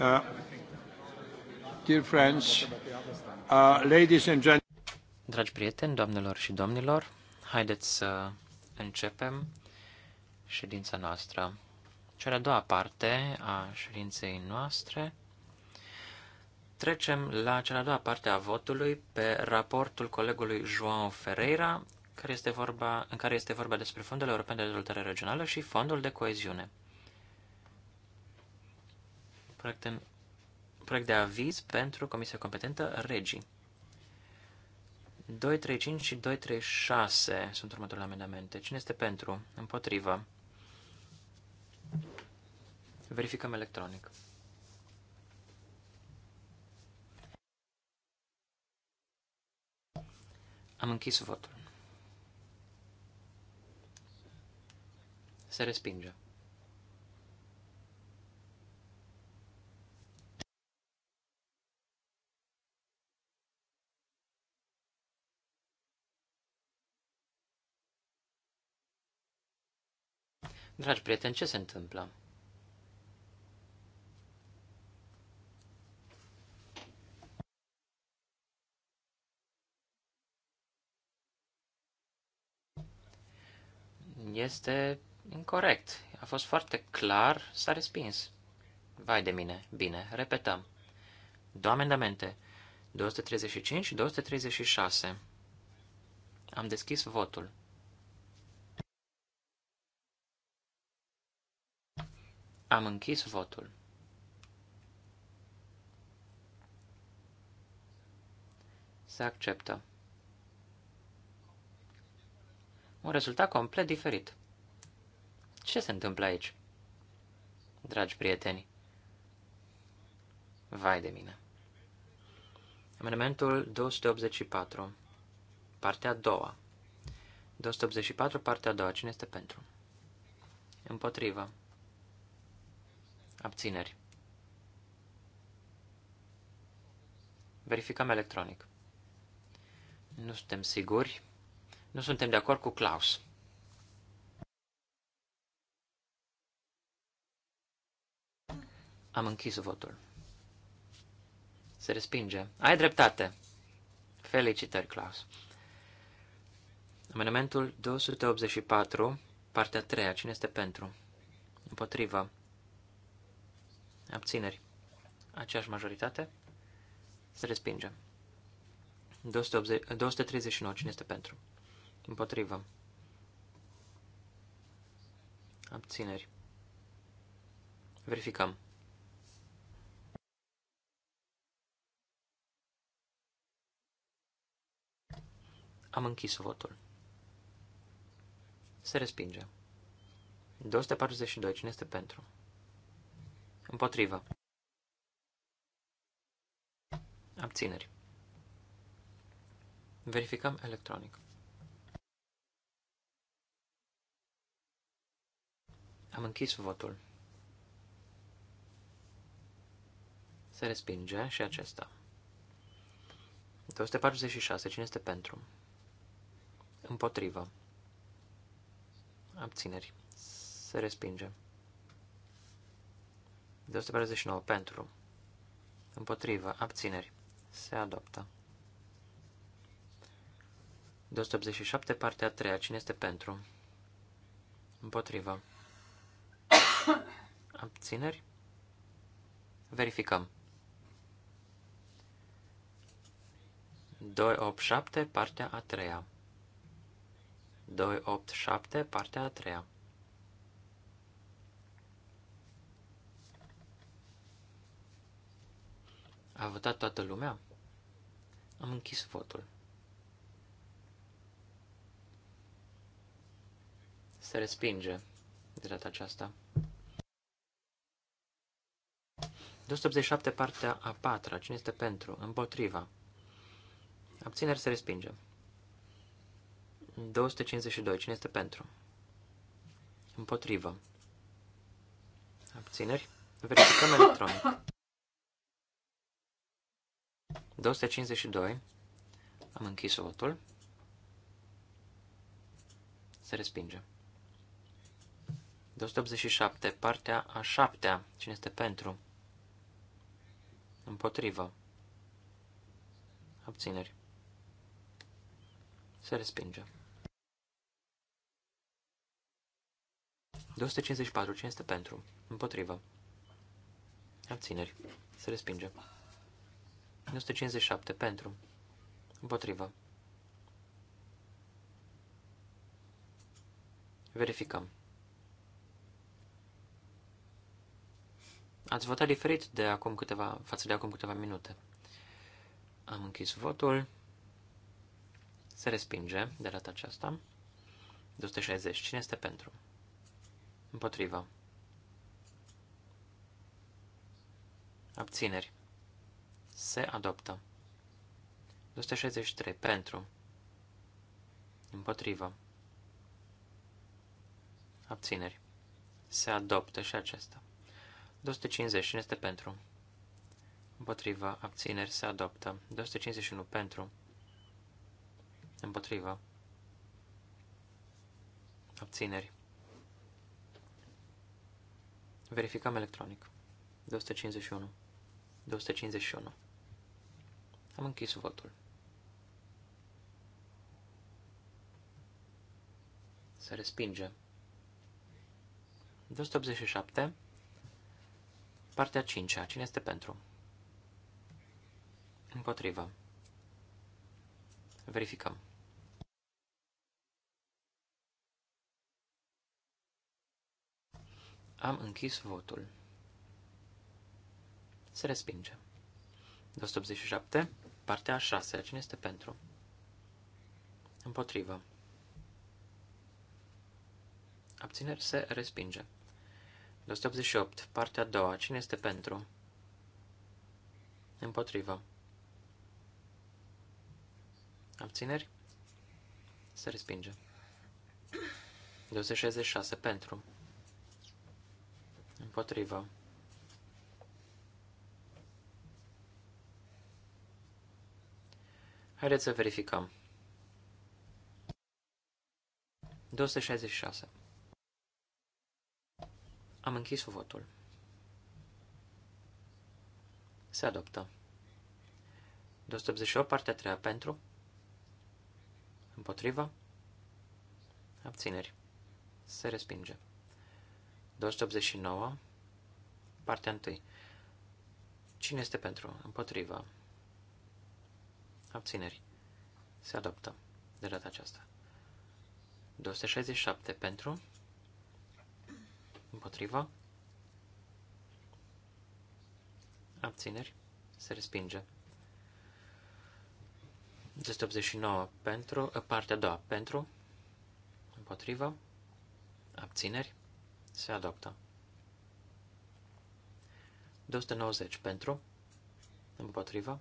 Uh, uh, Dragi prieteni, doamnelor și domnilor, haideți să începem ședința noastră. Cea de-a doua parte a ședinței noastre. Trecem la cea de-a doua parte a votului pe raportul colegului João Ferreira, care este vorba, în care este vorba despre Fondul European de Dezvoltare Regională și Fondul de Coeziune. Proiect, în, proiect de aviz pentru Comisia Competentă Regii. 235 și 236 sunt următoarele amendamente. Cine este pentru? Împotrivă. Verificăm electronic. Am închis votul. Se respinge. Dragi prieteni, ce se întâmplă? Este incorrect. A fost foarte clar, s-a respins. Vai de mine. Bine, repetăm. Două amendamente. 235 și 236. Am deschis votul. Am închis votul. Se acceptă. Un rezultat complet diferit. Ce se întâmplă aici? Dragi prieteni, vai de mine. Amendamentul 284, partea a doua. 284, partea a doua. Cine este pentru? Împotrivă. Abțineri. Verificăm electronic. Nu suntem siguri. Nu suntem de acord cu Klaus. Am închis votul. Se respinge. Ai dreptate. Felicitări, Klaus. Amendamentul 284, partea 3. Cine este pentru? Împotrivă abțineri, aceeași majoritate, se respinge. 280, 239, cine este pentru? Împotrivă. Abțineri. Verificăm. Am închis votul. Se respinge. 242. Cine este pentru? Împotrivă. Abțineri. Verificăm electronic. Am închis votul. Se respinge și acesta. 246. Cine este pentru? Împotrivă. Abțineri. Se respinge. 249 pentru, împotrivă, abțineri, se adoptă. 287, partea a treia, cine este pentru? Împotrivă. Abțineri? Verificăm. 287, partea a treia. 287, partea a treia. A votat toată lumea? Am închis votul. Se respinge de data aceasta. 287, partea a patra. Cine este pentru? Împotriva. Abțineri se respinge. 252. Cine este pentru? Împotrivă. Abțineri. Verificăm electronic. 252. Am închis votul. Se respinge. 287. Partea a șaptea. Cine este pentru? Împotrivă. Abțineri. Se respinge. 254. Cine este pentru? Împotrivă. Abțineri. Se respinge. 157 pentru. Împotrivă. Verificăm. Ați votat diferit de acum câteva, față de acum câteva minute. Am închis votul. Se respinge de data aceasta. 260. Cine este pentru? Împotrivă. Abțineri. Se adoptă. 263. Pentru. Împotrivă. Abțineri. Se adoptă și acesta. 250. Cine este pentru? Împotrivă. Abțineri. Se adoptă. 251. Pentru. Împotrivă. Abțineri. Verificăm electronic. 251. 251. Am închis votul. Se respinge. 287. Partea 5 -a. Cine este pentru? Împotrivă. Verificăm. Am închis votul. Se respinge. 287. Partea a șasea. Cine este pentru? Împotrivă. Abțineri se respinge. 288. Partea a doua. Cine este pentru? Împotrivă. Abțineri? Se respinge. 266. Pentru. Împotrivă. Haideți să verificăm. 266. Am închis votul. Se adoptă. 288, partea 3 pentru. Împotriva. Abțineri. Se respinge. 289, partea 1. Cine este pentru? Împotriva abțineri, se adoptă de data aceasta. 267 pentru, împotriva, abțineri, se respinge. 289 pentru, eh, partea a doua, pentru, împotriva, abțineri, se adoptă. 290 pentru, împotriva,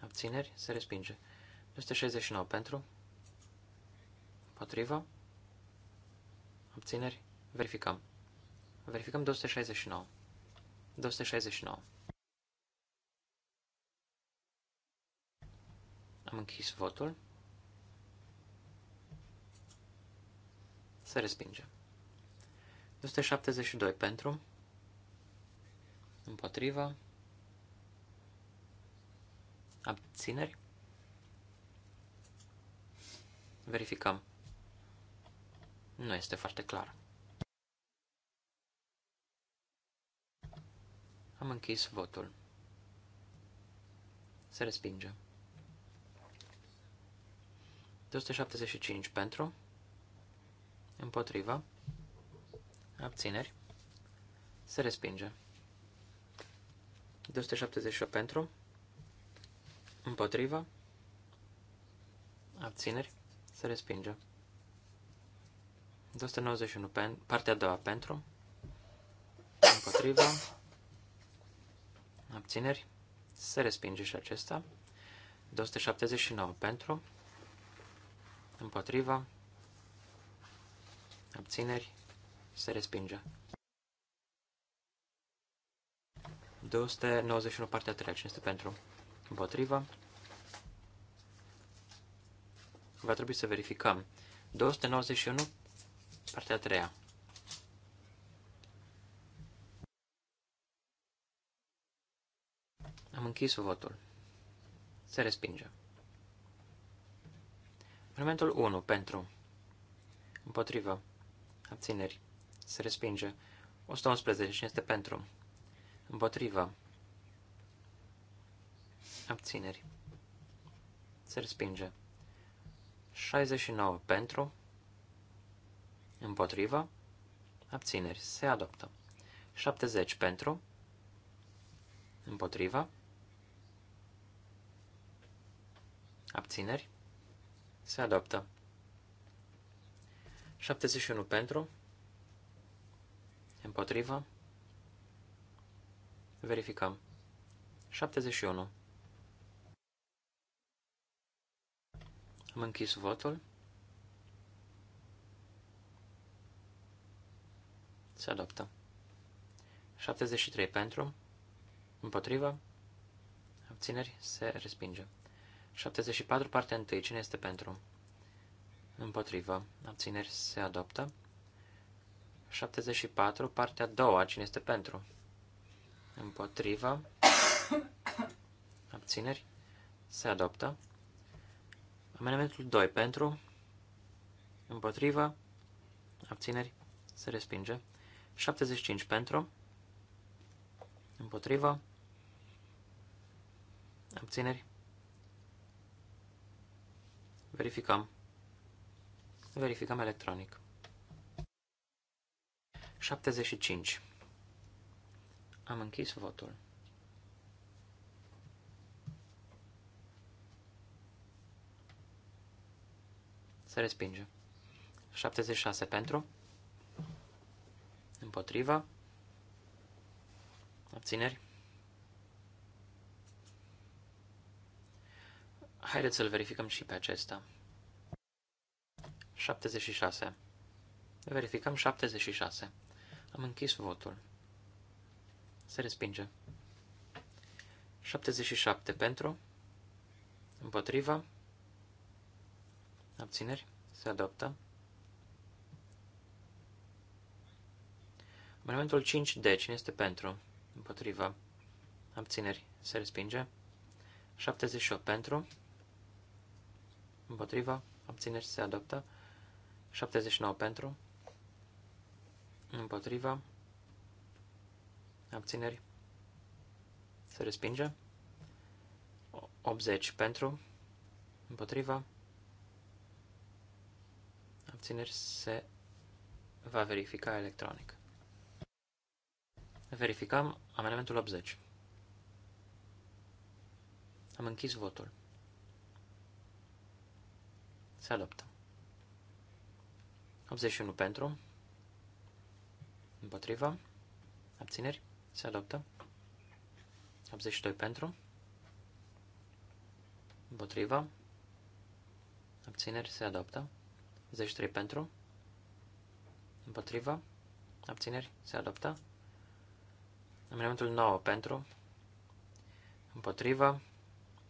Abțineri? Se respinge. 269 pentru. Potrivă. Abțineri? Verificăm. Verificăm 269. 269. Am închis votul. Se respinge. 272 pentru. Împotriva. Abțineri? Verificăm. Nu este foarte clar. Am închis votul. Se respinge. 275 pentru, împotriva, abțineri, se respinge. 278 pentru, Împotriva. Abțineri. Se respinge. 291. Pen, partea a doua. Pentru. Împotriva. Abțineri. Se respinge și acesta. 279. Pentru. Împotriva. Abțineri. Se respinge. 291 partea 3. Cine este pentru? Împotriva. Va trebui să verificăm. 291, partea a treia. Am închis votul. Se respinge. Amendamentul 1. Pentru. Împotrivă. Abțineri. Se respinge. 111. Este pentru. Împotrivă abțineri. Se respinge. 69 pentru, împotriva, abțineri. Se adoptă. 70 pentru, împotriva, abțineri. Se adoptă. 71 pentru, împotriva, verificăm. 71. Am închis votul. Se adoptă. 73 pentru, împotriva, abțineri, se respinge. 74, partea 1, cine este pentru? Împotriva, abțineri, se adoptă. 74, partea 2, cine este pentru? Împotriva, abțineri, se adoptă. Amendamentul 2 pentru, împotriva, abțineri, se respinge. 75 pentru, împotriva, abțineri. Verificăm. Verificăm electronic. 75. Am închis votul. Se respinge. 76 pentru. Împotriva. Abțineri. Haideți să-l verificăm și pe acesta. 76. Verificăm 76. Am închis votul. Se respinge. 77 pentru. Împotriva. Abțineri? Se adoptă. Amendamentul 5D. Cine este pentru? Împotriva. Abțineri. Se respinge. 78 pentru. Împotriva. Abțineri. Se adoptă. 79 pentru. Împotriva. Abțineri. Se respinge. 80 pentru. Împotriva abțineri se va verifica electronic. Verificăm amendamentul 80. Am închis votul. Se adoptă. 81 pentru. Împotriva. Abțineri. Se adoptă. 82 pentru. Împotriva. Abțineri. Se adoptă. 23 pentru, împotriva, abțineri, se adoptă. Amendamentul 9 pentru, împotriva,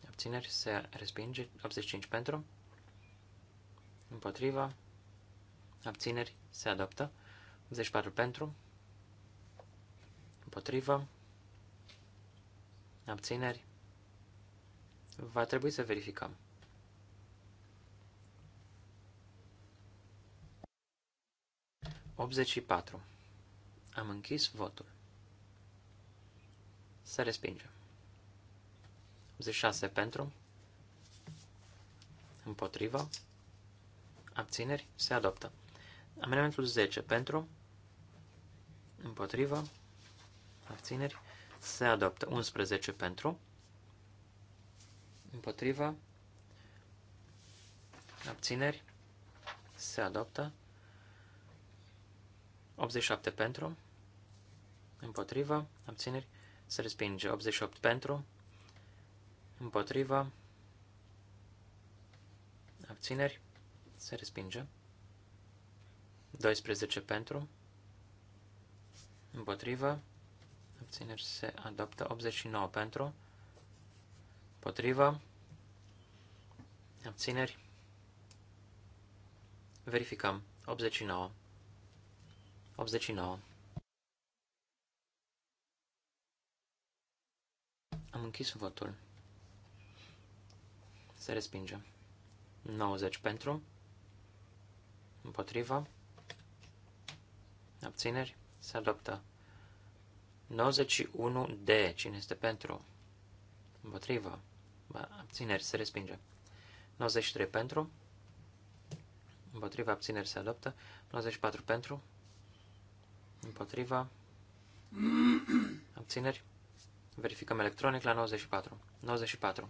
abțineri, se respinge, 85 pentru, împotriva, abțineri, se adoptă, 84 pentru, împotriva, abțineri, va trebui să verificăm. 84. Am închis votul. Se respinge. 86 pentru. Împotriva. Abțineri. Se adoptă. Amendamentul 10 pentru. Împotriva. Abțineri. Se adoptă. 11 pentru. Împotriva. Abțineri. Se adoptă. 87 pentru, împotriva, abțineri, se respinge. 88 pentru, împotriva, abțineri, se respinge. 12 pentru, împotriva, abțineri, se adoptă. 89 pentru, împotriva, abțineri, verificăm. 89. 89. Am închis votul. Se respinge. 90 pentru. Împotriva. Abțineri. Se adoptă. 91 D. Cine este pentru? Împotriva. Abțineri. Se respinge. 93 pentru. Împotriva. Abțineri. Se adoptă. 94 pentru. Împotriva. Abțineri. Verificăm electronic la 94. 94.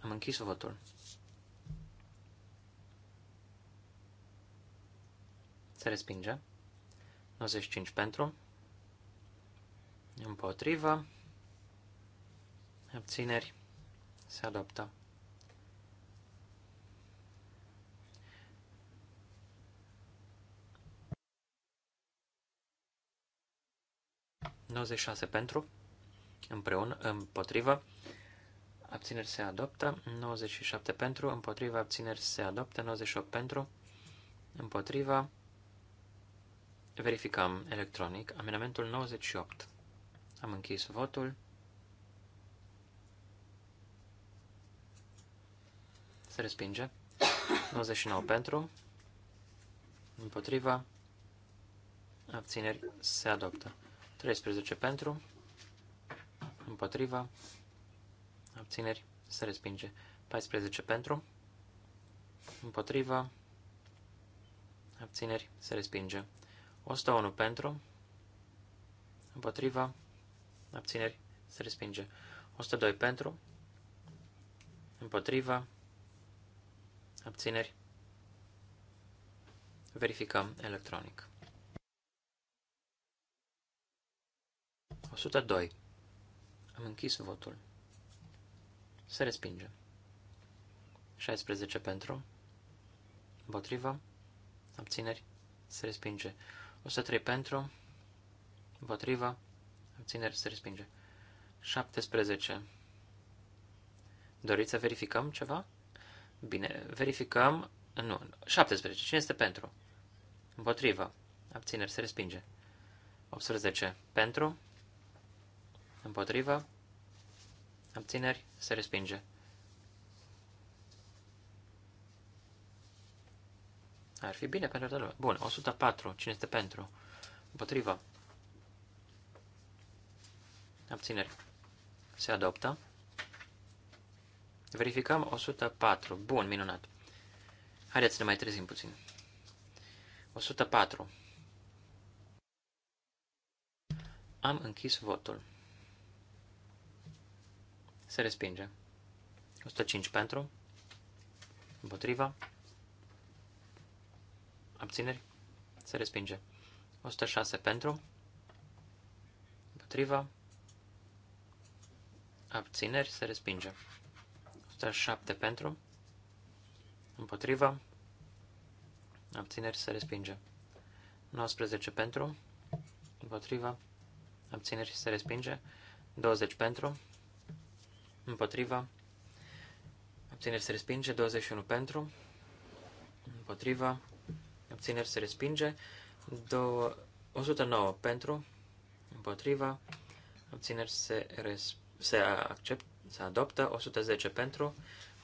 Am închis votul. Se respinge. 95 pentru. Împotriva. Abțineri. Se adoptă. 96 pentru, împreună, împotrivă, abțineri se adoptă, 97 pentru, împotrivă, abțineri se adoptă, 98 pentru, împotrivă, verificăm electronic, amendamentul 98. Am închis votul. Se respinge. 99 pentru, împotriva, abțineri se adoptă. 13 pentru, împotriva, abțineri, se respinge. 14 pentru, împotriva, abțineri, se respinge. 101 pentru, împotriva, abțineri, se respinge. 102 pentru, împotriva, abțineri, verificăm electronic. 102. Am închis votul. Se respinge. 16 pentru. Împotrivă. Abțineri. Se respinge. 103 pentru. Împotrivă. Abțineri. Se respinge. 17. Doriți să verificăm ceva? Bine, verificăm. Nu. 17. Cine este pentru? Împotrivă. Abțineri. Se respinge. 18. Pentru. Împotriva. Abțineri. Se respinge. Ar fi bine pentru toată Bun, 104. Cine este pentru? Împotriva. Abțineri. Se adoptă. Verificăm 104. Bun, minunat. Haideți să ne mai trezim puțin. 104. Am închis votul. Se respinge. 105 pentru. Împotriva. Abțineri. Se respinge. 106 pentru. Împotriva. Abțineri. Se respinge. 107 pentru. Împotriva. Abțineri. Se respinge. 19 pentru. Împotriva. Abțineri. Se respinge. 20 pentru împotriva, abțineri se respinge, 21 pentru, împotriva, abțineri se respinge, 109 pentru, împotriva, abțineri se, res, se, accept, se adoptă, 110 pentru,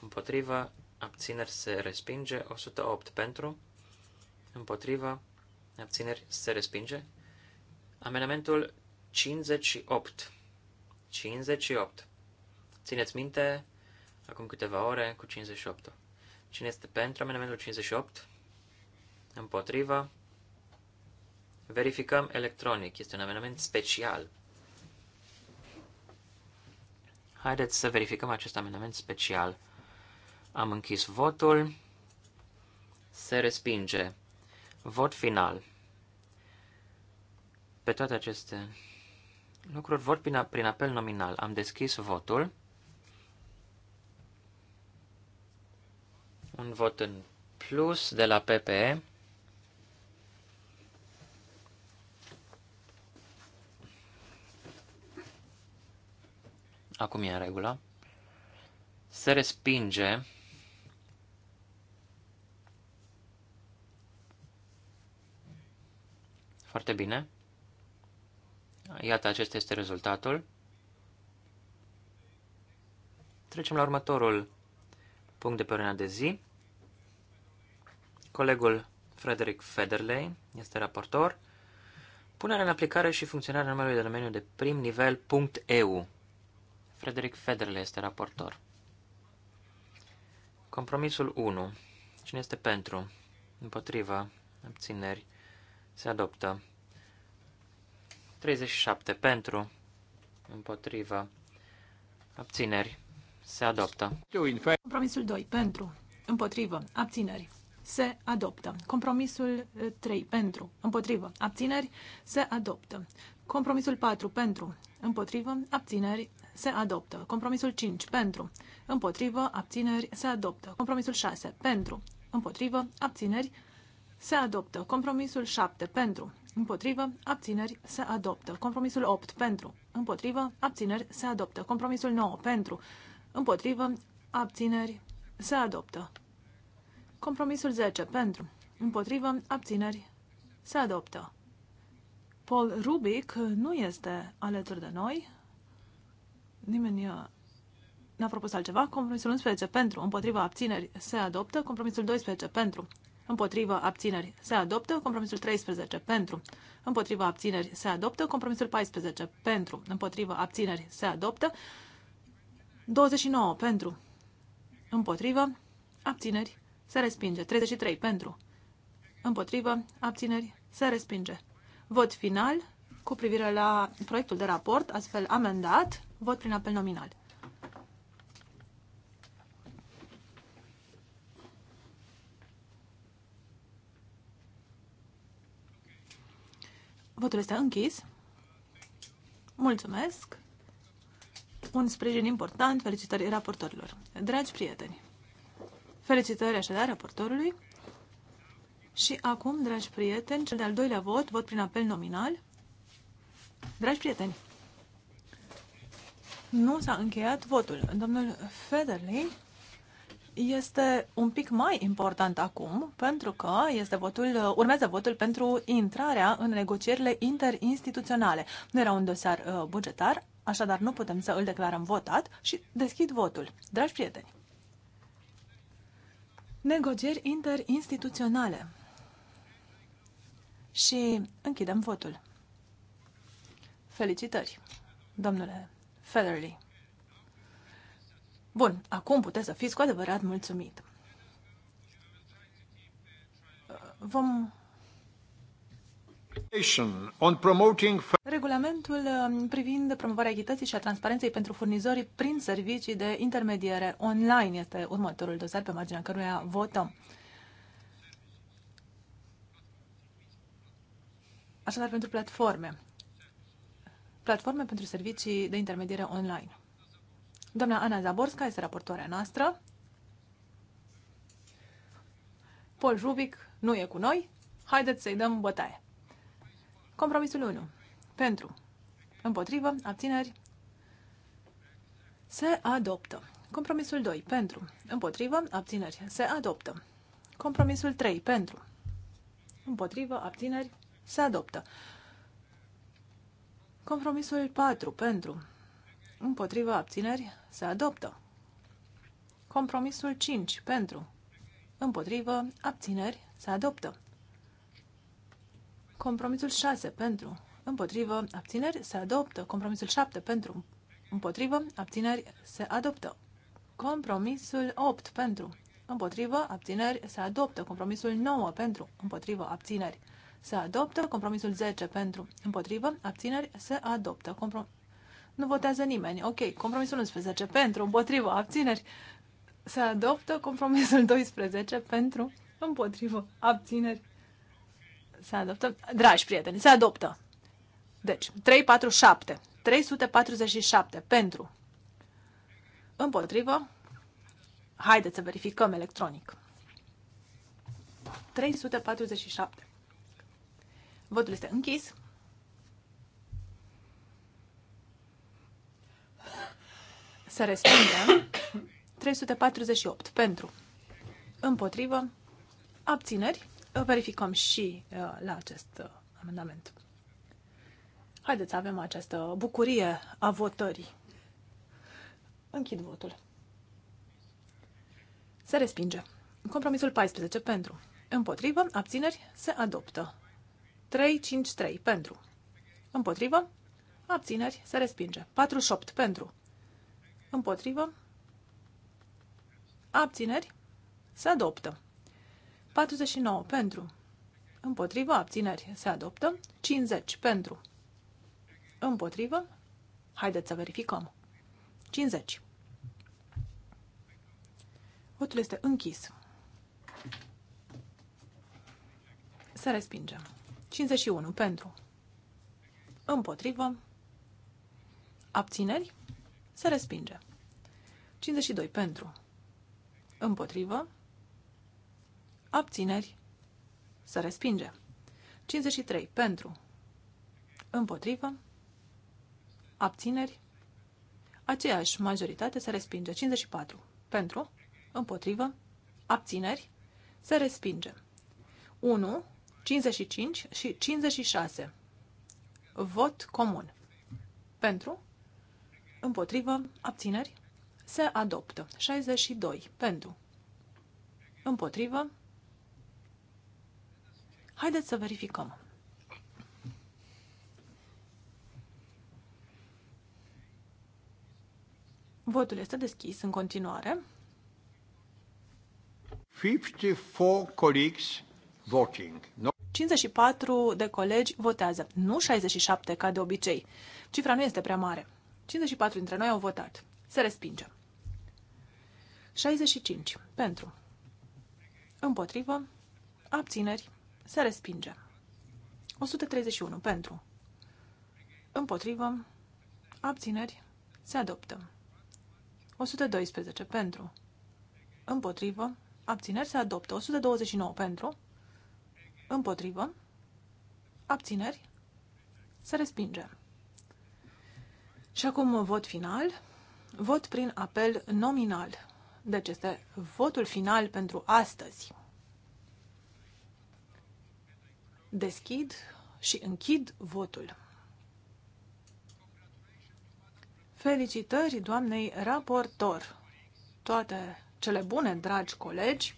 împotriva, abțineri se respinge, 108 pentru, împotriva, abțineri se respinge. Amendamentul 58. 58. Țineți minte, acum câteva ore, cu 58 Cine este pentru amendamentul 58? Împotriva. Verificăm electronic. Este un amendament special. Haideți să verificăm acest amendament special. Am închis votul. Se respinge. Vot final. Pe toate aceste lucruri, vot prin apel nominal. Am deschis votul. un vot în plus de la PPE. Acum e în regulă. Se respinge Foarte bine. Iată, acesta este rezultatul. Trecem la următorul punct de pe de zi. Colegul Frederick Federley este raportor. Punerea în aplicare și funcționarea numelui de domeniu de prim nivel .eu. Frederick Federley este raportor. Compromisul 1. Cine este pentru? Împotriva? Abțineri? Se adoptă. 37. Pentru? Împotriva? Abțineri? Se adoptă. Compromisul 2. Pentru? Împotrivă? Abțineri? se adoptă. Compromisul 3 pentru, împotrivă, abțineri se adoptă. Compromisul 4 pentru, împotrivă, abțineri se adoptă. Compromisul 5 pentru, împotrivă, abțineri se adoptă. Compromisul 6 pentru, împotrivă, abțineri se adoptă. Compromisul 7 pentru, Împotrivă, abțineri, se adoptă. Compromisul 8 pentru. Împotrivă, abțineri, se adoptă. Compromisul 9 pentru. Împotrivă, abțineri, se adoptă. Compromisul 10 pentru, împotrivă, abțineri, se adoptă. Paul Rubic nu este alături de noi. Nimeni uh, n-a propus altceva. Compromisul 11 pentru, Împotrivă. abțineri, se adoptă. Compromisul 12 pentru, Împotrivă. abțineri, se adoptă. Compromisul 13 pentru, Împotrivă. abțineri, se adoptă. Compromisul 14 pentru, Împotrivă. abțineri, se adoptă. 29 pentru, Împotrivă. abțineri, se respinge. 33 pentru. Împotrivă. Abțineri. Se respinge. Vot final cu privire la proiectul de raport, astfel amendat. Vot prin apel nominal. Votul este închis. Mulțumesc! Un sprijin important, felicitări raportorilor. Dragi prieteni! Felicitări așadar raportorului. Și acum, dragi prieteni, cel de-al doilea vot, vot prin apel nominal. Dragi prieteni, nu s-a încheiat votul. Domnul Federley este un pic mai important acum, pentru că este votul, urmează votul pentru intrarea în negocierile interinstituționale. Nu era un dosar uh, bugetar, așadar nu putem să îl declarăm votat și deschid votul. Dragi prieteni! negocieri interinstituționale. Și închidem votul. Felicitări, domnule Federley. Bun, acum puteți să fiți cu adevărat mulțumit. Vom Regulamentul um, privind promovarea echității și a transparenței pentru furnizorii prin servicii de intermediere online este următorul dosar pe marginea căruia votăm. Așadar, pentru platforme. Platforme pentru servicii de intermediere online. Doamna Ana Zaborska este raportoarea noastră. Paul Rubic nu e cu noi. Haideți să-i dăm bătaie. Compromisul 1. Pentru. Împotrivă. Abțineri. Se adoptă. Compromisul 2. Pentru. Împotrivă. Abțineri. Se adoptă. Compromisul 3. Pentru. Împotrivă. Abțineri. Se adoptă. Compromisul 4. Pentru. Împotrivă. Abțineri. Se adoptă. Compromisul 5. Pentru. Împotrivă. Abțineri. Se adoptă. Compromisul 6 pentru împotrivă abțineri se adoptă. Compromisul 7 pentru împotrivă abțineri se adoptă. Compromisul 8 pentru împotrivă abțineri se adoptă. Compromisul 9 pentru împotrivă abțineri se adoptă. Compromisul 10 pentru împotrivă abțineri se adoptă. Comprom nu votează nimeni. Ok, compromisul 11 pentru împotrivă abțineri se adoptă. Compromisul 12 pentru împotrivă abțineri se adoptă? Dragi prieteni, se adoptă. Deci, 347. 347 pentru. Împotrivă. Haideți să verificăm electronic. 347. Votul este închis. Se respinge. 348 pentru. Împotrivă. Abțineri verificăm și uh, la acest uh, amendament. Haideți să avem această bucurie a votării. Închid votul. Se respinge. Compromisul 14 pentru. Împotrivă, abțineri, se adoptă. 3-5-3 pentru. Împotrivă, abțineri, se respinge. 48 pentru. Împotrivă, abțineri, se adoptă. 49 pentru. Împotrivă, abțineri, se adoptă. 50 pentru. Împotrivă, haideți să verificăm. 50. Votul este închis. Să respingem. 51 pentru. Împotrivă. Abțineri. Se respinge. 52 pentru. Împotrivă. Abțineri. Se respinge. 53. Pentru. Împotrivă. Abțineri. Aceeași majoritate se respinge. 54. Pentru. Împotrivă. Abțineri. Se respinge. 1, 55 și 56. Vot comun. Pentru. Împotrivă. Abțineri. Se adoptă. 62. Pentru. Împotrivă. Haideți să verificăm. Votul este deschis în continuare. 54 colleagues voting. No. 54 de colegi votează, nu 67 ca de obicei. Cifra nu este prea mare. 54 dintre noi au votat. Se respinge. 65 pentru. Împotrivă. Abțineri. Se respinge. 131. Pentru. Împotrivă. Abțineri. Se adoptă. 112. Pentru. Împotrivă. Abțineri. Se adoptă. 129. Pentru. Împotrivă. Abțineri. Se respinge. Și acum vot final. Vot prin apel nominal. Deci este votul final pentru astăzi. Deschid și închid votul. Felicitări doamnei raportor! Toate cele bune, dragi colegi!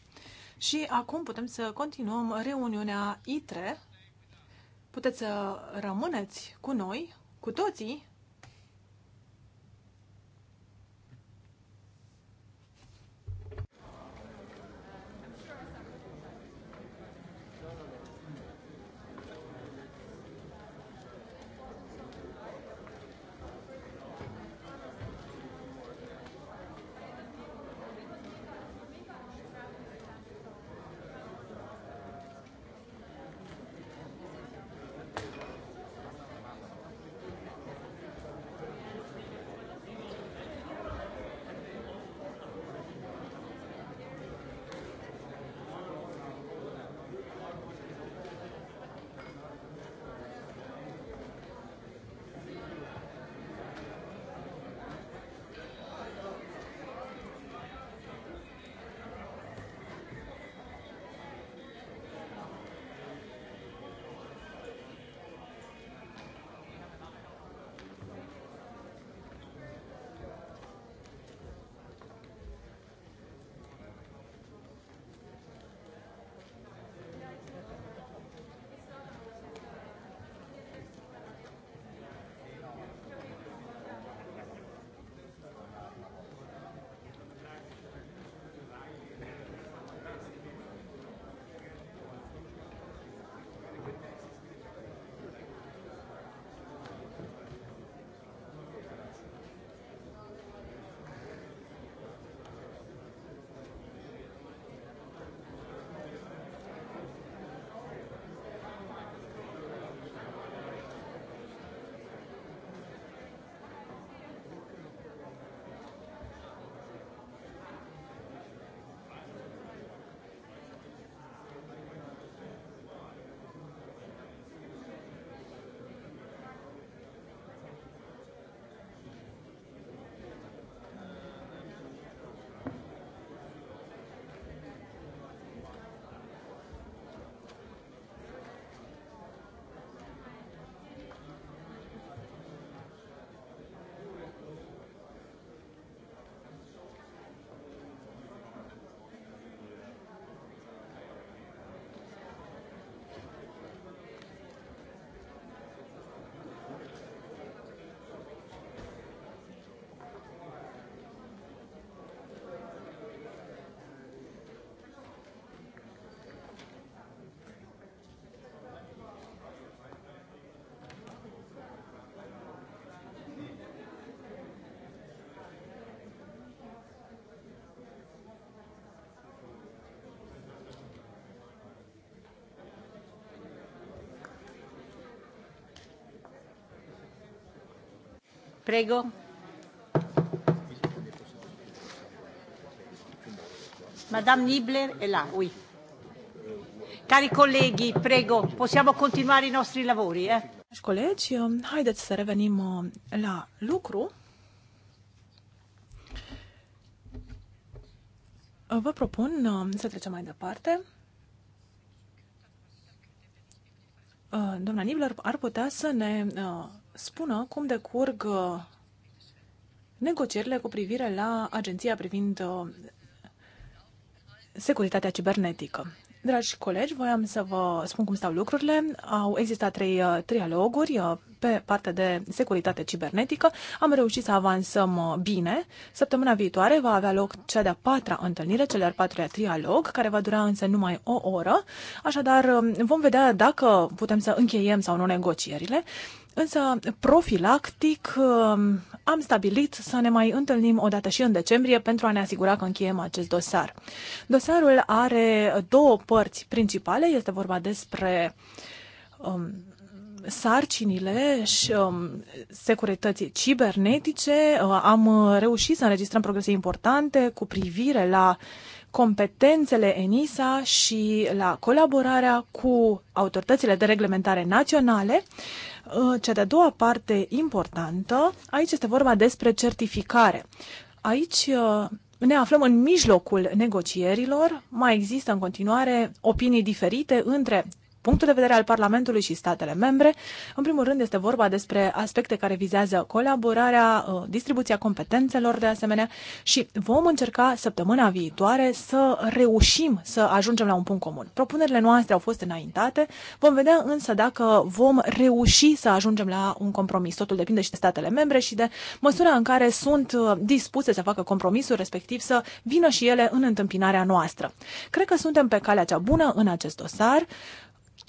Și acum putem să continuăm reuniunea ITRE. Puteți să rămâneți cu noi, cu toții, Prego. Madame Nibler è là, oui. Cari colleghi, prego, possiamo continuare i nostri lavori, eh? Colegi, um, haideți să revenim uh, la lucru. Uh, vă propun um, să trecem mai departe. Uh, doamna Nibler ar putea să ne spună cum decurg uh, negocierile cu privire la agenția privind uh, securitatea cibernetică. Dragi colegi, voiam să vă spun cum stau lucrurile. Au existat trei uh, trialoguri pe partea de securitate cibernetică. Am reușit să avansăm bine. Săptămâna viitoare va avea loc cea de-a patra întâlnire, cel de-al patrulea trialog, care va dura însă numai o oră. Așadar, um, vom vedea dacă putem să încheiem sau nu negocierile. Însă, profilactic, um, am stabilit să ne mai întâlnim o dată și în decembrie pentru a ne asigura că încheiem acest dosar. Dosarul are două părți principale. Este vorba despre um, sarcinile și um, securității cibernetice. Uh, am reușit să înregistrăm progrese importante cu privire la competențele ENISA și la colaborarea cu autoritățile de reglementare naționale cea de-a doua parte importantă, aici este vorba despre certificare. Aici uh, ne aflăm în mijlocul negocierilor, mai există în continuare opinii diferite între punctul de vedere al Parlamentului și statele membre. În primul rând este vorba despre aspecte care vizează colaborarea, uh, distribuția competențelor de asemenea și vom încerca săptămâna viitoare să reușim să ajungem la un punct comun. Propunerile noastre au fost înaintate, vom vedea însă dacă vom reuși să ajungem la un compromis. Totul depinde și de statele membre și de măsura în care sunt uh, dispuse să facă compromisul respectiv să vină și ele în întâmpinarea noastră. Cred că suntem pe calea cea bună în acest dosar.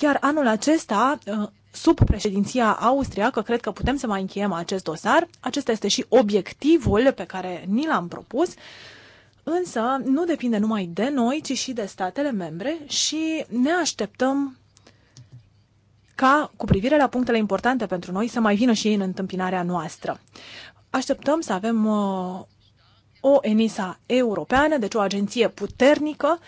Chiar anul acesta, uh, sub președinția austriacă, cred că putem să mai încheiem acest dosar. Acesta este și obiectivul pe care ni l-am propus. Însă nu depinde numai de noi, ci și de statele membre și ne așteptăm ca, cu privire la punctele importante pentru noi, să mai vină și ei în întâmpinarea noastră. Așteptăm să avem uh, o ENISA europeană, deci o agenție puternică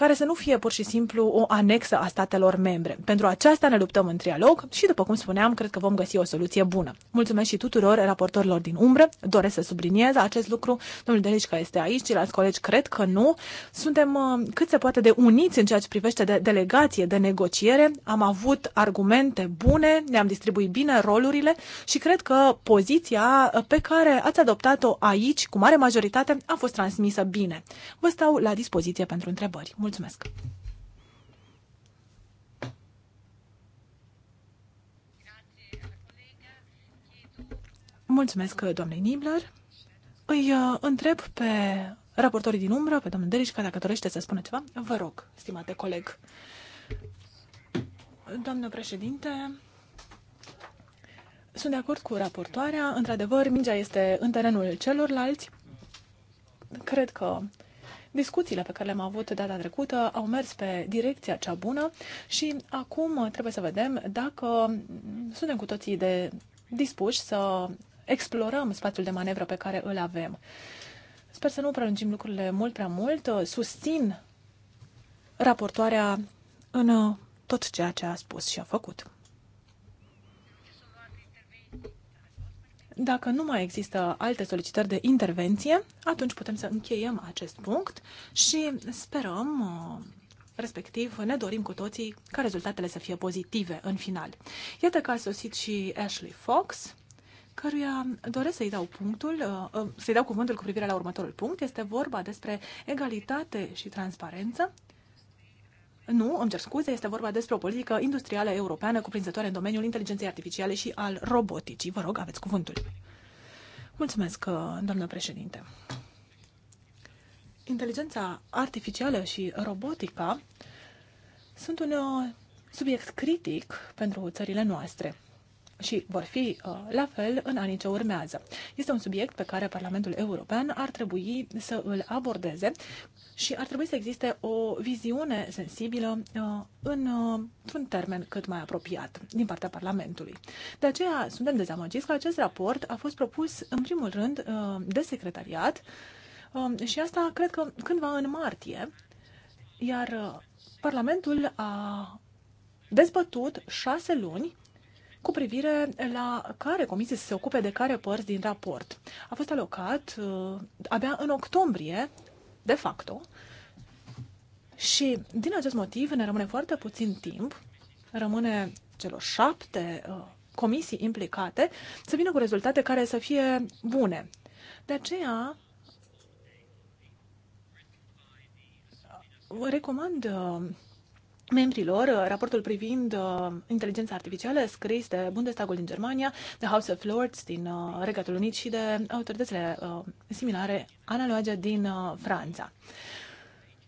care să nu fie pur și simplu o anexă a statelor membre. Pentru aceasta ne luptăm în trialog și, după cum spuneam, cred că vom găsi o soluție bună. Mulțumesc și tuturor raportorilor din umbră. Doresc să subliniez acest lucru. Domnul că este aici, ceilalți colegi cred că nu. Suntem uh, cât se poate de uniți în ceea ce privește de delegație, de negociere. Am avut argumente bune, ne-am distribuit bine rolurile și cred că poziția pe care ați adoptat-o aici, cu mare majoritate, a fost transmisă bine. Vă stau la dispoziție pentru întrebări. Mulțumesc! Mulțumesc! Mulțumesc, doamnei Nibler. Îi uh, întreb pe raportorii din umbră, pe domnul Derișca, dacă dorește să spună ceva. Vă rog, stimate coleg. Doamnă președinte, sunt de acord cu raportoarea. Într-adevăr, mingea este în terenul celorlalți. Cred că uh, Discuțiile pe care le-am avut data trecută au mers pe direcția cea bună și acum trebuie să vedem dacă suntem cu toții de dispuși să explorăm spațiul de manevră pe care îl avem. Sper să nu prelungim lucrurile mult prea mult. Susțin raportoarea în tot ceea ce a spus și a făcut. Dacă nu mai există alte solicitări de intervenție, atunci putem să încheiem acest punct și sperăm, uh, respectiv ne dorim cu toții, ca rezultatele să fie pozitive în final. Iată că a sosit și Ashley Fox, căruia doresc să-i dau punctul, uh, uh, să-i dau cuvântul cu privire la următorul punct. Este vorba despre egalitate și transparență nu, îmi cer scuze, este vorba despre o politică industrială europeană cuprinzătoare în domeniul inteligenței artificiale și al roboticii. Vă rog, aveți cuvântul. Mulțumesc, uh, doamnă președinte. Inteligența artificială și robotica sunt un uh, subiect critic pentru țările noastre și vor fi uh, la fel în anii ce urmează. Este un subiect pe care Parlamentul European ar trebui să îl abordeze și ar trebui să existe o viziune sensibilă uh, în, uh, într-un termen cât mai apropiat din partea Parlamentului. De aceea suntem dezamăgiți că acest raport a fost propus în primul rând de secretariat și asta cred că cândva în martie, iar Parlamentul a dezbătut șase luni cu privire la care comisie să se ocupe de care părți din raport. A fost alocat uh, abia în octombrie, de facto, și din acest motiv ne rămâne foarte puțin timp, rămâne celor șapte uh, comisii implicate să vină cu rezultate care să fie bune. De aceea, uh, recomand uh, membrilor uh, raportul privind uh, inteligența artificială scris de Bundestagul din Germania, de House of Lords din uh, Regatul Unit și de autoritățile uh, similare analoge din uh, Franța.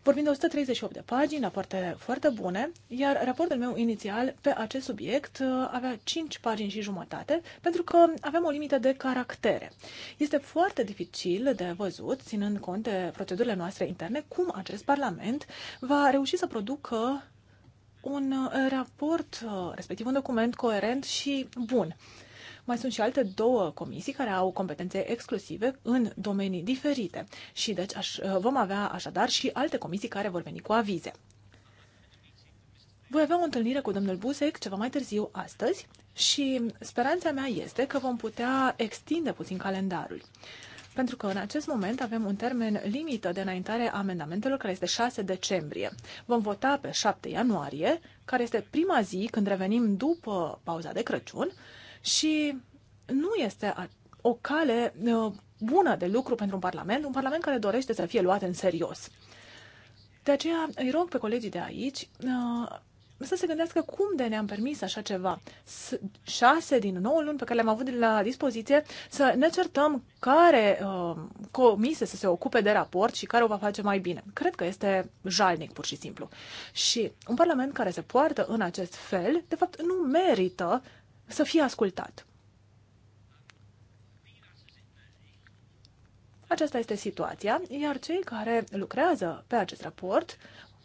Vorbim de 138 de pagini, aparte foarte bune, iar raportul meu inițial pe acest subiect uh, avea 5 pagini și jumătate, pentru că aveam o limită de caractere. Este foarte dificil de văzut, ținând cont de procedurile noastre interne, cum acest Parlament va reuși să producă un uh, raport, uh, respectiv un document coerent și bun. Mai sunt și alte două comisii care au competențe exclusive în domenii diferite și deci aș, uh, vom avea așadar și alte comisii care vor veni cu avize. Voi avea o întâlnire cu domnul Busec ceva mai târziu astăzi și speranța mea este că vom putea extinde puțin calendarul pentru că în acest moment avem un termen limită de înaintare a amendamentelor, care este 6 decembrie. Vom vota pe 7 ianuarie, care este prima zi când revenim după pauza de Crăciun și nu este o cale uh, bună de lucru pentru un Parlament, un Parlament care dorește să fie luat în serios. De aceea îi rog pe colegii de aici uh, să se gândească cum de ne-am permis așa ceva. S- șase din nouă luni pe care le-am avut la dispoziție să ne certăm care uh, comise să se ocupe de raport și care o va face mai bine. Cred că este jalnic, pur și simplu. Și un parlament care se poartă în acest fel, de fapt, nu merită să fie ascultat. Aceasta este situația, iar cei care lucrează pe acest raport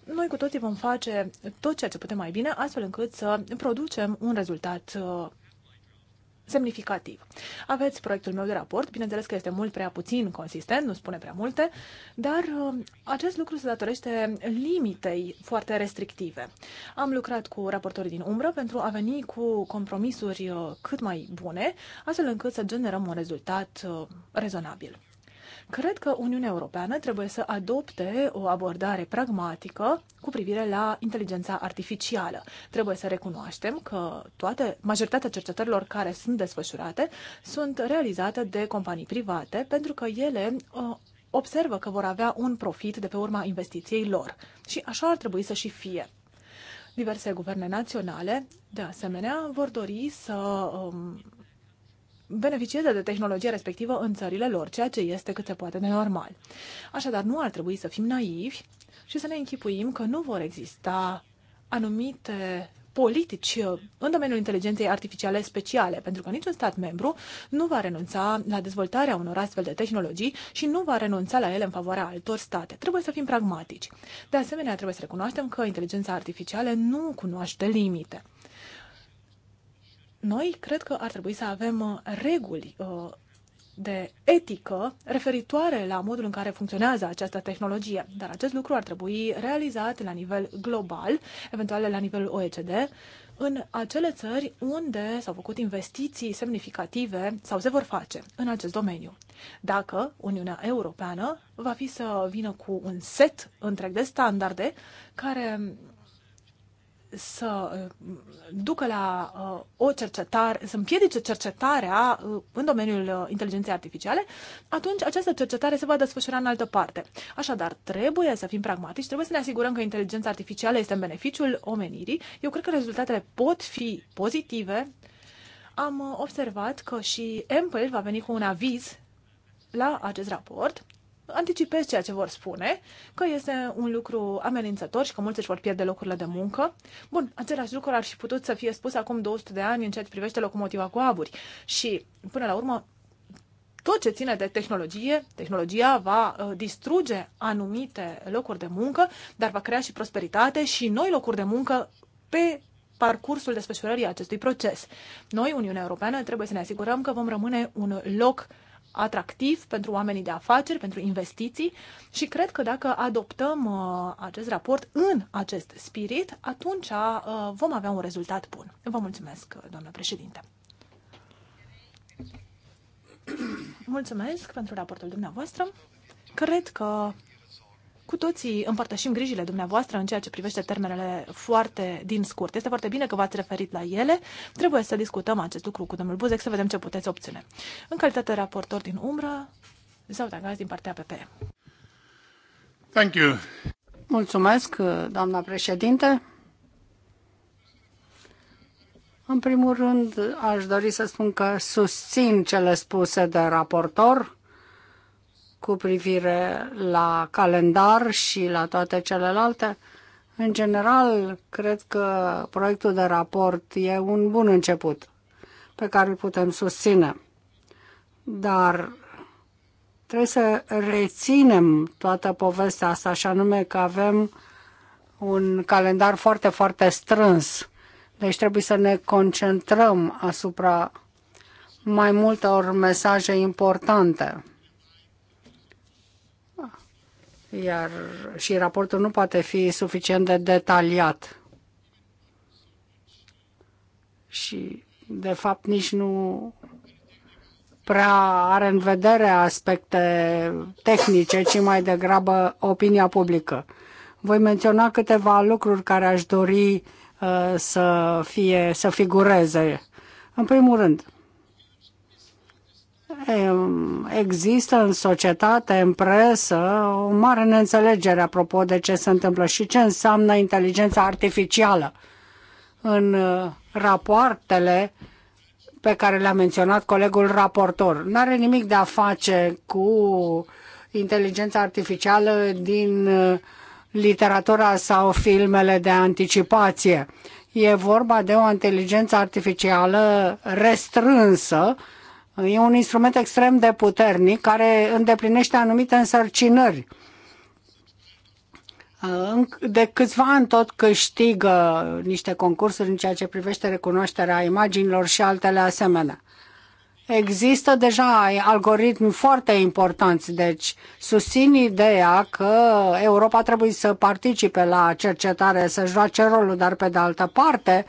noi cu toții vom face tot ceea ce putem mai bine, astfel încât să producem un rezultat uh, semnificativ. Aveți proiectul meu de raport, bineînțeles că este mult prea puțin consistent, nu spune prea multe, dar uh, acest lucru se datorește limitei foarte restrictive. Am lucrat cu raportorii din umbră pentru a veni cu compromisuri uh, cât mai bune, astfel încât să generăm un rezultat rezonabil. Cred că Uniunea Europeană trebuie să adopte o abordare pragmatică cu privire la inteligența artificială. Trebuie să recunoaștem că toate, majoritatea cercetărilor care sunt desfășurate sunt realizate de companii private pentru că ele uh, observă că vor avea un profit de pe urma investiției lor. Și așa ar trebui să și fie. Diverse guverne naționale, de asemenea, vor dori să um, beneficieze de tehnologia respectivă în țările lor, ceea ce este cât se poate de normal. Așadar, nu ar trebui să fim naivi și să ne închipuim că nu vor exista anumite politici în domeniul inteligenței artificiale speciale, pentru că niciun stat membru nu va renunța la dezvoltarea unor astfel de tehnologii și nu va renunța la ele în favoarea altor state. Trebuie să fim pragmatici. De asemenea, trebuie să recunoaștem că inteligența artificială nu cunoaște limite. Noi cred că ar trebui să avem uh, reguli uh, de etică referitoare la modul în care funcționează această tehnologie. Dar acest lucru ar trebui realizat la nivel global, eventual la nivelul OECD, în acele țări unde s-au făcut investiții semnificative sau se vor face în acest domeniu. Dacă Uniunea Europeană va fi să vină cu un set întreg de standarde care să uh, ducă la uh, o cercetare, să împiedice cercetarea uh, în domeniul inteligenței artificiale, atunci această cercetare se va desfășura în altă parte. Așadar, trebuie să fim pragmatici, trebuie să ne asigurăm că inteligența artificială este în beneficiul omenirii. Eu cred că rezultatele pot fi pozitive. Am observat că și Apple va veni cu un aviz la acest raport anticipez ceea ce vor spune, că este un lucru amenințător și că mulți își vor pierde locurile de muncă. Bun, același lucru ar fi putut să fie spus acum 200 de ani în ceea ce privește locomotiva cu aburi. Și, până la urmă, tot ce ține de tehnologie, tehnologia va uh, distruge anumite locuri de muncă, dar va crea și prosperitate și noi locuri de muncă pe parcursul desfășurării acestui proces. Noi, Uniunea Europeană, trebuie să ne asigurăm că vom rămâne un loc uh, atractiv pentru oamenii de afaceri, pentru investiții și cred că dacă adoptăm uh, acest raport în acest spirit, atunci uh, vom avea un rezultat bun. Vă mulțumesc, uh, doamnă președinte. Mulțumesc pentru raportul dumneavoastră. Cred că cu toții împărtășim grijile dumneavoastră în ceea ce privește termenele foarte din scurt. Este foarte bine că v-ați referit la ele. Trebuie să discutăm acest lucru cu domnul Buzec să vedem ce puteți obține. În calitate de raportor din umbră, sau Tagaz din partea PP. Thank you. Mulțumesc, doamna președinte. În primul rând, aș dori să spun că susțin cele spuse de raportor cu privire la calendar și la toate celelalte. În general, cred că proiectul de raport e un bun început pe care îl putem susține. Dar trebuie să reținem toată povestea asta, așa nume că avem un calendar foarte, foarte strâns. Deci trebuie să ne concentrăm asupra mai multor mesaje importante iar și raportul nu poate fi suficient de detaliat. Și, de fapt, nici nu prea are în vedere aspecte tehnice, ci mai degrabă opinia publică. Voi menționa câteva lucruri care aș dori uh, să, fie, să figureze. În primul rând, există în societate, în presă, o mare neînțelegere apropo de ce se întâmplă și ce înseamnă inteligența artificială. În uh, rapoartele pe care le-a menționat colegul raportor, nu are nimic de a face cu inteligența artificială din uh, literatura sau filmele de anticipație. E vorba de o inteligență artificială restrânsă, E un instrument extrem de puternic care îndeplinește anumite însărcinări. De câțiva ani tot câștigă niște concursuri în ceea ce privește recunoașterea imaginilor și altele asemenea. Există deja algoritmi foarte importanți, deci susțin ideea că Europa trebuie să participe la cercetare, să joace rolul, dar pe de altă parte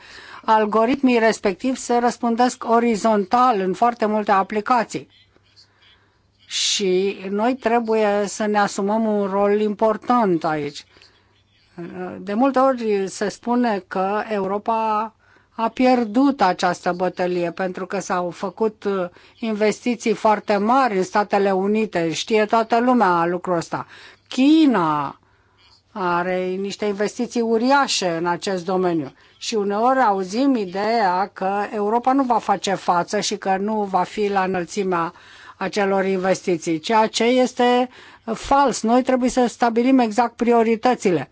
algoritmii respectivi se răspândesc orizontal în foarte multe aplicații. Și noi trebuie să ne asumăm un rol important aici. De multe ori se spune că Europa a pierdut această bătălie pentru că s-au făcut uh, investiții foarte mari în Statele Unite. Știe toată lumea lucrul ăsta. China are niște investiții uriașe în acest domeniu. Și uneori auzim ideea că Europa nu va face față și că nu va fi la înălțimea acelor investiții, ceea ce este fals. Noi trebuie să stabilim exact prioritățile.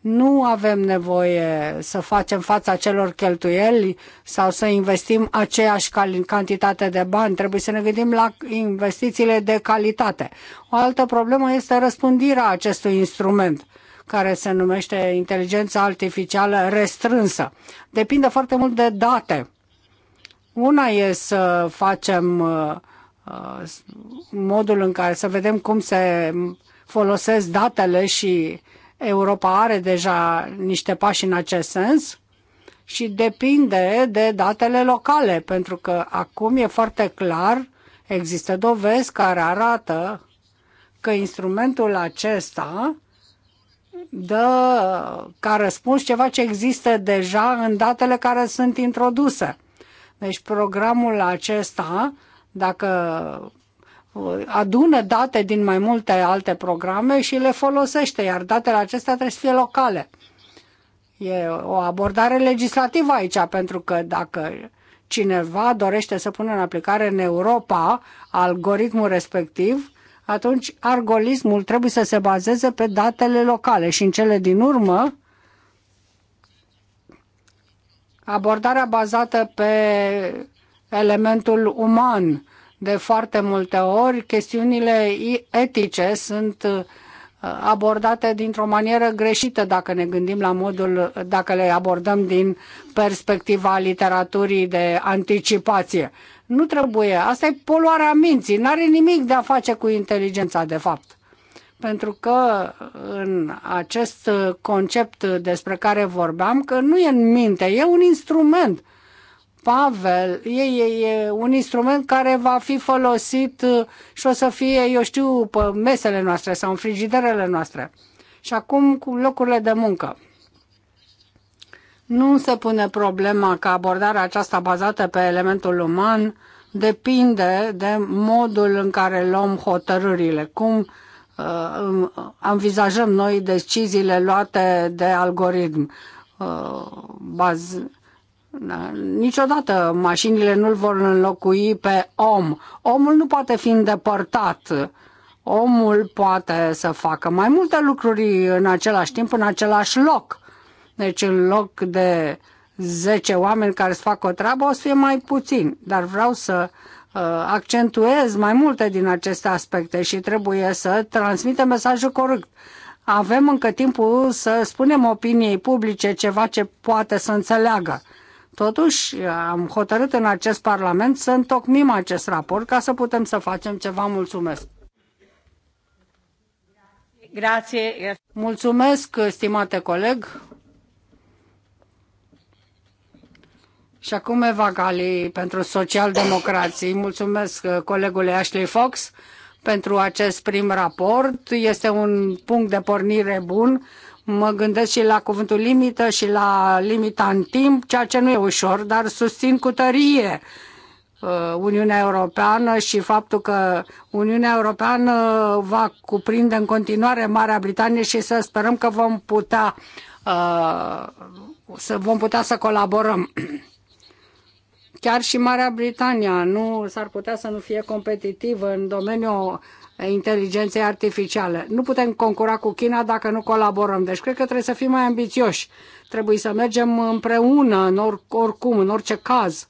Nu avem nevoie să facem fața celor cheltuieli sau să investim aceeași cantitate de bani. Trebuie să ne gândim la investițiile de calitate. O altă problemă este răspândirea acestui instrument care se numește inteligența artificială restrânsă. Depinde foarte mult de date. Una e să facem uh, uh, modul în care să vedem cum se folosesc datele și Europa are deja niște pași în acest sens și depinde de datele locale, pentru că acum e foarte clar, există dovezi care arată că instrumentul acesta dă ca răspuns ceva ce există deja în datele care sunt introduse. Deci programul acesta, dacă uh, adună date din mai multe alte programe și le folosește, iar datele acestea trebuie să fie locale. E o abordare legislativă aici, pentru că dacă cineva dorește să pună în aplicare în Europa algoritmul respectiv, atunci argolismul trebuie să se bazeze pe datele locale și în cele din urmă abordarea bazată pe elementul uman. De foarte multe ori, chestiunile etice sunt uh, abordate dintr-o manieră greșită dacă ne gândim la modul, dacă le abordăm din perspectiva literaturii de anticipație. Nu trebuie. Asta e poluarea minții. N-are nimic de a face cu inteligența, de fapt. Pentru că în acest concept despre care vorbeam, că nu e în minte, e un instrument. Pavel, e, e, e un instrument care va fi folosit uh, și o să fie, eu știu, pe mesele noastre sau în frigiderele noastre. Și acum cu locurile de muncă. Nu se pune problema că abordarea aceasta bazată pe elementul uman depinde de modul în care luăm hotărârile, cum uh, învizajăm noi deciziile luate de algoritm. Uh, baz... Da. Niciodată mașinile nu-l vor înlocui pe om. Omul nu poate fi îndepărtat. Omul poate să facă mai multe lucruri în același timp, în același loc. Deci în loc de 10 oameni care să facă o treabă, o să fie mai puțin. Dar vreau să uh, accentuez mai multe din aceste aspecte și trebuie să transmitem mesajul corect. Avem încă timpul să spunem opiniei publice ceva ce poate să înțeleagă. Totuși, am hotărât în acest Parlament să întocmim acest raport ca să putem să facem ceva. Mulțumesc! Mulțumesc, stimate coleg! Și acum Eva Gali pentru democrații Mulțumesc uh, colegului Ashley Fox pentru acest prim raport. Este un punct de pornire bun. Mă gândesc și la cuvântul limită și la limita în timp, ceea ce nu e ușor, dar susțin cu tărie uh, Uniunea Europeană și faptul că Uniunea Europeană va cuprinde în continuare Marea Britanie și să sperăm că vom putea uh, să vom putea să colaborăm. Chiar și Marea Britania nu s-ar putea să nu fie competitivă în domeniul inteligenței artificiale. Nu putem concura cu China dacă nu colaborăm. Deci cred că trebuie să fim mai ambițioși. Trebuie să mergem împreună, în oricum, în orice caz.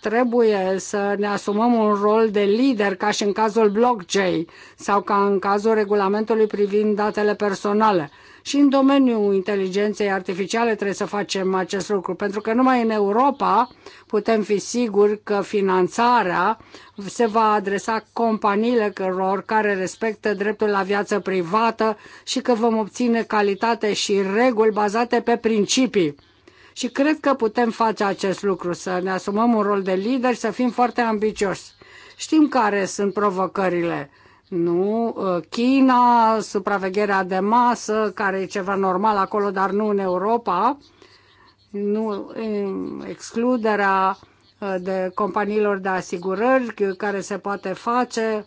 Trebuie să ne asumăm un rol de lider, ca și în cazul blockchain sau ca în cazul regulamentului privind datele personale și în domeniul inteligenței artificiale trebuie să facem acest lucru, pentru că numai în Europa putem fi siguri că finanțarea se va adresa companiile căror care respectă dreptul la viață privată și că vom obține calitate și reguli bazate pe principii. Și cred că putem face acest lucru, să ne asumăm un rol de lider, să fim foarte ambicioși. Știm care sunt provocările nu? Uh, China, supravegherea de masă, care e ceva normal acolo, dar nu în Europa, nu, excluderea uh, de companiilor de asigurări care se poate face.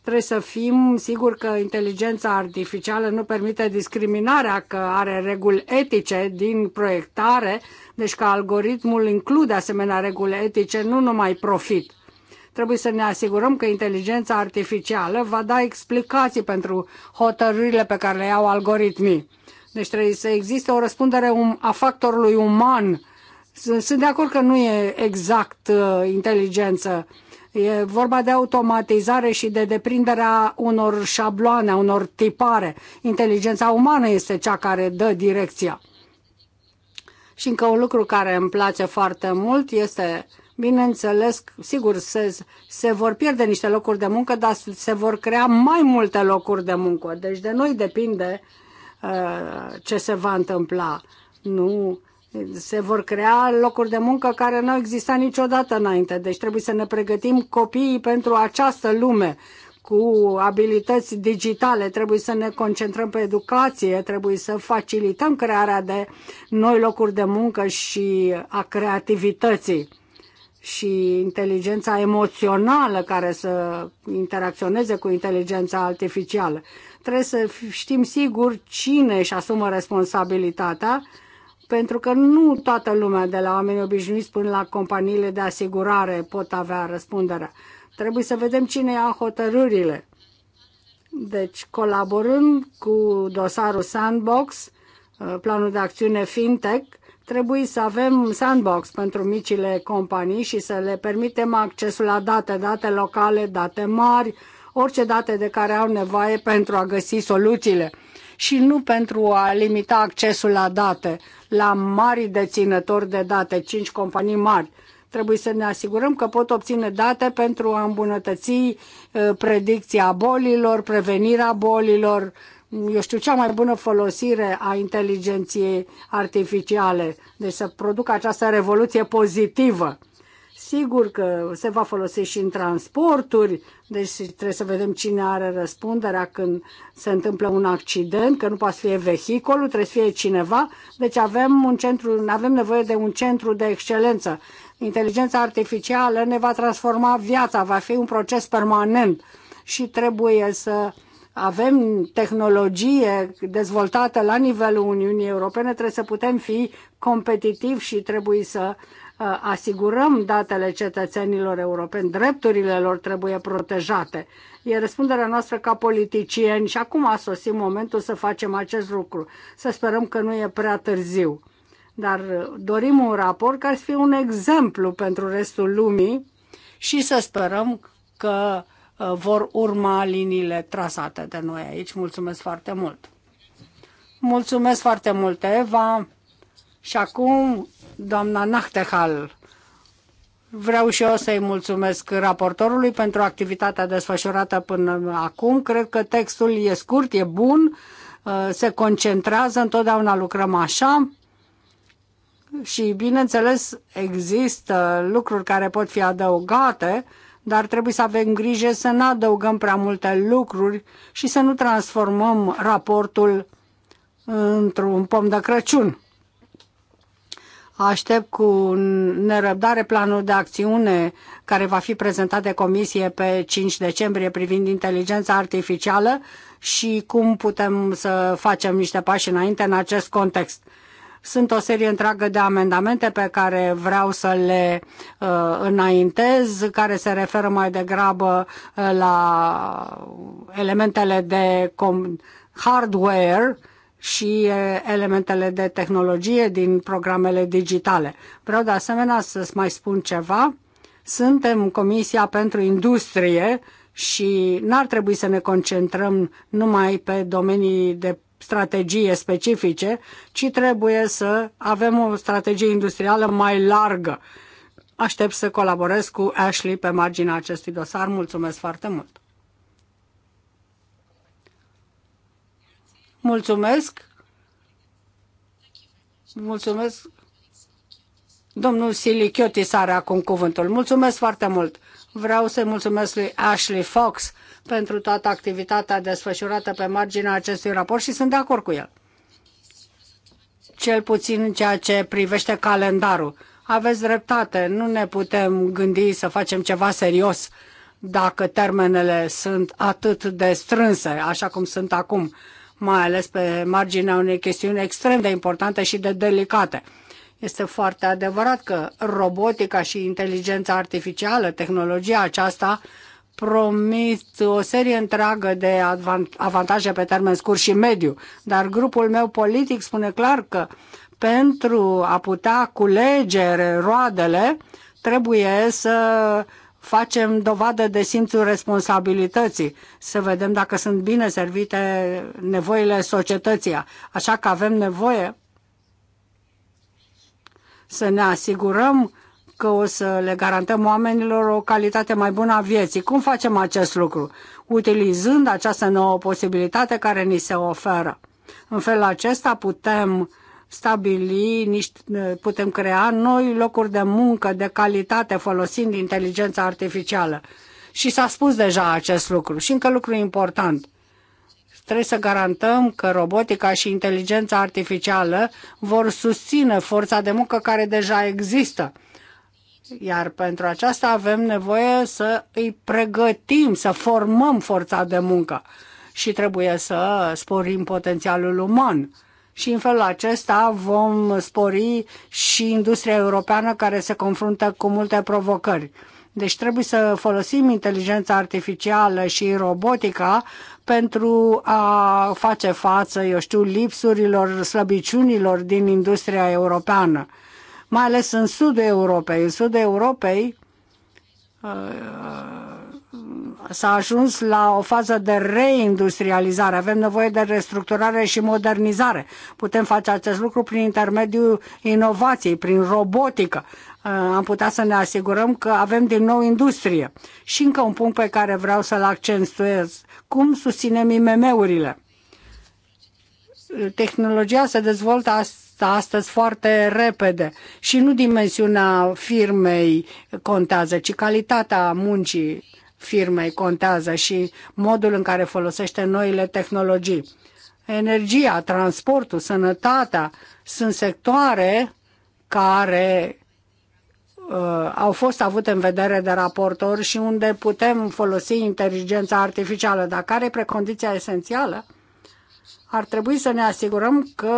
Trebuie să fim siguri că inteligența artificială nu permite discriminarea, că are reguli etice din proiectare, deci că algoritmul include asemenea reguli etice, nu numai profit Trebuie să ne asigurăm că inteligența artificială va da explicații pentru hotărârile pe care le iau algoritmii. Deci trebuie să existe o răspundere um, a factorului uman. Sunt de acord că nu e exact uh, inteligență. E vorba de automatizare și de deprinderea unor șabloane, unor tipare. Inteligența umană este cea care dă direcția. Și încă un lucru care îmi place foarte mult este Bineînțeles, sigur, se, se vor pierde niște locuri de muncă, dar se vor crea mai multe locuri de muncă. Deci de noi depinde uh, ce se va întâmpla. Nu se vor crea locuri de muncă care nu existat niciodată înainte. Deci trebuie să ne pregătim copiii pentru această lume cu abilități digitale, trebuie să ne concentrăm pe educație, trebuie să facilităm crearea de noi locuri de muncă și a creativității și inteligența emoțională care să interacționeze cu inteligența artificială. Trebuie să știm sigur cine își asumă responsabilitatea, pentru că nu toată lumea, de la oameni obișnuiți până la companiile de asigurare, pot avea răspunderea. Trebuie să vedem cine ia hotărârile. Deci, colaborând cu dosarul Sandbox, uh, planul de acțiune FinTech, Trebuie să avem sandbox pentru micile companii și să le permitem accesul la date, date locale, date mari, orice date de care au nevoie pentru a găsi soluțiile și nu pentru a limita accesul la date, la mari deținători de date, cinci companii mari. Trebuie să ne asigurăm că pot obține date pentru a îmbunătăți uh, predicția bolilor, prevenirea bolilor, eu știu, cea mai bună folosire a inteligenției artificiale, deci să producă această revoluție pozitivă. Sigur că se va folosi și în transporturi, deci trebuie să vedem cine are răspunderea când se întâmplă un accident, că nu poate să fie vehiculul, trebuie să fie cineva. Deci avem, un centru, avem nevoie de un centru de excelență. Inteligența artificială ne va transforma viața, va fi un proces permanent și trebuie să avem tehnologie dezvoltată la nivelul Uniunii Europene, trebuie să putem fi competitivi și trebuie să uh, asigurăm datele cetățenilor europeni, drepturile lor trebuie protejate. E răspunderea noastră ca politicieni și acum a sosit momentul să facem acest lucru. Să sperăm că nu e prea târziu. Dar uh, dorim un raport care să fie un exemplu pentru restul lumii și să sperăm că Uh, vor urma liniile trasate de noi aici. Mulțumesc foarte mult! Mulțumesc foarte mult, Eva! Și acum, doamna Nachtehal, vreau și eu să-i mulțumesc raportorului pentru activitatea desfășurată până acum. Cred că textul e scurt, e bun, uh, se concentrează, întotdeauna lucrăm așa. Și, bineînțeles, există lucruri care pot fi adăugate, dar trebuie să avem grijă să nu adăugăm prea multe lucruri și să nu transformăm raportul într-un pom de Crăciun. Aștept cu nerăbdare planul de acțiune care va fi prezentat de comisie pe 5 decembrie privind inteligența artificială și cum putem să facem niște pași înainte în acest context. Sunt o serie întreagă de amendamente pe care vreau să le uh, înaintez, care se referă mai degrabă uh, la elementele de hardware și uh, elementele de tehnologie din programele digitale. Vreau de asemenea să mai spun ceva. Suntem Comisia pentru Industrie și n-ar trebui să ne concentrăm numai pe domenii de strategie specifice, ci trebuie să avem o strategie industrială mai largă. Aștept să colaborez cu Ashley pe marginea acestui dosar. Mulțumesc foarte mult! Mulțumesc! Mulțumesc! Domnul Silichiotis are acum cuvântul. Mulțumesc foarte mult! Vreau să-i mulțumesc lui Ashley Fox pentru toată activitatea desfășurată pe marginea acestui raport și sunt de acord cu el. Cel puțin în ceea ce privește calendarul. Aveți dreptate, nu ne putem gândi să facem ceva serios dacă termenele sunt atât de strânse, așa cum sunt acum, mai ales pe marginea unei chestiuni extrem de importante și de delicate. Este foarte adevărat că robotica și inteligența artificială, tehnologia aceasta, promit o serie întreagă de avantaje pe termen scurt și mediu, dar grupul meu politic spune clar că pentru a putea culege roadele, trebuie să facem dovadă de simțul responsabilității, să vedem dacă sunt bine servite nevoile societății. Așa că avem nevoie să ne asigurăm că o să le garantăm oamenilor o calitate mai bună a vieții. Cum facem acest lucru? Utilizând această nouă posibilitate care ni se oferă. În felul acesta putem stabili, niște, putem crea noi locuri de muncă de calitate folosind inteligența artificială. Și s-a spus deja acest lucru. Și încă lucru important trebuie să garantăm că robotica și inteligența artificială vor susține forța de muncă care deja există iar pentru aceasta avem nevoie să îi pregătim, să formăm forța de muncă și trebuie să sporim potențialul uman. Și în felul acesta vom spori și industria europeană care se confruntă cu multe provocări. Deci trebuie să folosim inteligența artificială și robotica pentru a face față, eu știu, lipsurilor, slăbiciunilor din industria europeană mai ales în sudul Europei. În sudul Europei uh, s-a ajuns la o fază de reindustrializare. Avem nevoie de restructurare și modernizare. Putem face acest lucru prin intermediul inovației, prin robotică. Uh, am putea să ne asigurăm că avem din nou industrie. Și încă un punct pe care vreau să-l accentuez. Cum susținem IMM-urile? Tehnologia se dezvoltă astăzi asta astăzi foarte repede și nu dimensiunea firmei contează, ci calitatea muncii firmei contează și modul în care folosește noile tehnologii. Energia, transportul, sănătatea sunt sectoare care uh, au fost avute în vedere de raportor și unde putem folosi inteligența artificială, dar care e precondiția esențială ar trebui să ne asigurăm că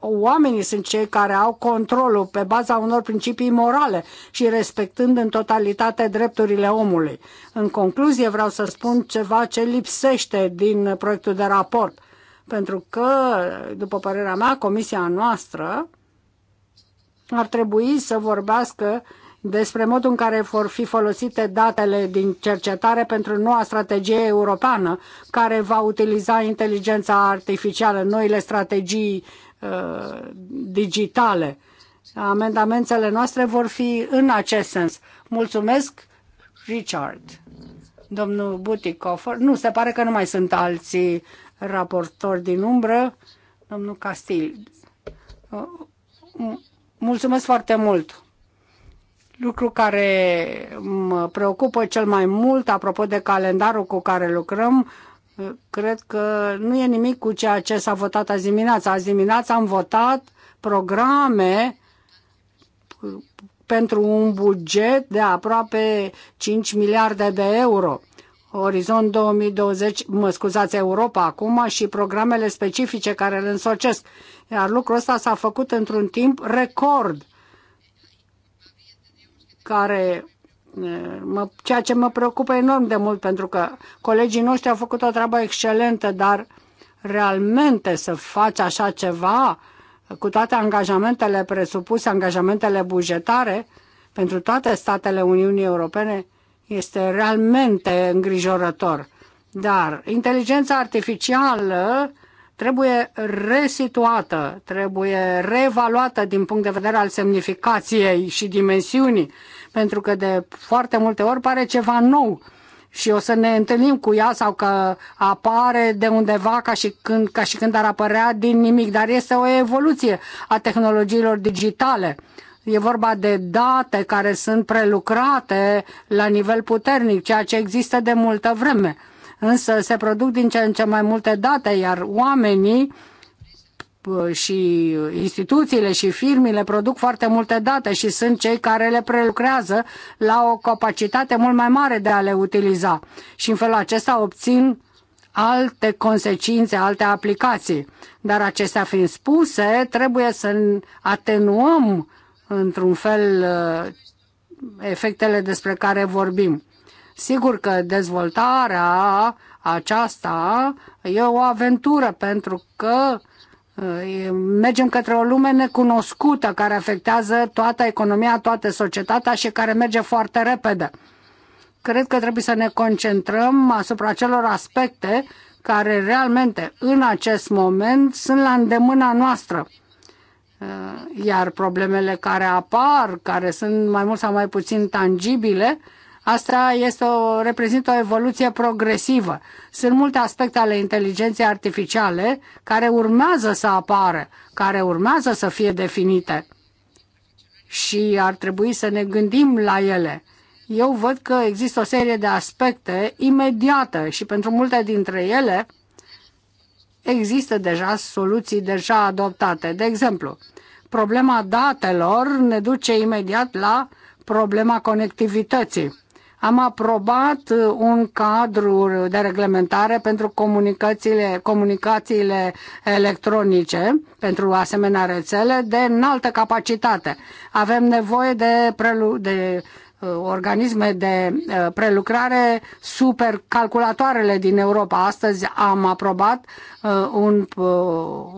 oamenii sunt cei care au controlul pe baza unor principii morale și respectând în totalitate drepturile omului. În concluzie vreau să spun ceva ce lipsește din proiectul de raport, pentru că, după părerea mea, comisia noastră ar trebui să vorbească despre modul în care vor fi folosite datele din cercetare pentru noua strategie europeană care va utiliza inteligența artificială, noile strategii uh, digitale. Amendamentele noastre vor fi în acest sens. Mulțumesc, Richard. Domnul Buticofer, nu, se pare că nu mai sunt alții raportori din umbră. Domnul Castil, uh, mulțumesc foarte mult. Lucru care mă preocupă cel mai mult, apropo de calendarul cu care lucrăm, cred că nu e nimic cu ceea ce s-a votat azi dimineața. Azi dimineața am votat programe pentru un buget de aproape 5 miliarde de euro. Orizont 2020, mă scuzați, Europa acum și programele specifice care le însocesc. Iar lucrul ăsta s-a făcut într-un timp record care mă, ceea ce mă preocupă enorm de mult pentru că colegii noștri au făcut o treabă excelentă, dar realmente să faci așa ceva cu toate angajamentele presupuse, angajamentele bugetare pentru toate statele Uniunii Europene este realmente îngrijorător. Dar inteligența artificială trebuie resituată, trebuie reevaluată din punct de vedere al semnificației și dimensiunii pentru că de foarte multe ori pare ceva nou și o să ne întâlnim cu ea sau că apare de undeva ca și când, ca și când ar apărea din nimic, dar este o evoluție a tehnologiilor digitale. E vorba de date care sunt prelucrate la nivel puternic, ceea ce există de multă vreme. Însă se produc din ce în ce mai multe date, iar oamenii și instituțiile și firmele produc foarte multe date și sunt cei care le prelucrează la o capacitate mult mai mare de a le utiliza. Și în felul acesta obțin alte consecințe, alte aplicații. Dar acestea fiind spuse, trebuie să atenuăm într-un fel uh, efectele despre care vorbim. Sigur că dezvoltarea aceasta e o aventură pentru că Mergem către o lume necunoscută care afectează toată economia, toată societatea și care merge foarte repede. Cred că trebuie să ne concentrăm asupra celor aspecte care realmente în acest moment sunt la îndemâna noastră. Iar problemele care apar, care sunt mai mult sau mai puțin tangibile, Asta este o, reprezintă o evoluție progresivă. Sunt multe aspecte ale inteligenței artificiale care urmează să apară, care urmează să fie definite și ar trebui să ne gândim la ele. Eu văd că există o serie de aspecte imediate și pentru multe dintre ele există deja soluții deja adoptate. De exemplu, problema datelor ne duce imediat la problema conectivității. Am aprobat uh, un cadru de reglementare pentru comunicațiile, comunicațiile electronice, pentru asemenea rețele, de înaltă capacitate. Avem nevoie de, prelu- de uh, organisme de uh, prelucrare supercalculatoarele din Europa. Astăzi am aprobat un,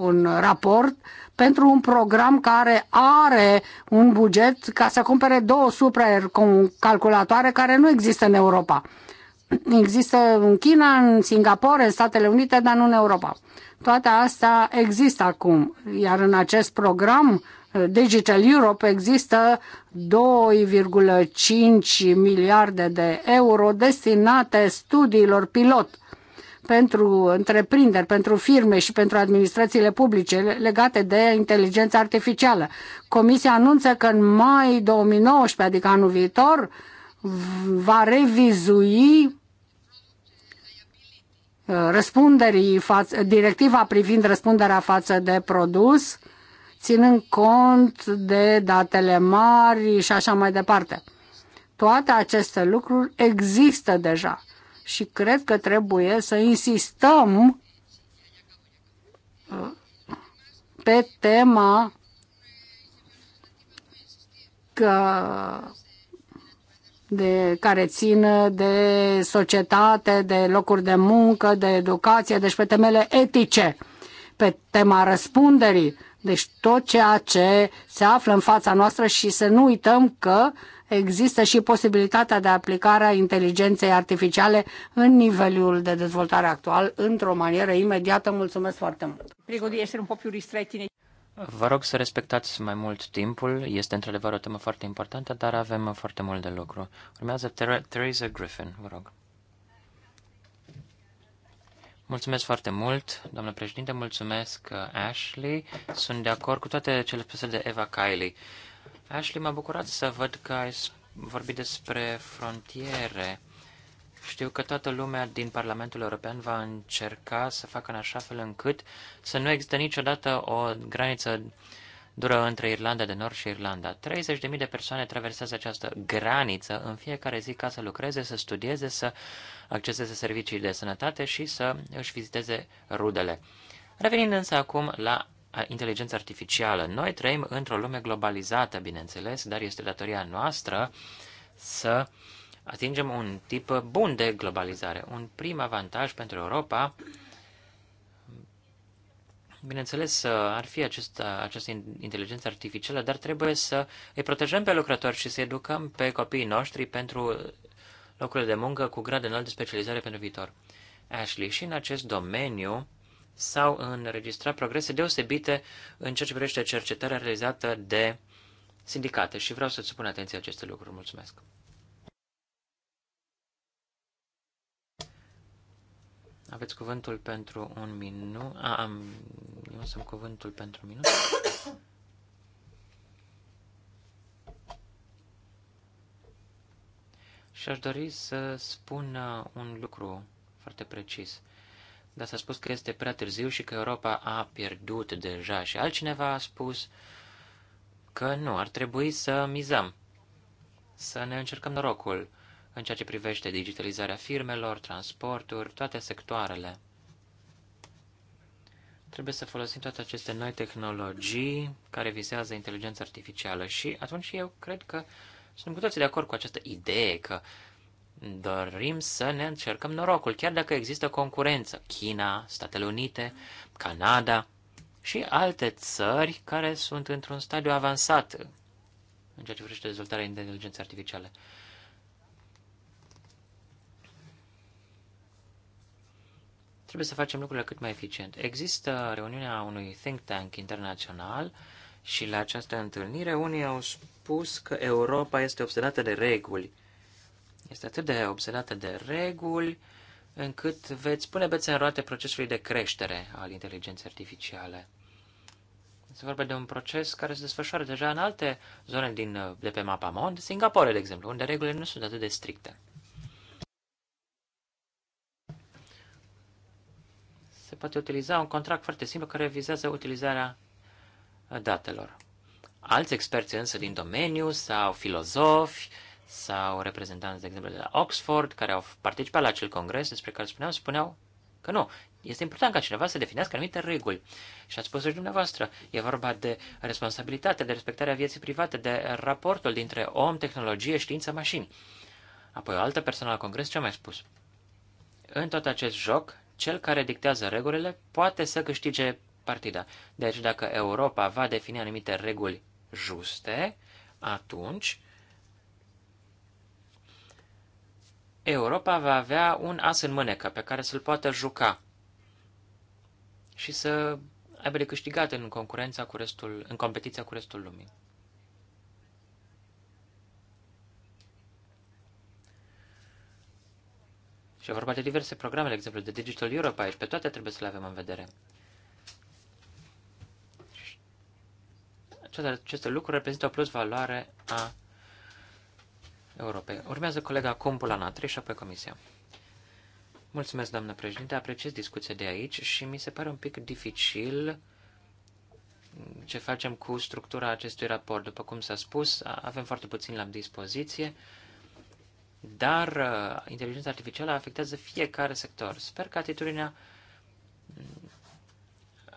un raport pentru un program care are un buget ca să cumpere două supercalculatoare care nu există în Europa. Există în China, în Singapore, în Statele Unite, dar nu în Europa. Toate astea există acum, iar în acest program uh, Digital Europe există 2,5 miliarde de euro destinate studiilor pilot – pentru întreprinderi, pentru firme și pentru administrațiile publice legate de inteligența artificială. Comisia anunță că în mai 2019, adică anul viitor, va revizui uh, răspunderii față, directiva privind răspunderea față de produs, ținând cont de datele mari și așa mai departe. Toate aceste lucruri există deja și cred că trebuie să insistăm uh, pe tema că de, care țin de societate, de locuri de muncă, de educație, deci pe temele etice, pe tema răspunderii, deci tot ceea ce se află în fața noastră și să nu uităm că uh, există și posibilitatea de aplicare a inteligenței artificiale în nivelul de dezvoltare actual, într-o manieră imediată. Mulțumesc foarte mult! Vă rog să respectați mai mult timpul, este într-adevăr o temă foarte importantă, dar avem foarte mult de lucru. Urmează Theresa Griffin, vă rog. Mulțumesc foarte mult, doamnă președinte, mulțumesc uh, Ashley. Sunt de acord cu toate cele spuse de Eva Kiley. Ashley, m-a bucurat să văd că ai vorbit despre frontiere. Știu că toată lumea din Parlamentul European va încerca să facă în așa fel încât să nu există niciodată o graniță dură între Irlanda de Nord și Irlanda. 30.000 de persoane traversează această graniță în fiecare zi ca să lucreze, să studieze, să acceseze servicii de sănătate și să își viziteze rudele. Revenind însă acum la inteligența artificială. Noi trăim într-o lume globalizată, bineînțeles, dar este datoria noastră să atingem un tip bun de globalizare. Un prim avantaj pentru Europa, bineînțeles, ar fi această, această inteligență artificială, dar trebuie să îi protejăm pe lucrători și să educăm pe copiii noștri pentru locurile de muncă cu grad înalt de specializare pentru viitor. Ashley, și în acest domeniu, s-au înregistrat progrese deosebite în ceea ce privește cercetarea realizată de sindicate și vreau să-ți supun atenție aceste lucruri. Mulțumesc! Aveți cuvântul pentru un minut. A, am, eu să am cuvântul pentru un minut. și aș dori să spun uh, un lucru foarte precis dar s-a spus că este prea târziu și că Europa a pierdut deja și altcineva a spus că nu, ar trebui să mizăm, să ne încercăm norocul în ceea ce privește digitalizarea firmelor, transporturi, toate sectoarele. Trebuie să folosim toate aceste noi tehnologii care visează inteligența artificială și atunci eu cred că suntem cu toții de acord cu această idee că dorim să ne încercăm norocul, chiar dacă există concurență. China, Statele Unite, Canada și alte țări care sunt într-un stadiu avansat în ceea ce privește dezvoltarea inteligenței artificiale. Trebuie să facem lucrurile cât mai eficient. Există reuniunea unui think tank internațional și la această întâlnire unii au spus că Europa este obsedată de reguli – este atât de obsedată de reguli, încât veți pune bețe în roate procesului de creștere al inteligenței artificiale. Se vorbește de un proces care se desfășoară deja în alte zone din, de pe mapa mond, Singapore, de exemplu, unde regulile nu sunt atât de stricte. Se poate utiliza un contract foarte simplu care vizează utilizarea datelor. Alți experți însă din domeniu sau filozofi sau reprezentanți, de exemplu, de la Oxford, care au participat la acel congres despre care spuneam, spuneau că nu. Este important ca cineva să definească anumite reguli. Și ați spus și dumneavoastră, e vorba de responsabilitate, de respectarea vieții private, de raportul dintre om, tehnologie, știință, mașini. Apoi o altă persoană la congres ce a mai spus? În tot acest joc, cel care dictează regulile poate să câștige partida. Deci dacă Europa va defini anumite reguli juste, atunci Europa va avea un as în mânecă pe care să-l poată juca și să aibă de câștigat în concurența cu restul, în competiția cu restul lumii. Și vorba de diverse programe, de exemplu, de Digital Europe aici, pe toate trebuie să le avem în vedere. Aceste lucruri reprezintă o plus valoare a Europei. Urmează colega la Natri și apoi Comisia. Mulțumesc, doamnă președinte, apreciez discuția de aici și mi se pare un pic dificil ce facem cu structura acestui raport. După cum s-a spus, avem foarte puțin la dispoziție, dar inteligența artificială afectează fiecare sector. Sper că atitudinea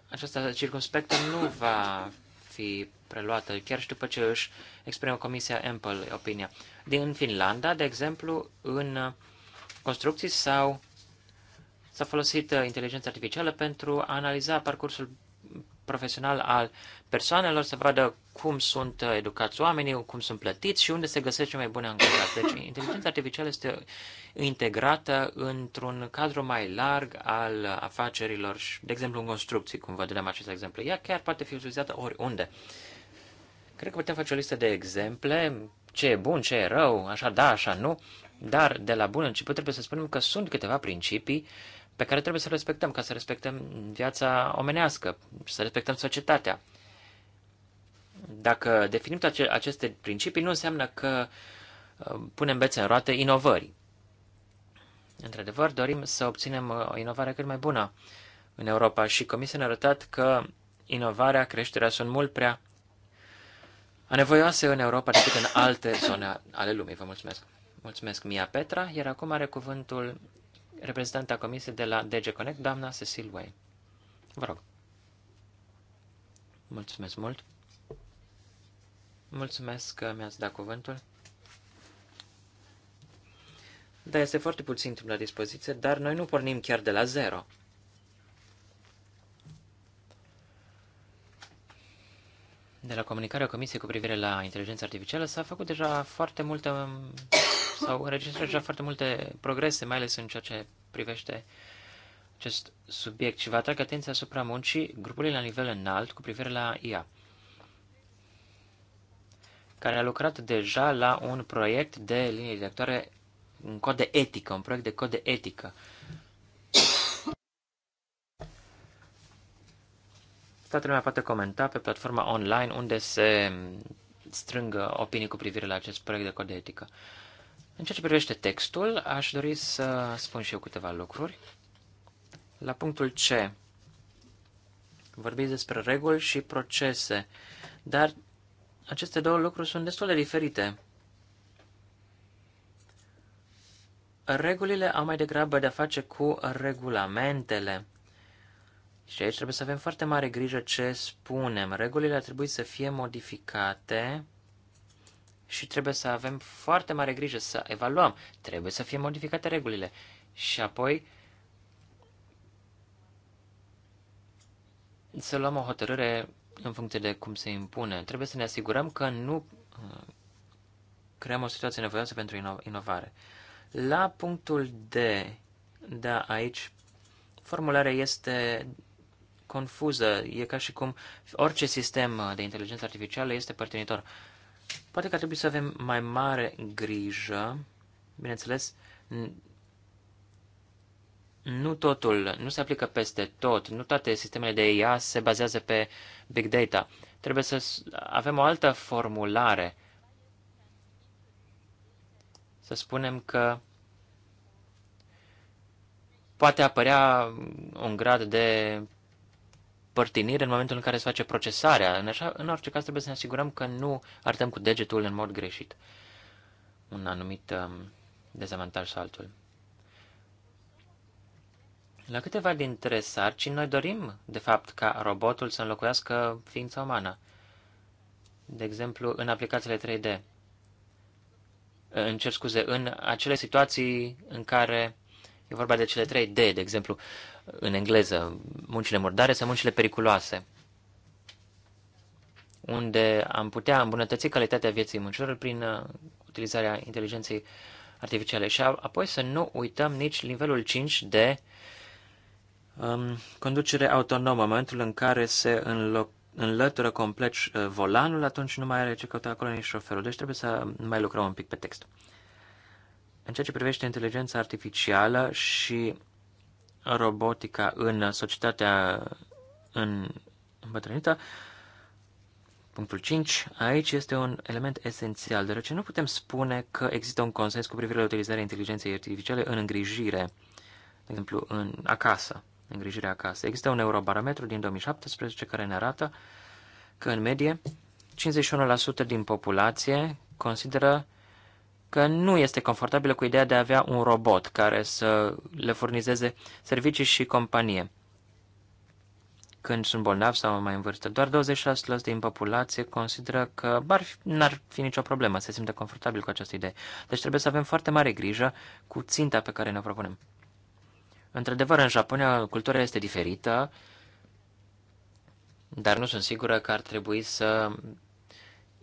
aceasta circunspectă nu va fi preluată, chiar și după ce își exprimă Comisia Ample opinia. Din Finlanda, de exemplu, în construcții sau s-a folosit uh, inteligența artificială pentru a analiza parcursul profesional al persoanelor, să vadă cum sunt uh, educați oamenii, cum sunt plătiți și unde se găsesc cei mai bune angajați. Deci, inteligența artificială este integrată într-un cadru mai larg al afacerilor, de exemplu în construcții, cum vă dăm acest exemplu. Ea chiar poate fi utilizată oriunde. Cred că putem face o listă de exemple, ce e bun, ce e rău, așa da, așa nu, dar de la bun început trebuie să spunem că sunt câteva principii pe care trebuie să respectăm, ca să respectăm viața omenească, să respectăm societatea. Dacă definim toate aceste principii, nu înseamnă că uh, punem bețe în roate inovării. Într-adevăr, dorim să obținem uh, o inovare cât mai bună în Europa și Comisia ne-a arătat că inovarea, creșterea sunt mult prea anevoioase în Europa decât în alte zone ale lumii. Vă mulțumesc. Mulțumesc, Mia Petra, iar acum are cuvântul reprezentanta comisiei de la DG Connect, doamna Cecil Way. Vă rog. Mulțumesc mult. Mulțumesc că mi-ați dat cuvântul. Da, este foarte puțin timp la dispoziție, dar noi nu pornim chiar de la zero. de la comunicarea Comisiei cu privire la inteligența artificială s-a făcut deja foarte multe, um, s-au înregistrat deja foarte multe progrese, mai ales în ceea ce privește acest subiect și vă atrag atenția asupra muncii grupului la nivel înalt cu privire la IA, care a lucrat deja la un proiect de linie directoare, un cod de etică, un proiect de cod de etică. Uh, Toată lumea poate comenta pe platforma online unde se strângă opinii cu privire la acest proiect de cod de etică. În ceea ce privește textul, aș dori să spun și eu câteva lucruri. La punctul C, vorbiți despre reguli și procese, dar aceste două lucruri sunt destul de diferite. Regulile au mai degrabă de-a face cu regulamentele și aici trebuie să avem foarte mare grijă ce spunem. Regulile ar trebui să fie modificate și trebuie să avem foarte mare grijă să evaluăm. Trebuie să fie modificate regulile. Și apoi să luăm o hotărâre în funcție de cum se impune. Trebuie să ne asigurăm că nu uh, creăm o situație nevoioasă pentru ino- inovare. La punctul D, da, aici formularea este confuză. E ca și cum orice sistem uh, de inteligență artificială este părtinitor. Poate că ar trebui să avem mai mare grijă, bineînțeles, nu totul, nu se aplică peste tot, nu toate sistemele de IA se bazează pe big data. Trebuie să avem o altă formulare. Să spunem că poate apărea un grad de părtinire în momentul în care se face procesarea. În, așa, în orice caz trebuie să ne asigurăm că nu arătăm cu degetul în mod greșit un anumit um, dezavantaj sau altul. La câteva dintre sarcini noi dorim, de fapt, ca robotul să înlocuiască ființa umană. De exemplu, în aplicațiile 3D. În cer scuze, în acele situații în care e vorba de cele 3D, de exemplu, uh, în engleză, muncile murdare sau muncile periculoase, unde am putea îmbunătăți calitatea vieții muncilor prin uh, utilizarea inteligenței artificiale. Și apoi să nu uităm nici nivelul 5 de um, conducere autonomă. În momentul în care se înloc, înlătură complet uh, volanul, atunci nu mai are ce căuta acolo nici șoferul. Deci trebuie să mai lucrăm un pic pe text. În ceea ce privește inteligența artificială și robotica în societatea în îmbătrânită. Punctul 5. Aici este un element esențial, deoarece nu putem spune că există un consens cu privire la utilizarea inteligenței artificiale în îngrijire, de exemplu, în acasă, îngrijirea acasă. Există un eurobarometru din 2017 care ne arată că, în medie, 51% din populație consideră că nu este confortabilă cu ideea de a avea un robot care să le furnizeze servicii și companie. Când sunt bolnavi sau mai în vârstă, doar 26% din populație consideră că ar fi, n-ar fi nicio problemă, se simte confortabil cu această idee. Deci trebuie să avem foarte mare grijă cu ținta pe care ne propunem. Într-adevăr, în Japonia cultura este diferită, dar nu sunt sigură că ar trebui să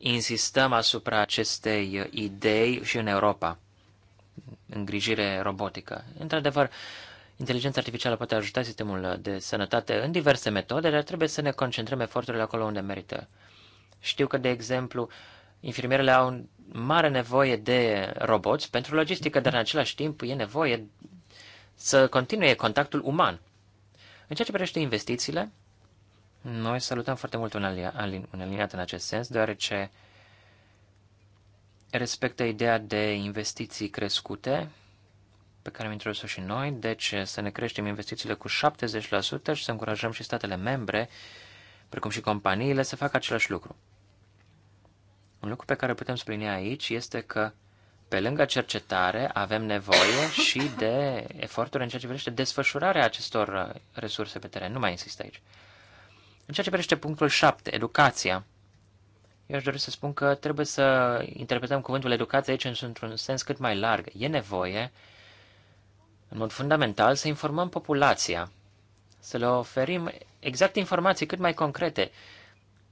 insistăm asupra acestei idei și în Europa. Îngrijire robotică. Într-adevăr, inteligența artificială poate ajuta sistemul de sănătate în diverse metode, dar trebuie să ne concentrăm eforturile acolo unde merită. Știu că, de exemplu, infirmierele au mare nevoie de roboți pentru logistică, dar în același timp e nevoie să continue contactul uman. În ceea ce privește investițiile, noi salutăm foarte mult un, alia, alin, un aliniat în acest sens, deoarece respectă ideea de investiții crescute, pe care am introdus-o și noi, deci să ne creștem investițiile cu 70% și să încurajăm și statele membre, precum și companiile, să facă același lucru. Un lucru pe care putem spune aici este că, pe lângă cercetare, avem nevoie și de eforturi în ceea ce privește desfășurarea acestor resurse pe teren. Nu mai insist aici. În ceea ce privește punctul 7, educația, eu aș dori să spun că trebuie să interpretăm cuvântul educație aici într-un sens cât mai larg. E nevoie, în mod fundamental, să informăm populația, să le oferim exact informații cât mai concrete,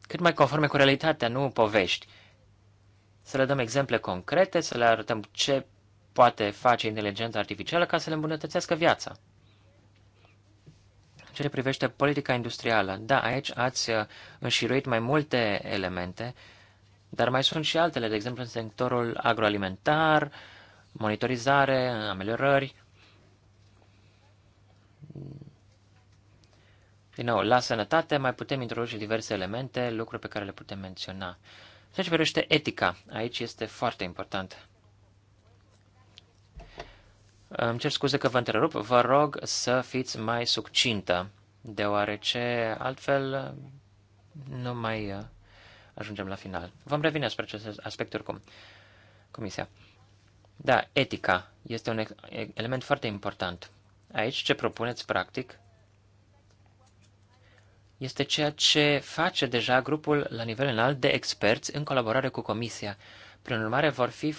cât mai conforme cu realitatea, nu povești. Să le dăm exemple concrete, să le arătăm ce poate face inteligența artificială ca să le îmbunătățească viața ce privește politica industrială. Da, aici ați uh, înșiruit mai multe elemente, dar mai sunt și altele, de exemplu în sectorul agroalimentar, monitorizare, ameliorări. Din nou, la sănătate mai putem introduce diverse elemente, lucruri pe care le putem menționa. Ceea ce privește etica, aici este foarte important. Îmi cer scuze că vă întrerup, vă rog să fiți mai succintă, deoarece altfel uh, nu mai uh, ajungem la final. Vom reveni asupra acest aspect oricum. Comisia. Da, etica este un element foarte important. Aici ce propuneți practic este ceea ce face deja grupul la nivel înalt de experți în colaborare cu Comisia. Prin urmare, vor fi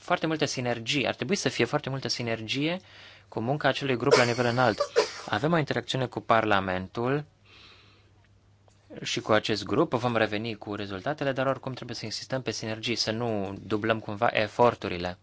foarte multă sinergie, ar trebui să fie foarte multă sinergie cu munca acelui grup la nivel înalt. Avem o interacțiune cu Parlamentul și cu acest grup, vom reveni cu rezultatele, dar oricum trebuie să insistăm pe sinergii, să nu dublăm cumva eforturile.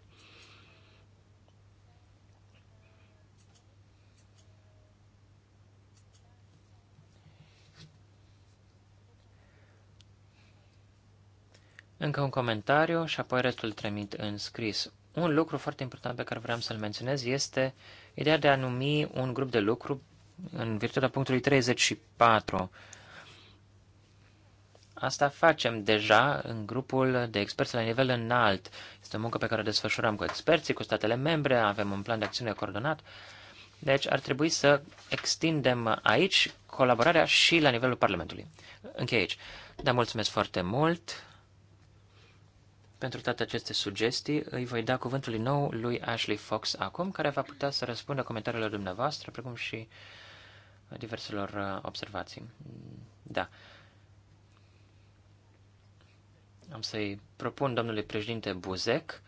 Încă un comentariu și apoi restul trimit în scris. Un lucru foarte important pe care vreau să-l menționez este ideea de a numi un grup de lucru în virtutea punctului 34. Asta facem deja în grupul de experți la nivel înalt. Este o muncă pe care o desfășurăm cu experții, cu statele membre, avem un plan de acțiune coordonat. Deci ar trebui să extindem aici colaborarea și la nivelul Parlamentului. Încheie aici. Da, mulțumesc foarte mult. Pentru toate aceste sugestii, îi voi da cuvântul din nou lui Ashley Fox acum, care va putea să răspundă comentariilor dumneavoastră, precum și diverselor uh, observații. Da. Am să-i propun domnului președinte Buzek,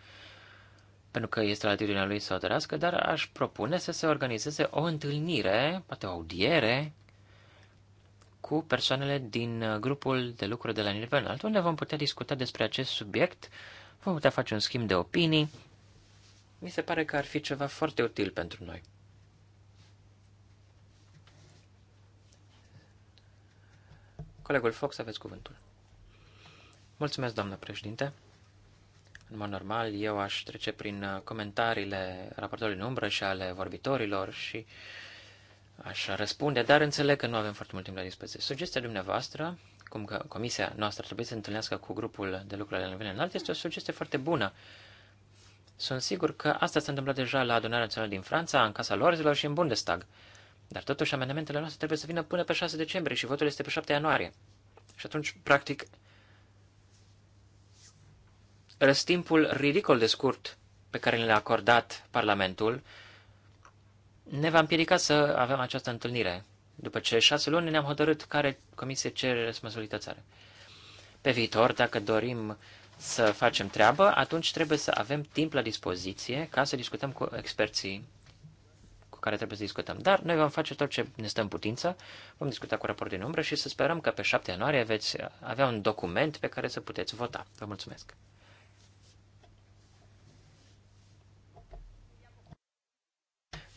pentru că este la atitudinea lui să o dar aș propune să se organizeze o întâlnire, poate o audiere, cu persoanele din uh, grupul de lucru de la nivel înalt, unde vom putea discuta despre acest subiect, vom putea face un schimb de opinii. Mi se pare că ar fi ceva foarte util pentru noi. Colegul Fox, aveți cuvântul. Mulțumesc, doamnă președinte. În mod normal, eu aș trece prin uh, comentariile raportorului în umbră și ale vorbitorilor și uh, aș răspunde, dar înțeleg că nu avem foarte mult timp la dispoziție. Sugestia dumneavoastră, cum că comisia noastră trebuie să întâlnească cu grupul de lucru la nivel înalt, este o sugestie foarte bună. Sunt sigur că asta s-a întâmplat deja la adunarea națională din Franța, în Casa Lorzilor și în Bundestag. Dar totuși amendamentele noastre trebuie să vină până pe 6 decembrie și votul este pe 7 ianuarie. Și atunci, practic, răstimpul ridicol de scurt pe care l a acordat Parlamentul ne va împiedica să avem această întâlnire. După ce șase luni ne-am hotărât care comisie ce responsabilități are. Pe viitor, dacă dorim să facem treabă, atunci trebuie să avem timp la dispoziție ca să discutăm cu experții cu care trebuie să discutăm. Dar noi vom face tot ce ne stă în putință, vom discuta cu raport din umbră și să sperăm că pe 7 ianuarie veți avea un document pe care să puteți vota. Vă mulțumesc!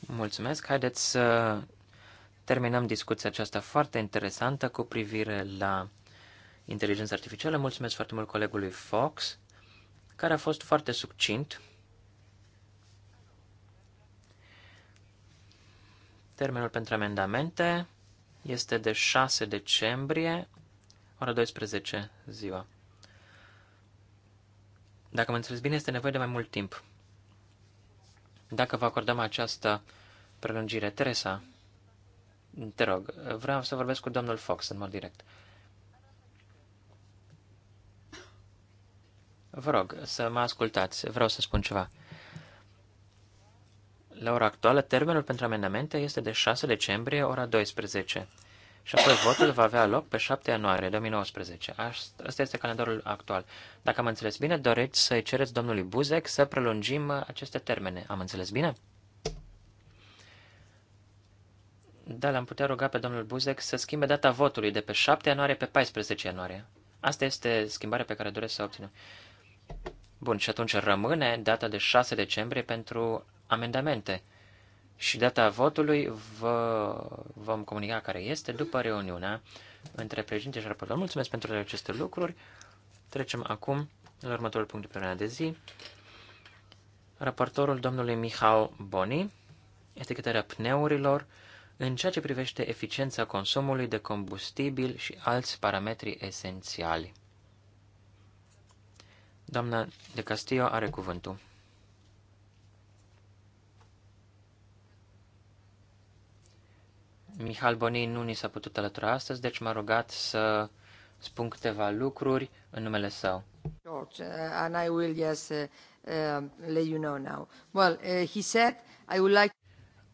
Mulțumesc. Haideți să terminăm discuția aceasta foarte interesantă cu privire la inteligența artificială. Mulțumesc foarte mult colegului Fox, care a fost foarte succint. Termenul pentru amendamente este de 6 decembrie, ora 12 ziua. Dacă mă înțeles bine, este nevoie de mai mult timp dacă vă acordăm această prelungire. Teresa, te rog, vreau să vorbesc cu domnul Fox în mod direct. Vă rog să mă ascultați, vreau să spun ceva. La ora actuală, termenul pentru amendamente este de 6 decembrie, ora 12. Și apoi votul va avea loc pe 7 ianuarie 2019. Asta este calendarul actual. Dacă am înțeles bine, doriți să-i cereți domnului Buzek să prelungim aceste termene. Am înțeles bine? Da, l-am putea ruga pe domnul Buzek să schimbe data votului de pe 7 ianuarie pe 14 ianuarie. Asta este schimbarea pe care doresc să o obținem. Bun, și atunci rămâne data de 6 decembrie pentru amendamente și data votului vă vom comunica care este după reuniunea între președinte și raportor. Mulțumesc pentru aceste lucruri. Trecem acum la următorul punct de pe de zi. Raportorul domnului Mihau Boni, etichetarea pneurilor, în ceea ce privește eficiența consumului de combustibil și alți parametri esențiali. Doamna de Castillo are cuvântul. Mihal Bonin nu ni s-a putut alătura astăzi, deci m-a rugat să spun câteva lucruri în numele său. George, uh, and I will just uh, uh, let you know now. Well, uh, he said I would like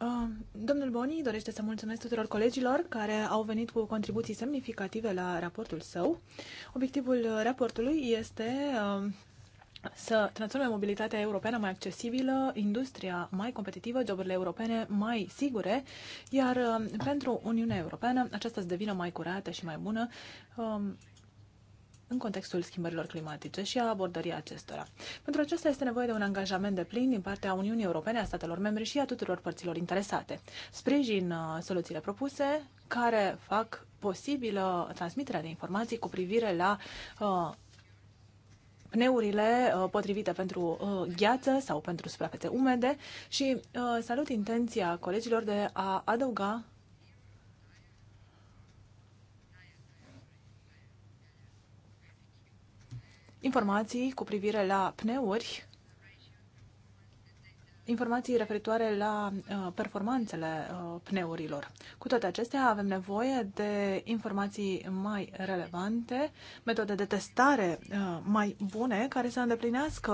Uh, domnul Boni dorește să mulțumesc tuturor colegilor care au venit cu contribuții semnificative la raportul său. Obiectivul raportului este uh, să transforme mobilitatea europeană mai accesibilă, industria mai competitivă, joburile europene mai sigure, iar um, pentru Uniunea Europeană aceasta să devină mai curată și mai bună um, în contextul schimbărilor climatice și a abordării acestora. Pentru aceasta este nevoie de un angajament de plin din partea Uniunii Europene, a statelor membre și a tuturor părților interesate. Sprijin uh, soluțiile propuse care fac posibilă transmiterea de informații cu privire la uh, pneurile uh, potrivite pentru uh, gheață sau pentru suprafețe umede și uh, salut intenția colegilor de a adăuga informații cu privire la pneuri informații referitoare la uh, performanțele uh, pneurilor. Cu toate acestea, avem nevoie de informații mai relevante, metode de testare uh, mai bune, care să îndeplinească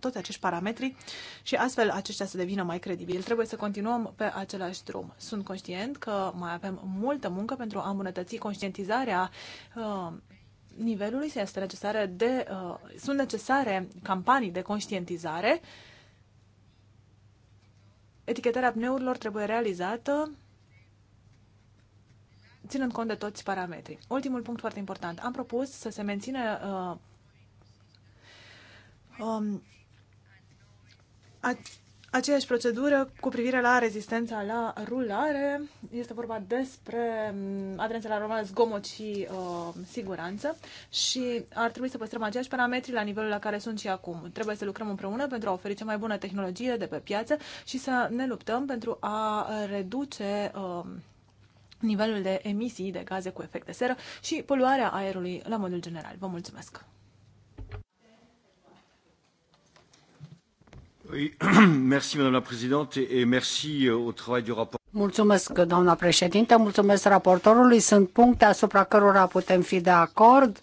toți acești parametri și astfel aceștia să devină mai credibili. Trebuie să continuăm pe același drum. Sunt conștient că mai avem multă muncă pentru a îmbunătăți conștientizarea nivelului, este necesare de, sunt necesare campanii de conștientizare Etichetarea pneurilor trebuie realizată ținând cont de toți parametrii. Ultimul punct foarte important. Am propus să se mențină uh, um, Aceeași procedură cu privire la rezistența la rulare. Este vorba despre mm, adrența la rulare, zgomot și uh, siguranță și ar trebui să păstrăm aceiași parametri la nivelul la care sunt și acum. Trebuie să lucrăm împreună pentru a oferi cea mai bună tehnologie de pe piață și să ne luptăm pentru a reduce uh, nivelul de emisii de gaze cu efect de seră și poluarea aerului la modul general. Vă mulțumesc! Mulțumesc, doamna președinte, mulțumesc raportorului. Sunt puncte asupra cărora putem fi de acord,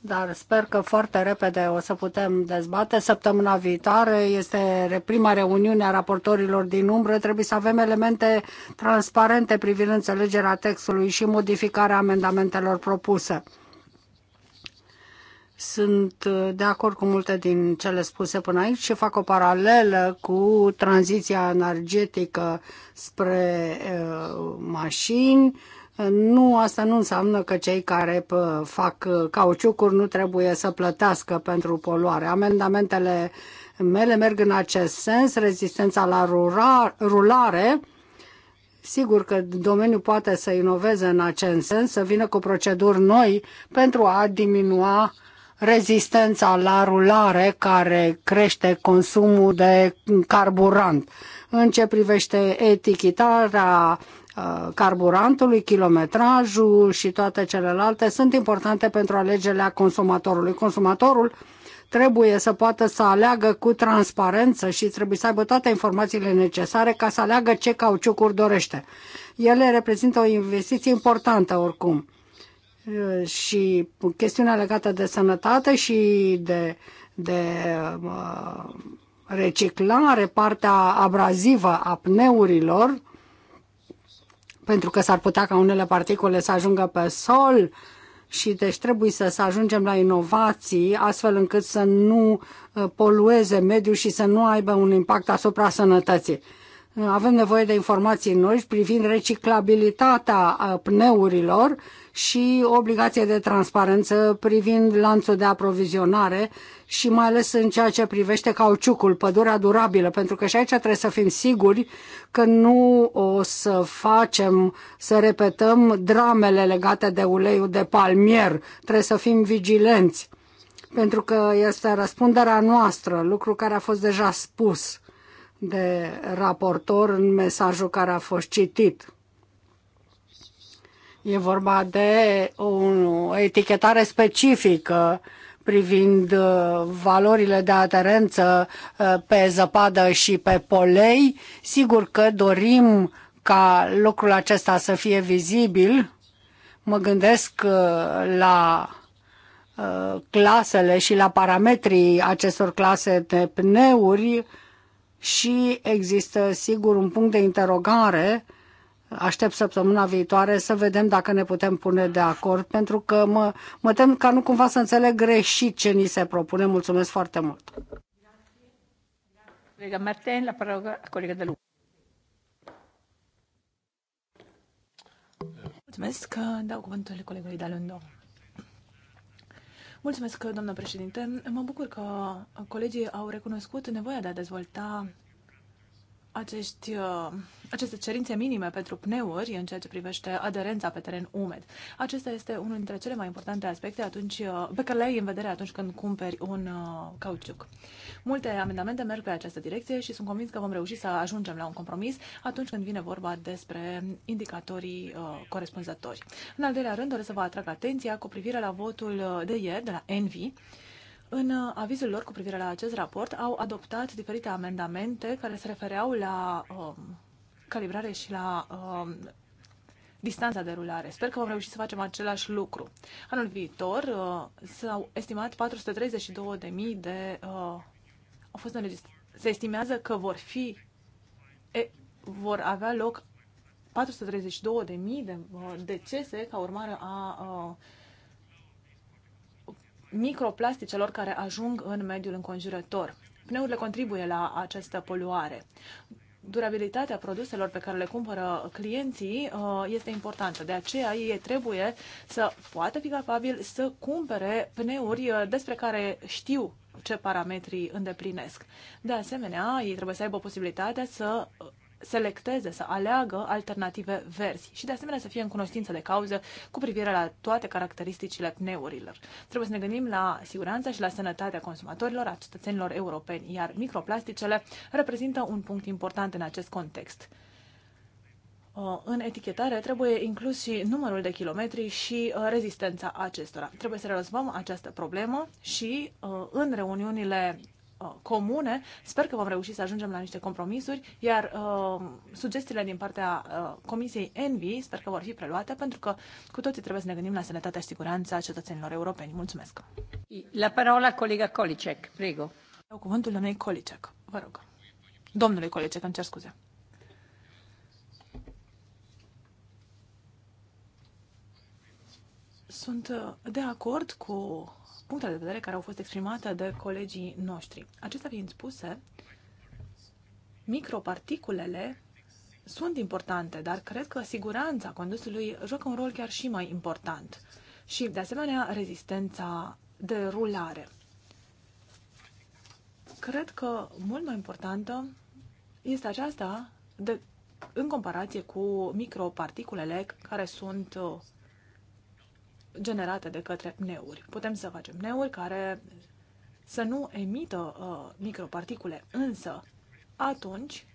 dar sper că foarte repede o să putem dezbate. Săptămâna viitoare este prima reuniune a raportorilor din umbră. Trebuie să avem elemente transparente privind înțelegerea textului și modificarea amendamentelor propuse sunt uh, de acord cu multe din cele spuse până aici și fac o paralelă cu tranziția energetică spre uh, mașini. Nu, asta nu înseamnă că cei care fac uh, cauciucuri nu trebuie să plătească pentru poluare. Amendamentele mele merg în acest sens, rezistența la rura, rulare, Sigur că domeniul poate să inoveze în acest sens, să vină cu proceduri noi pentru a diminua uh, rezistența la rulare care crește consumul de carburant. În ce privește etichetarea uh, carburantului, kilometrajul și toate celelalte sunt importante pentru alegerea consumatorului. Consumatorul trebuie să poată să aleagă cu transparență și trebuie să aibă toate informațiile necesare ca să aleagă ce cauciucuri dorește. Ele reprezintă o investiție importantă oricum. Uh, și chestiunea legată de sănătate și de, de uh, reciclare, partea abrazivă a pneurilor, pentru că s-ar putea ca unele particule să ajungă pe sol și deci trebuie să, să ajungem la inovații astfel încât să nu uh, polueze mediul și să nu aibă un impact asupra sănătății. Avem nevoie de informații noi privind reciclabilitatea pneurilor și obligație de transparență privind lanțul de aprovizionare și mai ales în ceea ce privește cauciucul, pădurea durabilă, pentru că și aici trebuie să fim siguri că nu o să facem, să repetăm dramele legate de uleiul de palmier. Trebuie să fim vigilenți, pentru că este răspunderea noastră, lucru care a fost deja spus de raportor în mesajul care a fost citit. E vorba de o etichetare specifică privind uh, valorile de aterență uh, pe zăpadă și pe polei. Sigur că dorim ca lucrul acesta să fie vizibil. Mă gândesc uh, la clasele și la parametrii acestor clase de pneuri și există sigur un punct de interogare uh, aștept săptămâna viitoare să vedem dacă ne putem pune de acord, pentru că mă, mă tem ca nu cumva să înțeleg greșit ce ni se propune. Mulțumesc foarte mult! Colega Martin, la parola colega de Mulțumesc că dau cuvântul colegului Dalundo. Mulțumesc, doamnă președinte. Mă bucur că colegii au recunoscut nevoia de a dezvolta acești, uh, aceste cerințe minime pentru pneuri în ceea ce privește aderența pe teren umed. Acesta este unul dintre cele mai importante aspecte atunci, uh, pe care le ai în vedere atunci când cumperi un uh, cauciuc. Multe amendamente merg pe această direcție și sunt convins că vom reuși să ajungem la un compromis atunci când vine vorba despre indicatorii corespunzători. În al doilea rând, doresc să vă atrag atenția cu privire la votul de ieri de la Envi în uh, avizul lor cu privire la acest raport au adoptat diferite amendamente care se refereau la um, calibrare și la um, distanța de rulare. Sper că vom reuși să facem același lucru. Anul viitor uh, s-au estimat 432.000 de... Uh, au fost înregistrate. Se estimează că vor fi... E, vor avea loc 432.000 de uh, decese ca urmare a uh, microplasticelor care ajung în mediul înconjurător. Pneurile contribuie la această poluare. Durabilitatea produselor pe care le cumpără clienții uh, este importantă. De aceea ei trebuie să poată fi capabil să cumpere pneuri uh, despre care știu ce parametri îndeplinesc. De asemenea, ei trebuie să aibă posibilitatea să selecteze, să aleagă alternative verzi și de asemenea să fie în cunoștință de cauză cu privire la toate caracteristicile pneurilor. Trebuie să ne gândim la siguranța și la sănătatea consumatorilor, a cetățenilor europeni, iar microplasticele reprezintă un punct important în acest context. Uh, în etichetare trebuie inclus și numărul de kilometri și uh, rezistența acestora. Trebuie să rezolvăm această problemă și uh, în reuniunile Uh, comune. Sper că vom reuși să ajungem la niște compromisuri, iar uh, sugestiile din partea uh, Comisiei Envi sper că vor fi preluate, pentru că cu toții trebuie să ne gândim la sănătatea și siguranța cetățenilor europeni. Mulțumesc! La parola colega Kolicek, prego. Eu cuvântul domnului Kolicek, vă rog. Domnului Kolicek, îmi cer scuze. Sunt uh, de acord cu puncte de vedere care au fost exprimate de colegii noștri. Acestea fiind spuse, microparticulele sunt importante, dar cred că siguranța condusului joacă un rol chiar și mai important și, de asemenea, rezistența de rulare. Cred că mult mai importantă este aceasta de, în comparație cu microparticulele care sunt uh, generate de către pneuri. Putem să facem pneuri care să nu emită uh, microparticule, însă atunci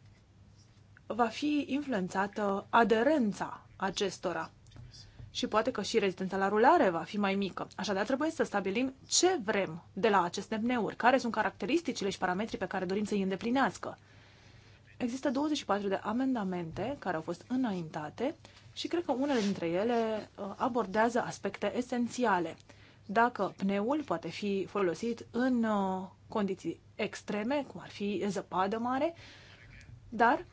va fi influențată aderența acestora și poate că și rezistența la rulare va fi mai mică. Așadar, trebuie să stabilim ce vrem de la aceste pneuri, care sunt caracteristicile și parametrii pe care dorim să îi îndeplinească. Există 24 de amendamente care au fost înaintate și cred că unele dintre ele uh, abordează aspecte esențiale. Dacă pneul poate fi folosit în uh, condiții extreme, cum ar fi zăpadă mare, dar,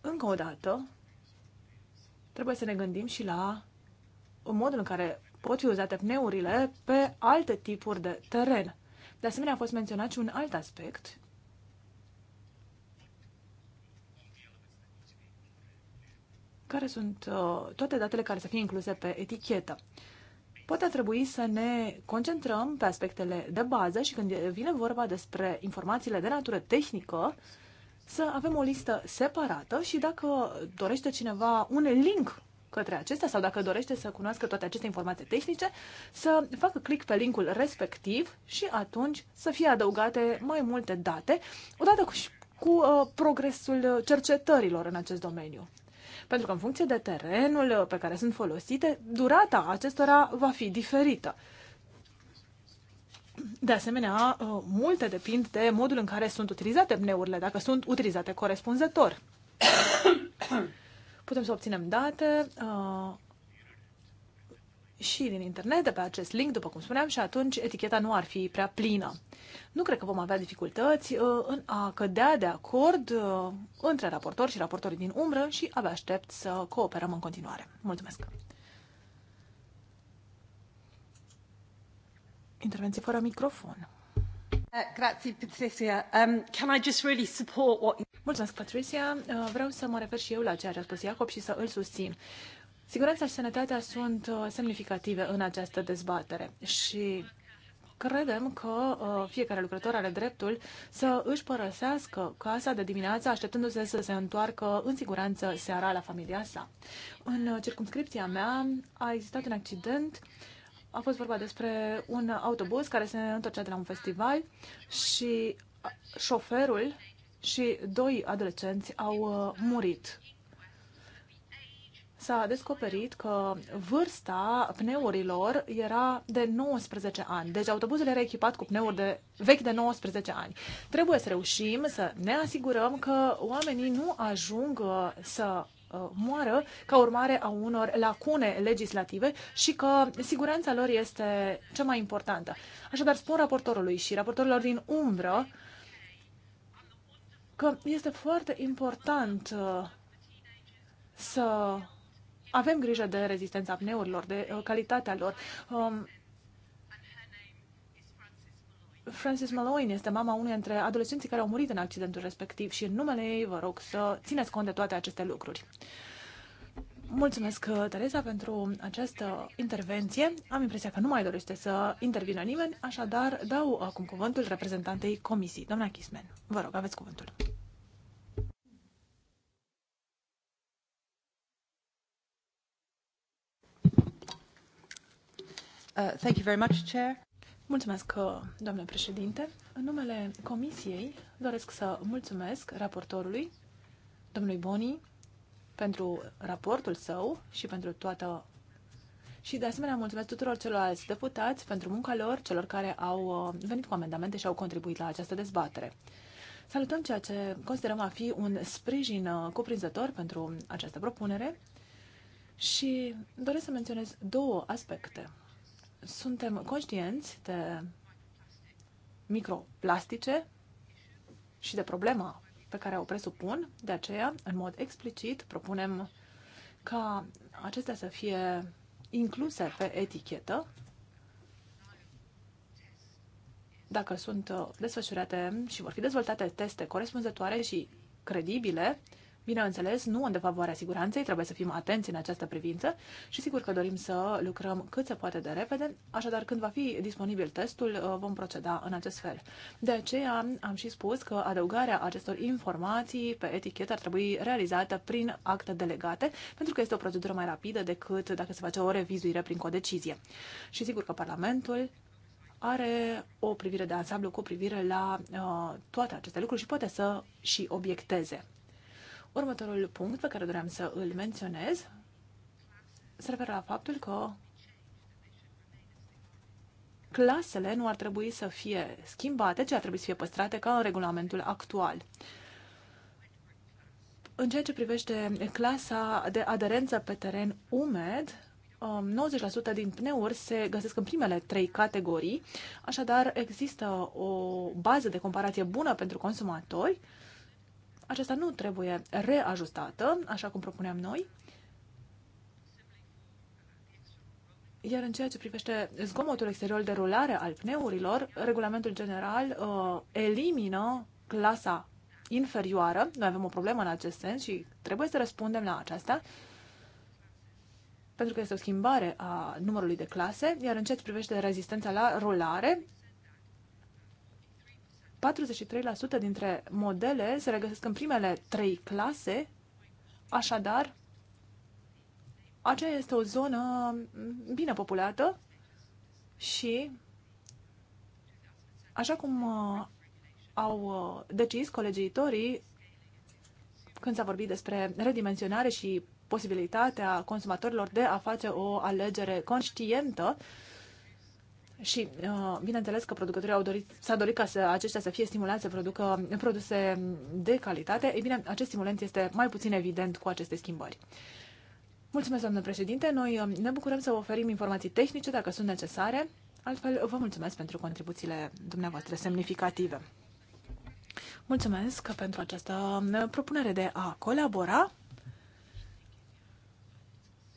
încă o dată, trebuie să ne gândim și la modul în care pot fi uzate pneurile pe alte tipuri de teren. De asemenea, a fost menționat și un alt aspect, care sunt uh, toate datele care să fie incluse pe etichetă. Poate ar trebui să ne concentrăm pe aspectele de bază și când vine vorba despre informațiile de natură tehnică, să avem o listă separată și dacă dorește cineva un link către acestea sau dacă dorește să cunoască toate aceste informații tehnice, să facă click pe linkul respectiv și atunci să fie adăugate mai multe date, odată cu, cu uh, progresul cercetărilor în acest domeniu. Pentru că în funcție de terenul uh, pe care sunt folosite, durata acestora va fi diferită. De asemenea, uh, multe depind de modul în care sunt utilizate pneurile, dacă sunt utilizate corespunzător. Putem să obținem date uh, și din internet, de pe acest link, după cum spuneam, și atunci eticheta nu ar fi prea plină. Nu cred că vom avea dificultăți uh, în a cădea de acord uh, între raportori și raportorii din umbră și abia aștept să cooperăm în continuare. Mulțumesc! Intervenție fără microfon. Uh, um, Mulțumesc, Patricia. Vreau să mă refer și eu la ceea ce a spus Iacob și să îl susțin. Siguranța și sănătatea sunt uh, semnificative în această dezbatere și credem că uh, fiecare lucrător are dreptul să își părăsească casa de dimineață așteptându-se să se întoarcă în siguranță seara la familia sa. În uh, circumscripția mea a existat un accident a fost vorba despre un autobuz care se întorcea de la un festival și șoferul și doi adolescenți au murit s-a descoperit că vârsta pneurilor era de 19 ani. Deci autobuzul era echipat cu pneuri de, vechi de 19 ani. Trebuie să reușim să ne asigurăm că oamenii nu ajung uh, să uh, moară ca urmare a unor lacune legislative și că siguranța lor este cea mai importantă. Așadar, spun raportorului și raportorilor din umbră că este foarte important uh, să avem grijă de rezistența pneurilor, de uh, calitatea lor. Um, Francis Malloyne este mama unei dintre adolescenții care au murit în accidentul respectiv și în numele ei vă rog să țineți cont de toate aceste lucruri. Mulțumesc, uh, Teresa, pentru această intervenție. Am impresia că nu mai dorește să intervină nimeni, așadar dau acum cuvântul reprezentantei Comisiei. Doamna Chismen, vă rog, aveți cuvântul. Uh, thank you very much, Chair. Mulțumesc, uh, doamnă președinte. În numele Comisiei doresc să mulțumesc raportorului, domnului Boni, pentru raportul său și pentru toată și de asemenea mulțumesc tuturor celorlalți deputați pentru munca lor, celor care au uh, venit cu amendamente și au contribuit la această dezbatere. Salutăm ceea ce considerăm a fi un sprijin cuprinzător pentru această propunere și doresc să menționez două aspecte. Suntem conștienți de microplastice și de problema pe care o presupun, de aceea, în mod explicit, propunem ca acestea să fie incluse pe etichetă dacă sunt uh, desfășurate și vor fi dezvoltate teste corespunzătoare și credibile, Bineînțeles, nu în defavoarea siguranței, trebuie să fim atenți în această privință și sigur că dorim să lucrăm cât se poate de repede, așadar când va fi disponibil testul uh, vom proceda în acest fel. De aceea am și spus că adăugarea acestor informații pe etichetă ar trebui realizată prin acte delegate, pentru că este o procedură mai rapidă decât dacă se face o revizuire prin codecizie. Și sigur că Parlamentul are o privire de ansamblu cu privire la uh, toate aceste lucruri și poate să și obiecteze. Următorul punct pe care doream să îl menționez se referă la faptul că clasele nu ar trebui să fie schimbate, ci ar trebui să fie păstrate ca în regulamentul actual. În ceea ce privește clasa de aderență pe teren umed, 90% um, din pneuri se găsesc în primele trei categorii, așadar există o bază de comparație bună pentru consumatori aceasta nu trebuie reajustată, așa cum propuneam noi. Iar în ceea ce privește zgomotul exterior de rulare al pneurilor, regulamentul general uh, elimină clasa inferioară. Noi avem o problemă în acest sens și trebuie să răspundem la aceasta pentru că este o schimbare a numărului de clase, iar în ceea ce privește rezistența la rulare, 43% dintre modele se regăsesc în primele trei clase, așadar, aceea este o zonă bine populată și, așa cum uh, au uh, decis colegiitorii când s-a vorbit despre redimensionare și posibilitatea consumatorilor de a face o alegere conștientă, și, uh, bineînțeles, că producătorii au dorit, s-a dorit ca să, aceștia să fie stimulați să producă produse de calitate. Ei bine, acest stimulant este mai puțin evident cu aceste schimbări. Mulțumesc, doamnă președinte. Noi uh, ne bucurăm să oferim informații tehnice dacă sunt necesare. Altfel, vă mulțumesc pentru contribuțiile dumneavoastră semnificative. Mulțumesc pentru această uh, propunere de a colabora.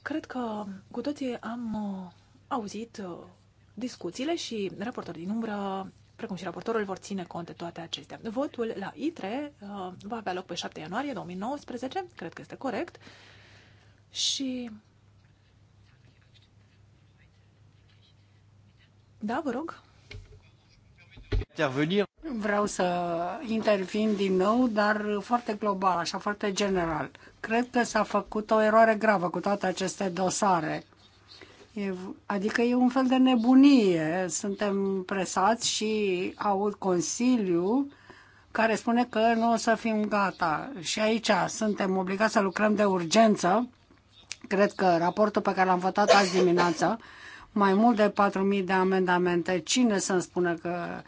Cred că cu toții am auzit discuțiile și raportorul din umbră precum și raportorul, vor ține cont de toate acestea. Votul la ITRE uh, va avea loc pe 7 ianuarie 2019, cred că este corect, și... Da, vă rog. Vreau să intervin din nou, dar foarte global, așa, foarte general. Cred că s-a făcut o eroare gravă cu toate aceste dosare E, adică e un fel de nebunie. Suntem presați și aud Consiliu care spune că nu o să fim gata. Și aici suntem obligați să lucrăm de urgență. Cred că raportul pe care l-am votat azi dimineață, mai mult de 4.000 de amendamente, cine să-mi spună că,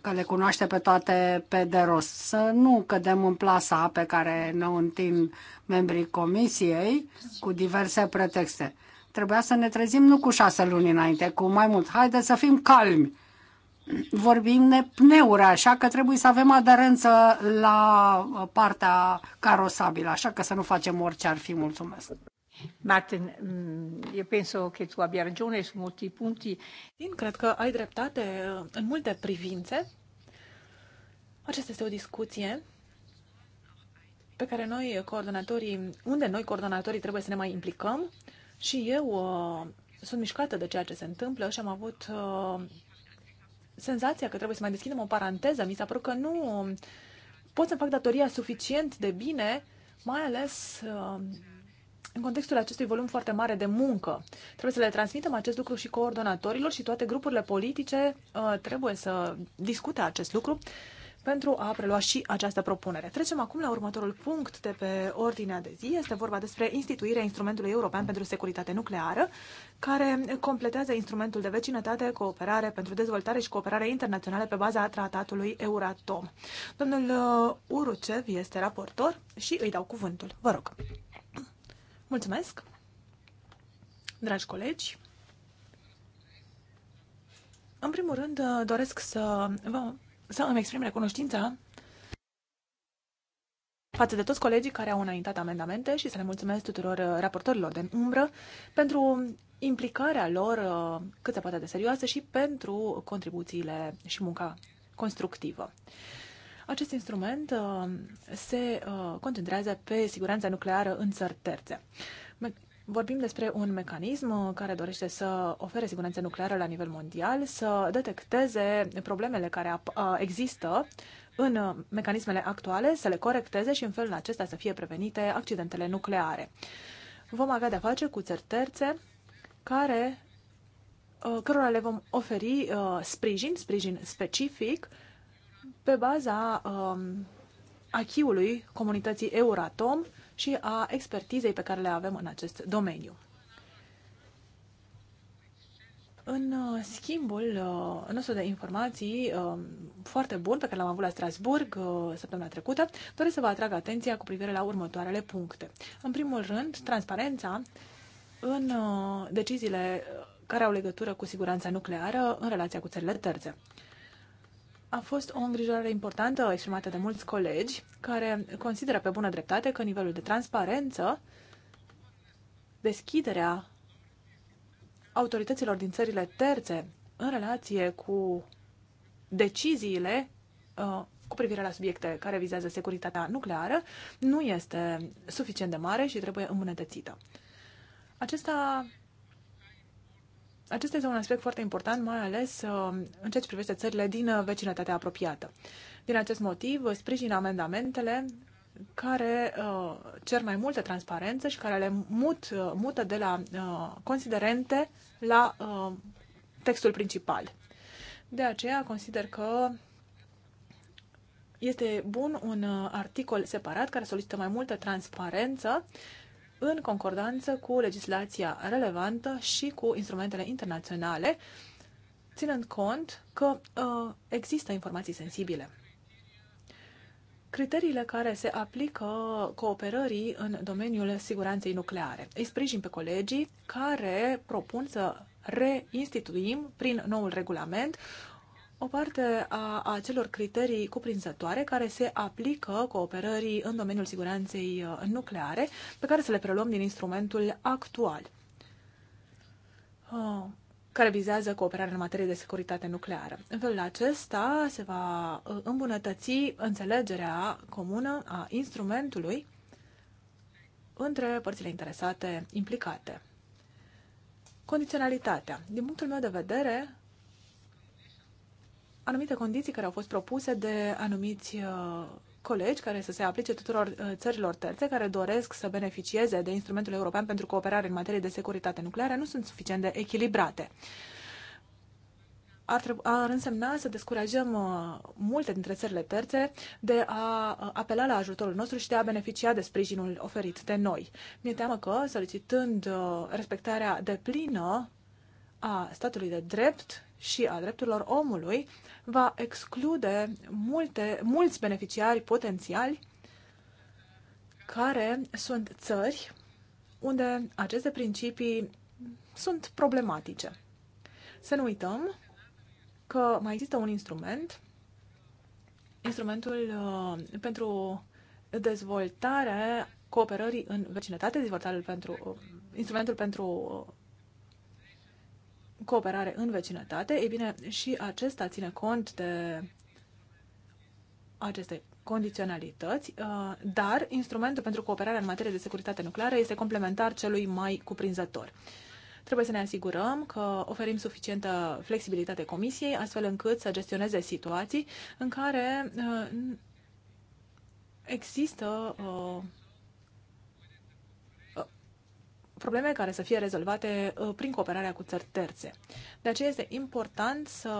că le cunoaște pe toate pe de rost? Să nu cădem în plasa pe care ne întind membrii comisiei cu diverse pretexte Trebuia să ne trezim nu cu șase luni înainte, cu mai mult. Haide să fim calmi. Vorbim nepneure, așa că trebuie să avem aderență la partea carosabilă, așa că să nu facem orice ar fi. Mulțumesc. Martin, mm, eu penso că tu abbia și su puncte. Din Cred că ai dreptate uh, în multe privințe. Aceasta este o discuție pe care noi, coordonatorii, unde noi, coordonatorii, trebuie să ne mai implicăm și eu uh, sunt mișcată de ceea ce se întâmplă și am avut uh, senzația că trebuie să mai deschidem o paranteză. Mi s-a părut că nu um, pot să fac datoria suficient de bine, mai ales uh, în contextul acestui volum foarte mare de muncă. Trebuie să le transmitem acest lucru și coordonatorilor și toate grupurile politice uh, trebuie să discute acest lucru pentru a prelua și această propunere. Trecem acum la următorul punct de pe ordinea de zi. Este vorba despre instituirea instrumentului european pentru securitate nucleară, care completează instrumentul de vecinătate, cooperare pentru dezvoltare și cooperare internațională pe baza tratatului Euratom. Domnul uh, Urucev este raportor și îi dau cuvântul. Vă rog. Mulțumesc, dragi colegi. În primul rând, uh, doresc să vă să îmi exprim recunoștința față de toți colegii care au înaintat amendamente și să le mulțumesc tuturor uh, raportorilor de umbră pentru implicarea lor uh, cât se poate de serioasă și pentru contribuțiile și munca constructivă. Acest instrument uh, se concentrează pe siguranța nucleară în țări terțe. Vorbim despre un mecanism uh, care dorește să ofere siguranță nucleară la nivel mondial, să detecteze problemele care uh, există în uh, mecanismele actuale, să le corecteze și în felul acesta să fie prevenite accidentele nucleare. Vom avea de-a face cu țări terțe care, cărora le vom oferi sprijin, sprijin specific, pe baza um, achiului comunității Euratom și a expertizei pe care le avem în acest domeniu. În uh, schimbul uh, nostru de informații uh, foarte bun pe care l-am avut la Strasburg săptămâna trecută, doresc să vă atrag atenția cu privire la următoarele puncte. În primul rând, transparența în deciziile care au legătură cu siguranța nucleară în relația cu țările terțe a fost o îngrijorare importantă exprimată de mulți colegi care consideră pe bună dreptate că nivelul de transparență, deschiderea autorităților din țările terțe în relație cu deciziile uh, cu privire la subiecte care vizează securitatea nucleară nu este suficient de mare și trebuie îmbunătățită. Acesta acesta este un aspect foarte important, mai ales uh, în ceea ce privește țările din uh, vecinătatea apropiată. Din acest motiv, uh, sprijin amendamentele care cer mai multă transparență și care le mut, mută de la considerente la textul principal. De aceea consider că este bun un articol separat care solicită mai multă transparență în concordanță cu legislația relevantă și cu instrumentele internaționale, ținând cont că uh, există informații sensibile. Criteriile care se aplică cooperării în domeniul siguranței nucleare. Îi sprijin pe colegii care propun să reinstituim prin noul regulament o parte a acelor criterii cuprinzătoare care se aplică cooperării în domeniul siguranței uh, nucleare, pe care să le preluăm din instrumentul actual, uh, care vizează cooperarea în materie de securitate nucleară. În felul acesta se va uh, îmbunătăți înțelegerea comună a instrumentului între părțile interesate implicate. Condiționalitatea. Din punctul meu de vedere, anumite condiții care au fost propuse de anumiți uh, colegi care să se aplice tuturor uh, țărilor terțe care doresc să beneficieze de instrumentul european pentru cooperare în materie de securitate nucleară nu sunt suficient de echilibrate. Ar, treb- ar însemna să descurajăm uh, multe dintre țările terțe de a uh, apela la ajutorul nostru și de a beneficia de sprijinul oferit de noi. Mi-e teamă că, solicitând uh, respectarea deplină a statului de drept, și a drepturilor omului va exclude multe, mulți beneficiari potențiali care sunt țări unde aceste principii sunt problematice. Să nu uităm că mai există un instrument, instrumentul uh, pentru dezvoltare cooperării în vecinătate, pentru, uh, instrumentul pentru uh, cooperare în vecinătate, e bine, și acesta ține cont de aceste condiționalități, uh, dar instrumentul pentru cooperare în materie de securitate nucleară este complementar celui mai cuprinzător. Trebuie să ne asigurăm că oferim suficientă flexibilitate comisiei, astfel încât să gestioneze situații în care uh, există uh, probleme care să fie rezolvate uh, prin cooperarea cu țări terțe. De aceea este important să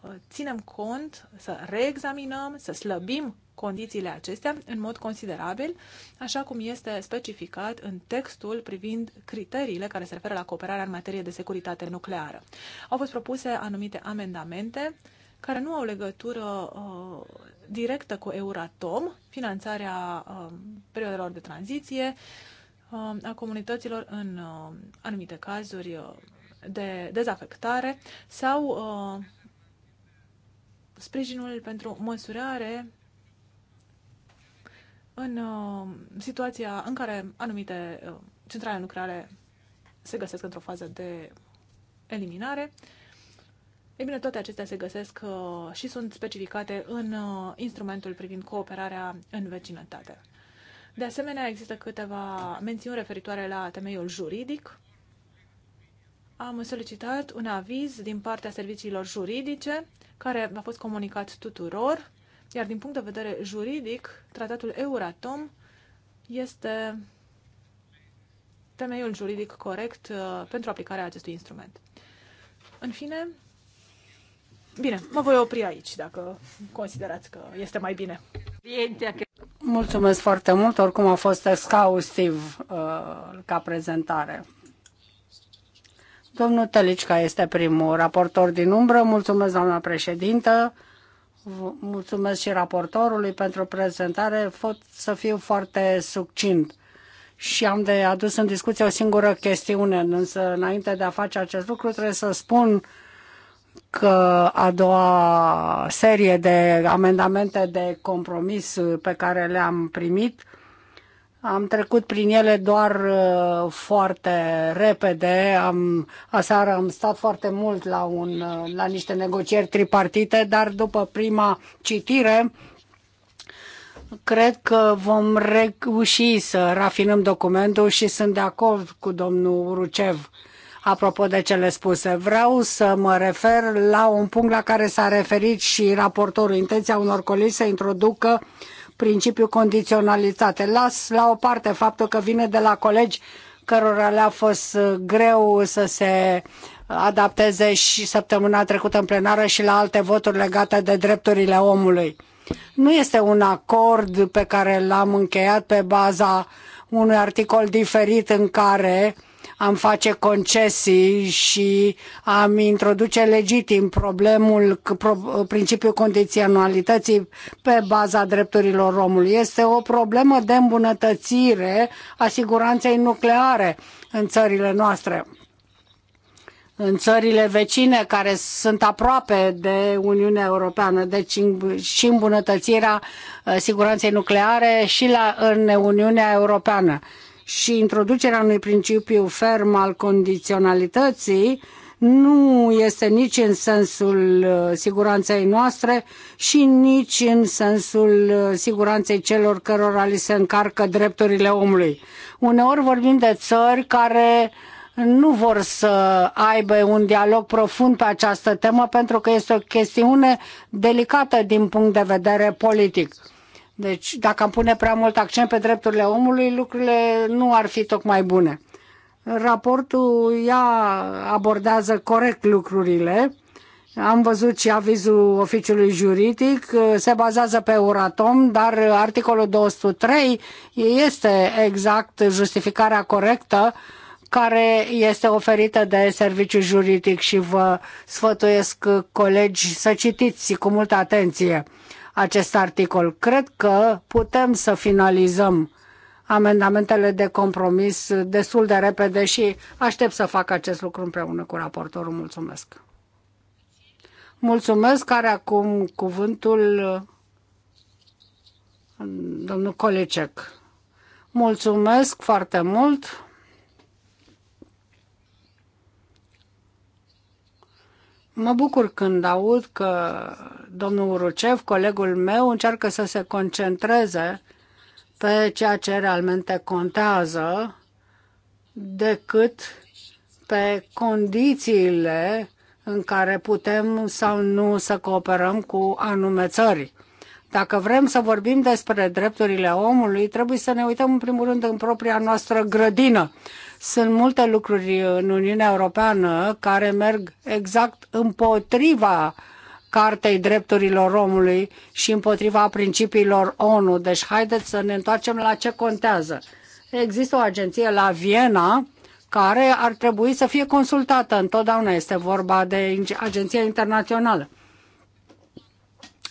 uh, ținem cont, să reexaminăm, să slăbim condițiile acestea în mod considerabil, așa cum este specificat în textul privind criteriile care se referă la cooperarea în materie de securitate nucleară. Au fost propuse anumite amendamente care nu au legătură uh, directă cu Euratom, finanțarea uh, perioadelor de tranziție, uh, Um, a comunităților în um, anumite cazuri uh, de dezafectare sau uh, sprijinul pentru măsurare în um, situația în care anumite uh, centrale nucleare se găsesc într-o fază de eliminare. Ei bine, toate acestea se găsesc și sunt specificate în instrumentul privind cooperarea în vecinătate. De asemenea, există câteva mențiuni referitoare la temeiul juridic. Am solicitat un aviz din partea serviciilor juridice, care a fost comunicat tuturor, iar din punct de vedere juridic, tratatul Euratom este temeiul juridic corect uh, pentru aplicarea acestui instrument. În fine, bine, mă voi opri aici, dacă considerați că este mai bine. Mulțumesc foarte mult, oricum a fost exhaustiv uh, ca prezentare. Domnul Telicca este primul raportor din umbră. Mulțumesc, doamna președintă. Mulțumesc și raportorului pentru prezentare. Pot să fiu foarte succint și am de adus în discuție o singură chestiune, însă înainte de a face acest lucru trebuie să spun că a doua serie de amendamente de compromis pe care le-am primit, am trecut prin ele doar uh, foarte repede. Am, aseară am stat foarte mult la, un, uh, la niște negocieri tripartite, dar după prima citire cred că vom reuși să rafinăm documentul și sunt de acord cu domnul Rucev apropo de cele spuse. Vreau să mă refer la un punct la care s-a referit și raportorul. Intenția unor colegi să introducă principiul condiționalitate. Las la o parte faptul că vine de la colegi cărora le-a fost greu să se adapteze și săptămâna trecută în plenară și la alte voturi legate de drepturile omului. Nu este un acord pe care l-am încheiat pe baza unui articol diferit în care uh, am face concesii și am introduce legitim problemul, principiul condiționalității pe baza drepturilor omului. Este o problemă de îmbunătățire a siguranței nucleare în țările noastre în țările vecine care sunt aproape de Uniunea Europeană, deci și îmbunătățirea uh, siguranței nucleare și la, în Uniunea Europeană și introducerea unui principiu ferm al condiționalității nu este nici în sensul uh, siguranței noastre și nici în sensul uh, siguranței celor cărora li se încarcă drepturile omului. Uneori vorbim de țări care nu vor să aibă un dialog profund pe această temă pentru că este o chestiune delicată din punct de vedere politic deci, dacă am pune prea mult accent pe drepturile omului, lucrurile nu ar fi tocmai bune. Raportul ea abordează corect lucrurile. Am văzut și avizul oficiului juridic, se bazează pe Euratom, dar articolul 203 este exact justificarea corectă care este oferită de serviciu juridic și vă sfătuiesc colegi să citiți cu multă atenție acest articol. Cred că putem să finalizăm amendamentele de compromis destul de repede și aștept să fac acest lucru împreună cu raportorul. Mulțumesc! Mulțumesc, care acum cuvântul uh, domnul Colecec. Mulțumesc foarte mult! Mă bucur când aud că domnul Rucev, colegul meu, încearcă să se concentreze pe ceea ce realmente contează decât pe condițiile în care putem sau nu să cooperăm cu anume țări. Dacă vrem să vorbim despre drepturile omului, trebuie să ne uităm în primul rând în propria noastră grădină sunt multe lucruri în Uniunea Europeană care merg exact împotriva Cartei Drepturilor Omului și împotriva principiilor ONU. Deci haideți să ne întoarcem la ce contează. Există o agenție la Viena care ar trebui să fie consultată. Întotdeauna este vorba de agenția internațională.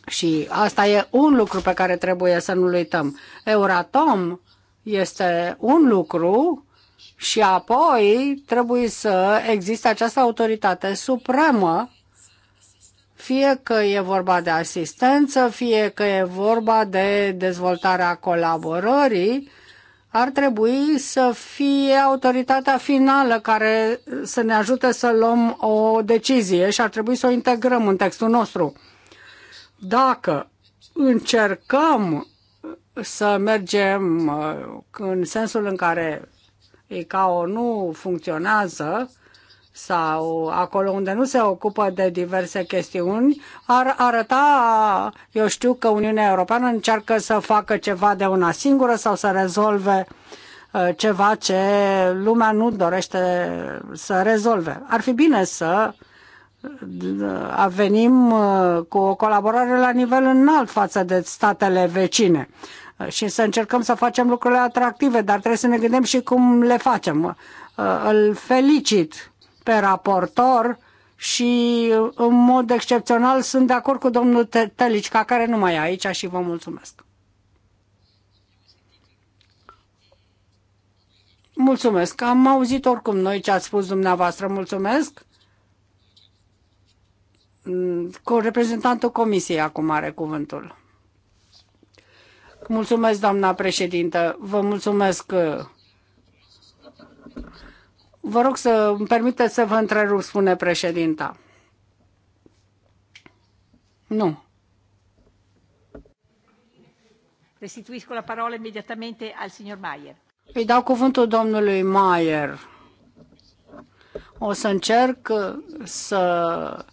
Și asta e un lucru pe care trebuie să nu-l uităm. Euratom este un lucru și apoi trebuie să existe această autoritate supremă, fie că e vorba de asistență, fie că e vorba de dezvoltarea colaborării, ar trebui să fie autoritatea finală care să ne ajute să luăm o decizie și ar trebui să o integrăm în textul nostru. Dacă încercăm să mergem uh, în sensul în care ICAO nu funcționează sau acolo unde nu se ocupă de diverse chestiuni, ar arăta, eu știu că Uniunea Europeană încearcă să facă ceva de una singură sau să rezolve uh, ceva ce lumea nu dorește să rezolve. Ar fi bine să uh, venim uh, cu o colaborare la nivel înalt față de statele vecine și să încercăm să facem lucrurile atractive, dar trebuie să ne gândim și cum le facem. Uh, îl felicit pe raportor și uh, în mod excepțional sunt de acord cu domnul Telicica, care nu mai e aici și vă mulțumesc. Mulțumesc. Am auzit oricum noi ce ați spus dumneavoastră. Mulțumesc. Mm, cu reprezentantul comisiei acum are cuvântul. Mulțumesc, doamna președintă. Vă mulțumesc. Vă rog să îmi permiteți să vă întrerup, spune președinta. Nu. Restituiesc la parola imediatamente al signor Maier. Îi dau cuvântul domnului Maier. O să încerc să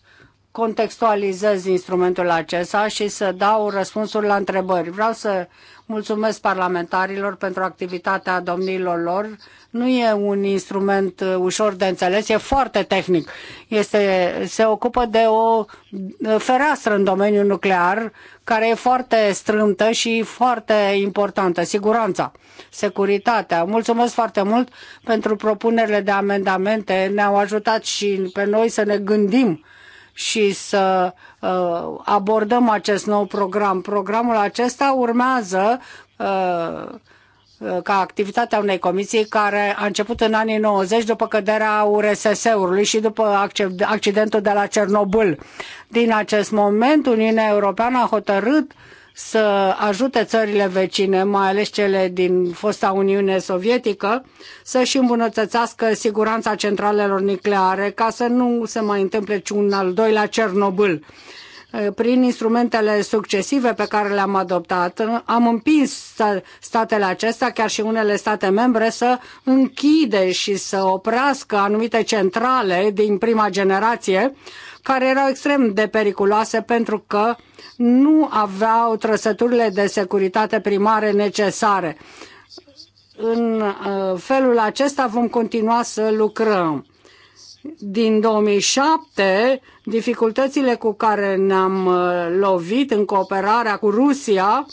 contextualizez instrumentul acesta și să dau răspunsuri la întrebări. Vreau să mulțumesc parlamentarilor pentru activitatea domnilor lor. Nu e un instrument uh, ușor de înțeles, e foarte tehnic. Este, se ocupă de o uh, fereastră în domeniul nuclear care e foarte strâmtă și foarte importantă. Siguranța, securitatea. Mulțumesc foarte mult pentru propunerile de amendamente. Ne-au ajutat și pe noi să ne gândim și să uh, abordăm acest nou program. Programul acesta urmează uh, uh, ca activitatea unei comisii care a început în anii 90 după căderea URSS-ului și după accidentul de la Cernobâl. Din acest moment, Uniunea Europeană a hotărât uh, să ajute țările vecine, mai ales cele din fosta Uniune Sovietică, să-și îmbunătățească siguranța centralelor nucleare ca să nu se mai întâmple un al doilea Cernobâl. Prin instrumentele succesive pe care le-am adoptat, am împins statele acestea, chiar și unele state membre, să închide și să oprească anumite centrale din prima generație, care erau extrem de periculoase pentru că nu aveau trăsăturile de securitate primare necesare. În uh, felul acesta vom continua să lucrăm din 2007, dificultățile cu care ne-am uh, lovit în cooperarea cu Rusia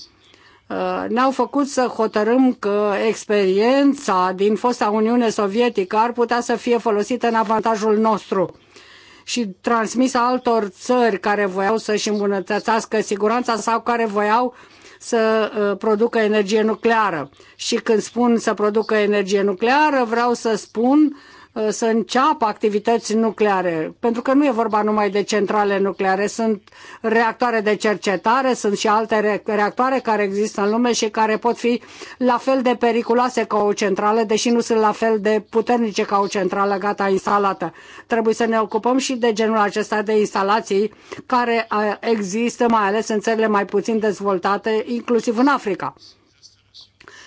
uh, ne-au făcut să hotărâm că experiența din fosta Uniune Sovietică ar putea să fie folosită în avantajul nostru și transmisă altor țări care voiau să-și îmbunătățească siguranța sau care voiau să uh, producă energie nucleară. Și când spun să producă energie nucleară, vreau să spun Uh, să înceapă activități nucleare, pentru că nu e vorba numai de centrale nucleare, sunt reactoare de cercetare, sunt și alte reactoare care există în lume și care pot fi la fel de periculoase ca o centrală, deși nu sunt la fel de puternice ca o centrală gata instalată. Trebuie să ne ocupăm și de genul acesta de instalații care uh, există mai ales în țările mai puțin dezvoltate, inclusiv în Africa.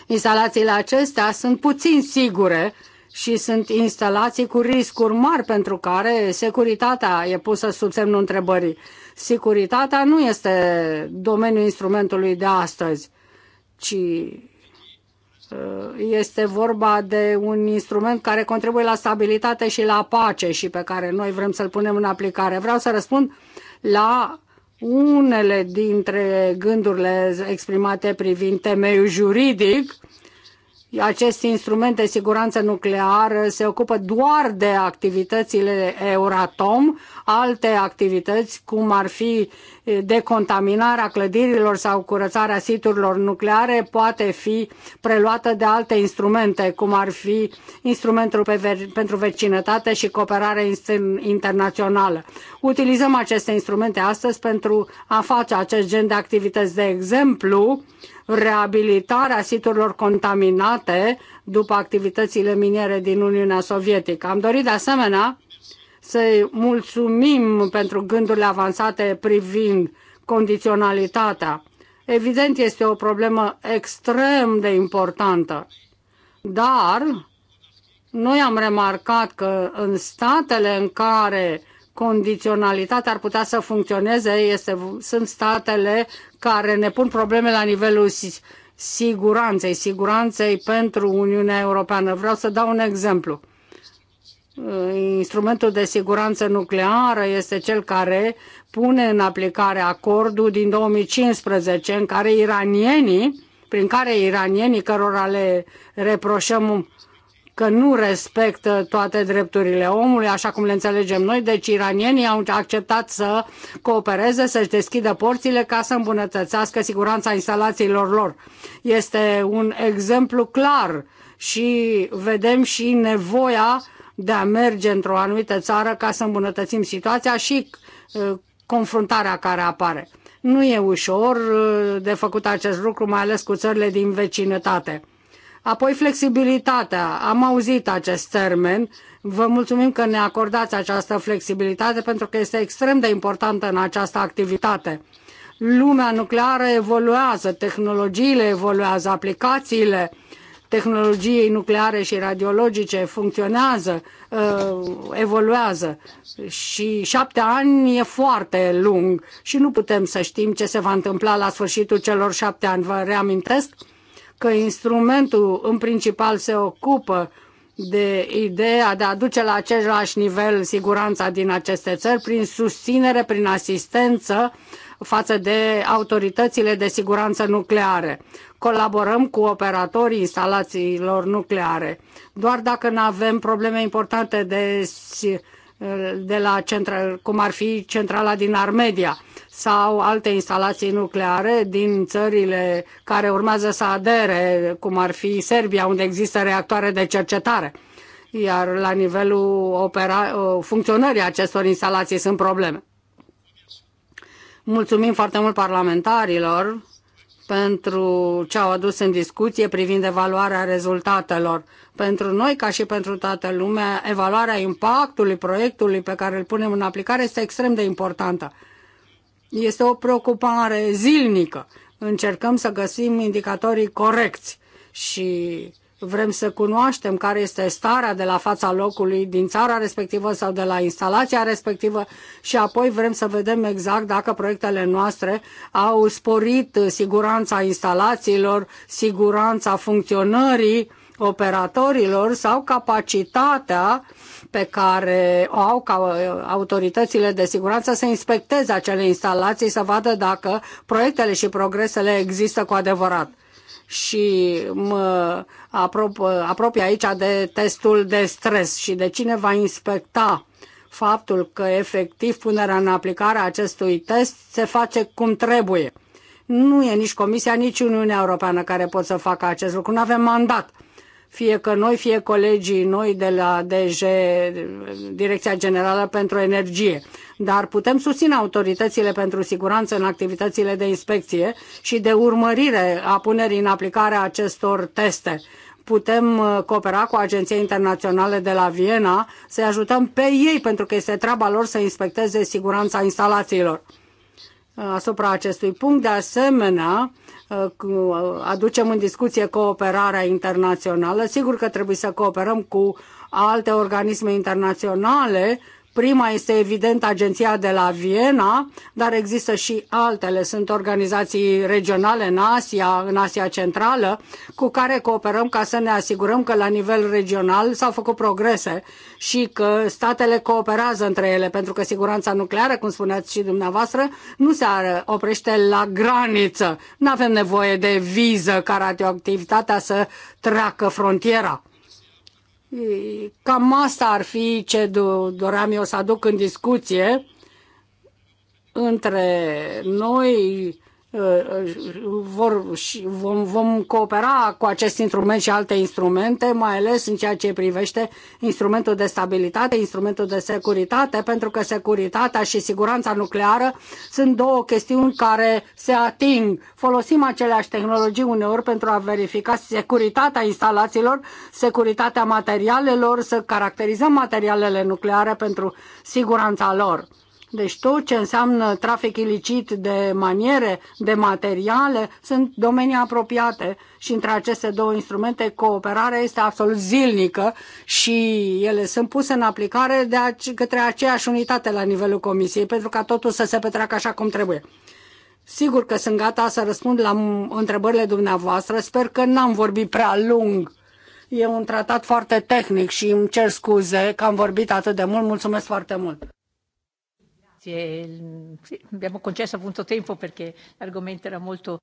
Instalațiile acestea sunt puțin sigure, și sunt instalații cu riscuri mari pentru care securitatea e pusă sub semnul întrebării. Securitatea nu este domeniul instrumentului de astăzi, ci uh, este vorba de un instrument care contribuie la stabilitate și la pace și pe care noi vrem să-l punem în aplicare. Vreau să răspund la unele dintre gândurile exprimate privind temeiul juridic acest instrument de siguranță nucleară se ocupă doar de activitățile Euratom, alte activități cum ar fi decontaminarea clădirilor sau curățarea siturilor nucleare poate fi preluată de alte instrumente, cum ar fi instrumentul pentru vecinătate și cooperare internațională. Utilizăm aceste instrumente astăzi pentru a face acest gen de activități. De exemplu, reabilitarea siturilor contaminate după activitățile miniere din Uniunea Sovietică. Am dorit de asemenea să mulțumim pentru gândurile avansate privind condiționalitatea. Evident, este o problemă extrem de importantă, dar noi am remarcat că în statele în care condiționalitatea ar putea să funcționeze este, sunt statele care ne pun probleme la nivelul siguranței, siguranței pentru Uniunea Europeană. Vreau să dau un exemplu. Instrumentul de siguranță nucleară este cel care pune în aplicare acordul din 2015 în care iranienii, prin care iranienii cărora le reproșăm că nu respectă toate drepturile omului, așa cum le înțelegem noi, deci iranienii au acceptat să coopereze, să-și deschidă porțile ca să îmbunătățească siguranța instalațiilor lor. Este un exemplu clar și vedem și nevoia de a merge într-o anumită țară ca să îmbunătățim situația și uh, confruntarea care apare. Nu e ușor uh, de făcut acest lucru, mai ales cu țările din vecinătate. Apoi flexibilitatea. Am auzit acest termen. Vă mulțumim că ne acordați această flexibilitate pentru că este extrem de importantă în această activitate. Lumea nucleară evoluează, tehnologiile evoluează, aplicațiile tehnologiei nucleare și radiologice funcționează, uh, evoluează și șapte ani e foarte lung și nu putem să știm ce se va întâmpla la sfârșitul celor șapte ani. Vă reamintesc că instrumentul în principal se ocupă de ideea de a duce la același nivel siguranța din aceste țări prin susținere, prin asistență față de autoritățile de siguranță nucleare. Colaborăm cu operatorii instalațiilor nucleare. Doar dacă nu avem probleme importante de de la centra, cum ar fi centrala din Armedia sau alte instalații nucleare din țările care urmează să adere, cum ar fi Serbia, unde există reactoare de cercetare. Iar la nivelul opera, funcționării acestor instalații sunt probleme. Mulțumim foarte mult parlamentarilor pentru ce au adus în discuție privind evaluarea rezultatelor. Pentru noi, ca și pentru toată lumea, evaluarea impactului proiectului pe care îl punem în aplicare este extrem de importantă. Este o preocupare zilnică. Încercăm să găsim indicatorii corecți și vrem să cunoaștem care este starea de la fața locului din țara respectivă sau de la instalația respectivă și apoi vrem să vedem exact dacă proiectele noastre au sporit siguranța instalațiilor, siguranța funcționării operatorilor sau capacitatea pe care o au ca autoritățile de siguranță să inspecteze acele instalații, să vadă dacă proiectele și progresele există cu adevărat și mă aprop, apropie aici de testul de stres și de cine va inspecta faptul că efectiv punerea în aplicare a acestui test se face cum trebuie. Nu e nici Comisia, nici Uniunea Europeană care pot să facă acest lucru. Nu avem mandat. Fie că noi, fie colegii noi de la DG, Direcția Generală pentru Energie dar putem susține autoritățile pentru siguranță în activitățile de inspecție și de urmărire a punerii în aplicare a acestor teste putem uh, coopera cu Agenția Internațională de la Viena, să-i ajutăm pe ei, pentru că este treaba lor să inspecteze siguranța instalațiilor. Uh, asupra acestui punct, de asemenea, uh, aducem în discuție cooperarea internațională. Sigur că trebuie să cooperăm cu alte organisme internaționale Prima este evident agenția de la Viena, dar există și altele. Sunt organizații regionale în Asia, în Asia Centrală, cu care cooperăm ca să ne asigurăm că la nivel regional s-au făcut progrese și că statele cooperează între ele, pentru că siguranța nucleară, cum spuneați și dumneavoastră, nu se oprește la graniță. Nu avem nevoie de viză ca radioactivitatea să treacă frontiera Cam asta ar fi ce doream eu să aduc în discuție între noi vor, și vom, vom coopera cu acest instrument și alte instrumente, mai ales în ceea ce privește instrumentul de stabilitate, instrumentul de securitate, pentru că securitatea și siguranța nucleară sunt două chestiuni care se ating. Folosim aceleași tehnologii uneori pentru a verifica securitatea instalațiilor, securitatea materialelor, să caracterizăm materialele nucleare pentru siguranța lor deci tot ce înseamnă trafic ilicit de maniere, de materiale, sunt domenii apropiate și între aceste două instrumente cooperarea este absolut zilnică și ele sunt puse în aplicare de ace- către aceeași unitate la nivelul Comisiei pentru ca totul să se petreacă așa cum trebuie. Sigur că sunt gata să răspund la întrebările dumneavoastră. Sper că n-am vorbit prea lung. E un tratat foarte tehnic și îmi cer scuze că am vorbit atât de mult. Mulțumesc foarte mult! Grazie. Sì, abbiamo concesso appunto tempo perché l'argomento era molto...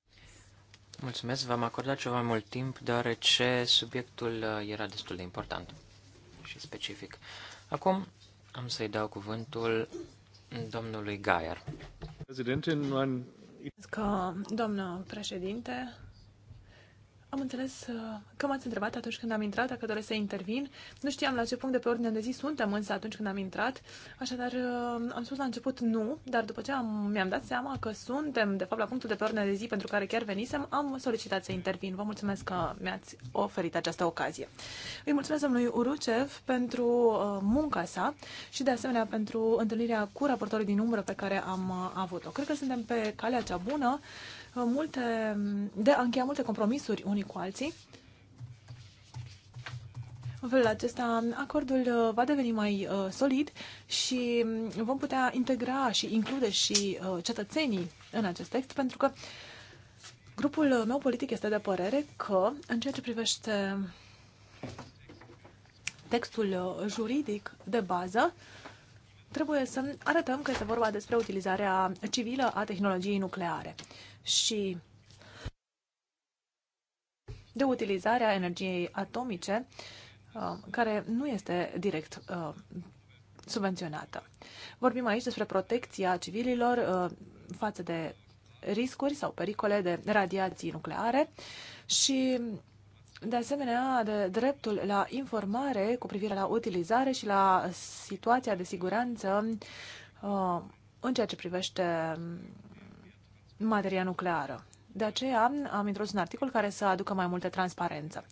Mulțumesc, v-am acordat ceva mult timp, deoarece subiectul uh, era destul de important și specific. Acum am să-i dau cuvântul domnului Gaier. Uh, doamnă președinte, am înțeles uh, că m-ați întrebat atunci când am intrat dacă doresc să intervin. Nu știam la ce punct de pe ordinea de zi suntem însă atunci când am intrat. Așadar, uh, am spus la început nu, dar după ce am, mi-am dat seama că suntem, de fapt, la punctul de pe ordinea de zi pentru care chiar venisem, am solicitat să intervin. Vă mulțumesc că mi-ați oferit această ocazie. Îi mulțumesc domnului Urucev pentru uh, munca sa și, de asemenea, pentru întâlnirea cu raportorul din umbră pe care am avut-o. Cred că suntem pe calea cea bună multe, de a încheia multe compromisuri unii cu alții. În felul acesta, acordul uh, va deveni mai uh, solid și um, vom putea integra și include și uh, cetățenii în acest text, pentru că grupul meu politic este de părere că, în ceea ce privește textul uh, juridic de bază, trebuie să arătăm că este vorba despre utilizarea civilă a tehnologiei nucleare și de utilizarea energiei atomice, uh, care nu este direct uh, subvenționată. Vorbim aici despre protecția civililor uh, față de riscuri sau pericole de radiații nucleare și de asemenea, de dreptul la informare cu privire la utilizare și la situația de siguranță în ceea ce privește materia nucleară. De aceea am introdus un articol care să aducă mai multă transparență.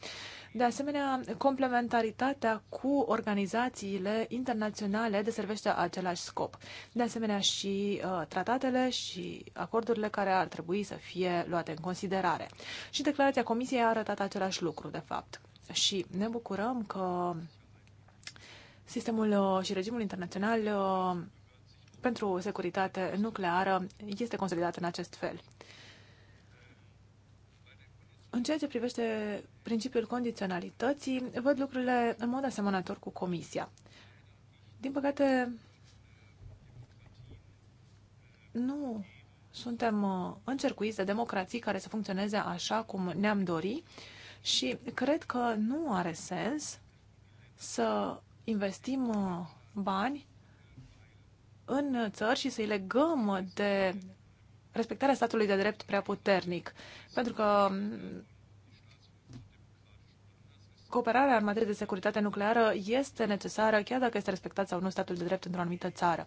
De asemenea, complementaritatea cu organizațiile internaționale deservește același scop. De asemenea, și uh, tratatele și acordurile care ar trebui să fie luate în considerare. Și declarația Comisiei a arătat același lucru, de fapt. Și ne bucurăm că sistemul uh, și regimul internațional uh, pentru securitate nucleară este consolidată în acest fel. În ceea ce privește principiul condiționalității, văd lucrurile în mod asemănător cu Comisia. Din păcate, nu suntem uh, încercuiți de democrații care să funcționeze așa cum ne-am dori și cred că nu are sens să investim uh, bani în țări și să-i legăm de respectarea statului de drept prea puternic. Pentru că mm, cooperarea în materie de securitate nucleară este necesară, chiar dacă este respectat sau nu statul de drept într-o anumită țară.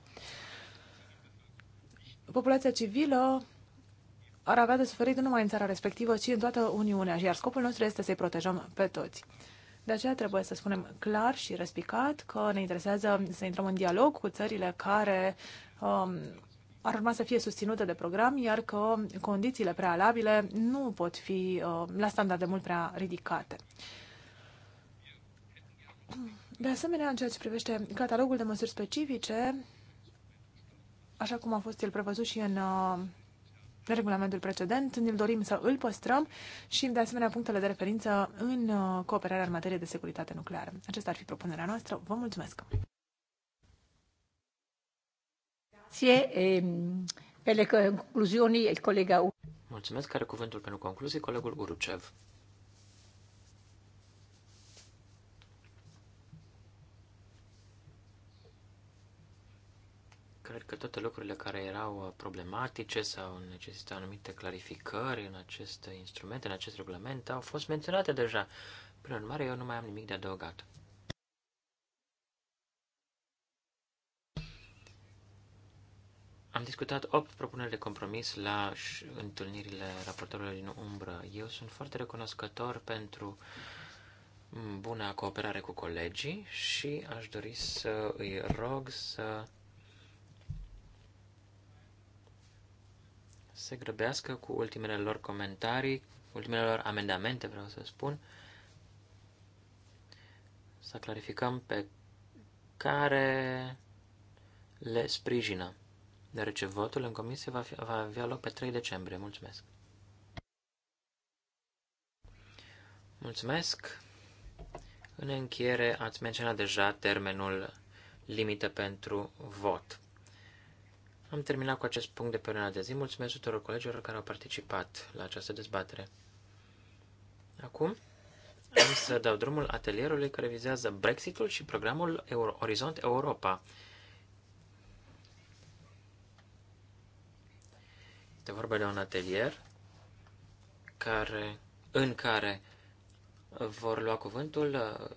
Populația civilă ar avea de suferit nu numai în țara respectivă, ci în toată Uniunea, iar scopul nostru este să-i protejăm pe toți. De aceea trebuie să spunem clar și răspicat că ne interesează să intrăm în dialog cu țările care um, ar urma să fie susținute de program, iar că condițiile prealabile nu pot fi uh, la standarde mult prea ridicate. De asemenea, în ceea ce privește catalogul de măsuri specifice, așa cum a fost el prevăzut și în uh, regulamentul precedent, ne dorim să îl păstrăm și, de asemenea, punctele de referință în uh, cooperarea în materie de securitate nucleară. Acesta ar fi propunerea noastră. Vă mulțumesc! Ehm, mulțumesc. Care cuvântul pentru concluzii colegul Urucev. Cred că toate lucrurile care erau uh, problematice sau necesită anumite clarificări în acest instrument, în acest regulament, au fost menționate deja. Prin urmare, eu nu mai am nimic de adăugat. Am discutat 8 propuneri de compromis la întâlnirile raportorilor din umbră. Eu sunt foarte recunoscător pentru mm, buna cooperare cu colegii și aș dori să îi rog să se grăbească cu ultimele lor comentarii, ultimele lor amendamente, vreau să spun, să clarificăm pe care le sprijină, deoarece votul în comisie va, fi, va avea loc pe 3 decembrie. Mulțumesc! Mulțumesc! În încheiere ați menționat deja termenul limită pentru vot. Am terminat cu acest punct de pe ordinea de zi. Mulțumesc tuturor colegilor care au participat la această dezbatere. Acum am să dau drumul atelierului care vizează Brexitul și programul Euro Orizont Europa. Este vorba de un atelier care, în care vor lua cuvântul uh,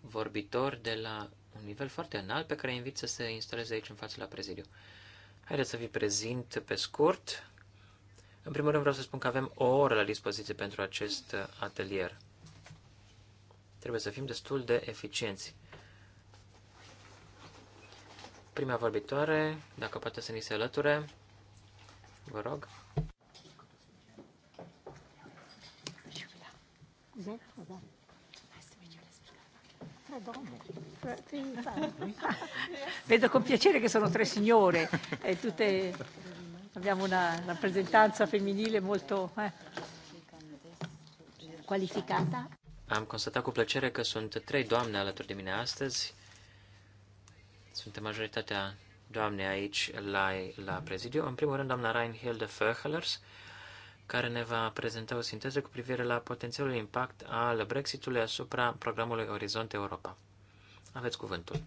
vorbitori de la un nivel foarte înalt pe care îi invit să se instaleze aici în fața la prezidiu. Haideți să vi prezint pe scurt. În primul rând vreau să spun că avem o oră la dispoziție pentru acest atelier. Trebuie să fim destul de eficienți. Prima vorbitoare, dacă poate să ni se alăture, vă rog. Exact, tre donne, tre, Vedo con piacere che sono tre signore e tutte abbiamo una rappresentanza femminile molto eh, qualificata. Am constatat cu plăcere că sunt trei doamne alături de mine astăzi. Suntem majoritatea doamne aici la, la prezidiu. În primul rând, doamna Reinhilde Föchelers, care ne va prezenta o sinteză cu privire la potențialul impact al Brexitului asupra programului Orizont Europa. Aveți cuvântul.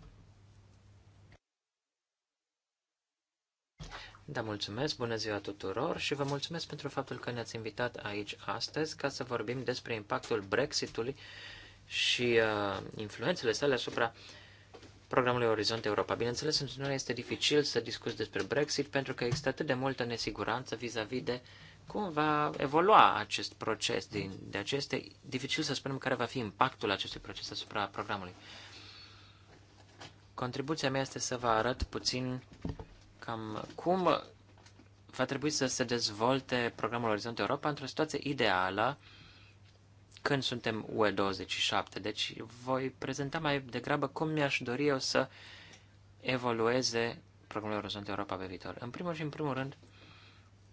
Da, mulțumesc, bună ziua tuturor și vă mulțumesc pentru faptul că ne-ați invitat aici astăzi ca să vorbim despre impactul Brexitului și uh, influențele sale asupra programului Orizont Europa. Bineînțeles, în continuare este dificil să discuți despre Brexit pentru că există atât de multă nesiguranță vis-a-vis -vis de uh, cum va evolua acest proces. Din, de aceste, dificil să spunem care va fi impactul acestui proces asupra programului. Contribuția mea este să vă arăt puțin cam cum va trebui să se dezvolte programul Orizont Europa într-o situație ideală când suntem UE27. Deci voi prezenta mai degrabă cum mi-aș dori eu să evolueze programul Orizont Europa pe viitor. În primul și în primul rând,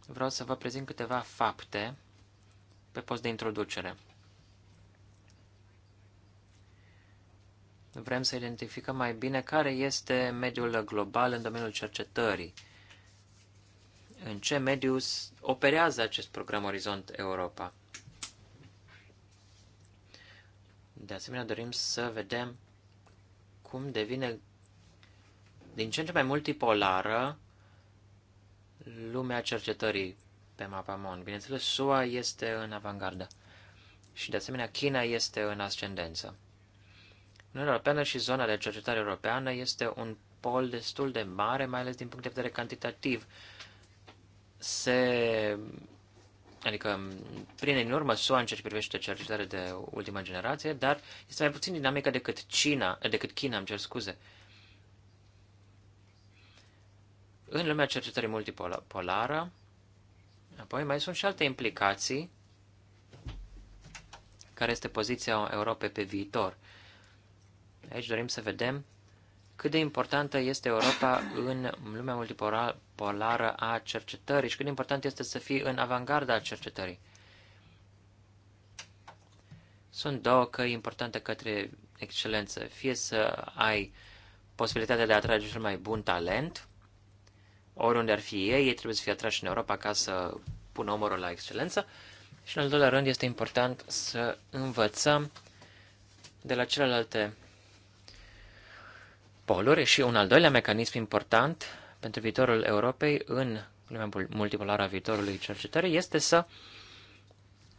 vreau să vă prezint câteva fapte pe post de introducere. Vrem să identificăm mai bine care este mediul global în domeniul cercetării. În ce mediu operează acest program Orizont Europa? De asemenea, dorim să vedem cum devine din ce în ce mai multipolară lumea cercetării pe mapamon. Bineînțeles, SUA este în avangardă și, de asemenea, China este în ascendență. Uniunea Europeană și zona de cercetare europeană este un pol destul de mare, mai ales din punct de vedere cantitativ. Se, adică, prin în urmă SUA în ceea ce privește cercetare de ultima generație, dar este mai puțin dinamică decât China, decât China, îmi cer scuze. în lumea cercetării multipolară, apoi mai sunt și alte implicații, care este poziția Europei pe viitor. Aici dorim să vedem cât de importantă este Europa în lumea multipolară a cercetării și cât de important este să fii în avangarda a cercetării. Sunt două căi importante către excelență. Fie să ai posibilitatea de a atrage cel mai bun talent, oriunde ar fi ei, ei trebuie să fie atrași în Europa ca să pună omorul la excelență. Și în al doilea rând este important să învățăm de la celelalte poluri și un al doilea mecanism important pentru viitorul Europei în lumea multipolară a viitorului cercetării este să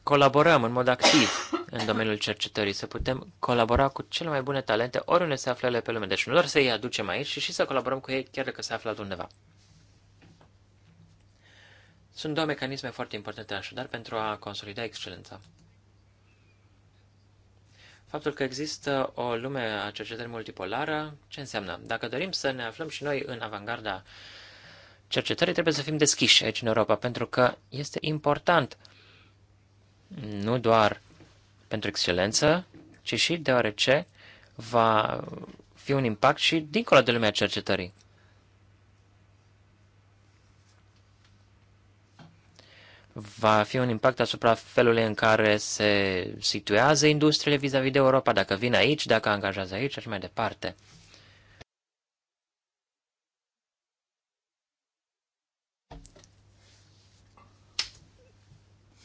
colaborăm în mod activ în domeniul cercetării, să putem colabora cu cele mai bune talente oriunde se află ele pe lume. Deci nu doar să îi aducem aici, ci și să colaborăm cu ei chiar dacă se află altundeva. Sunt două mecanisme foarte importante așadar pentru a consolida excelența. Faptul că există o lume a cercetării multipolară, ce înseamnă? Dacă dorim să ne aflăm și noi în avangarda cercetării, trebuie să fim deschiși aici în Europa, pentru că este important nu doar pentru excelență, ci și deoarece va fi un impact și dincolo de lumea cercetării. va fi un impact asupra felului în care se situează industriile vis-a-vis de Europa, dacă vin aici, dacă angajează aici și mai departe.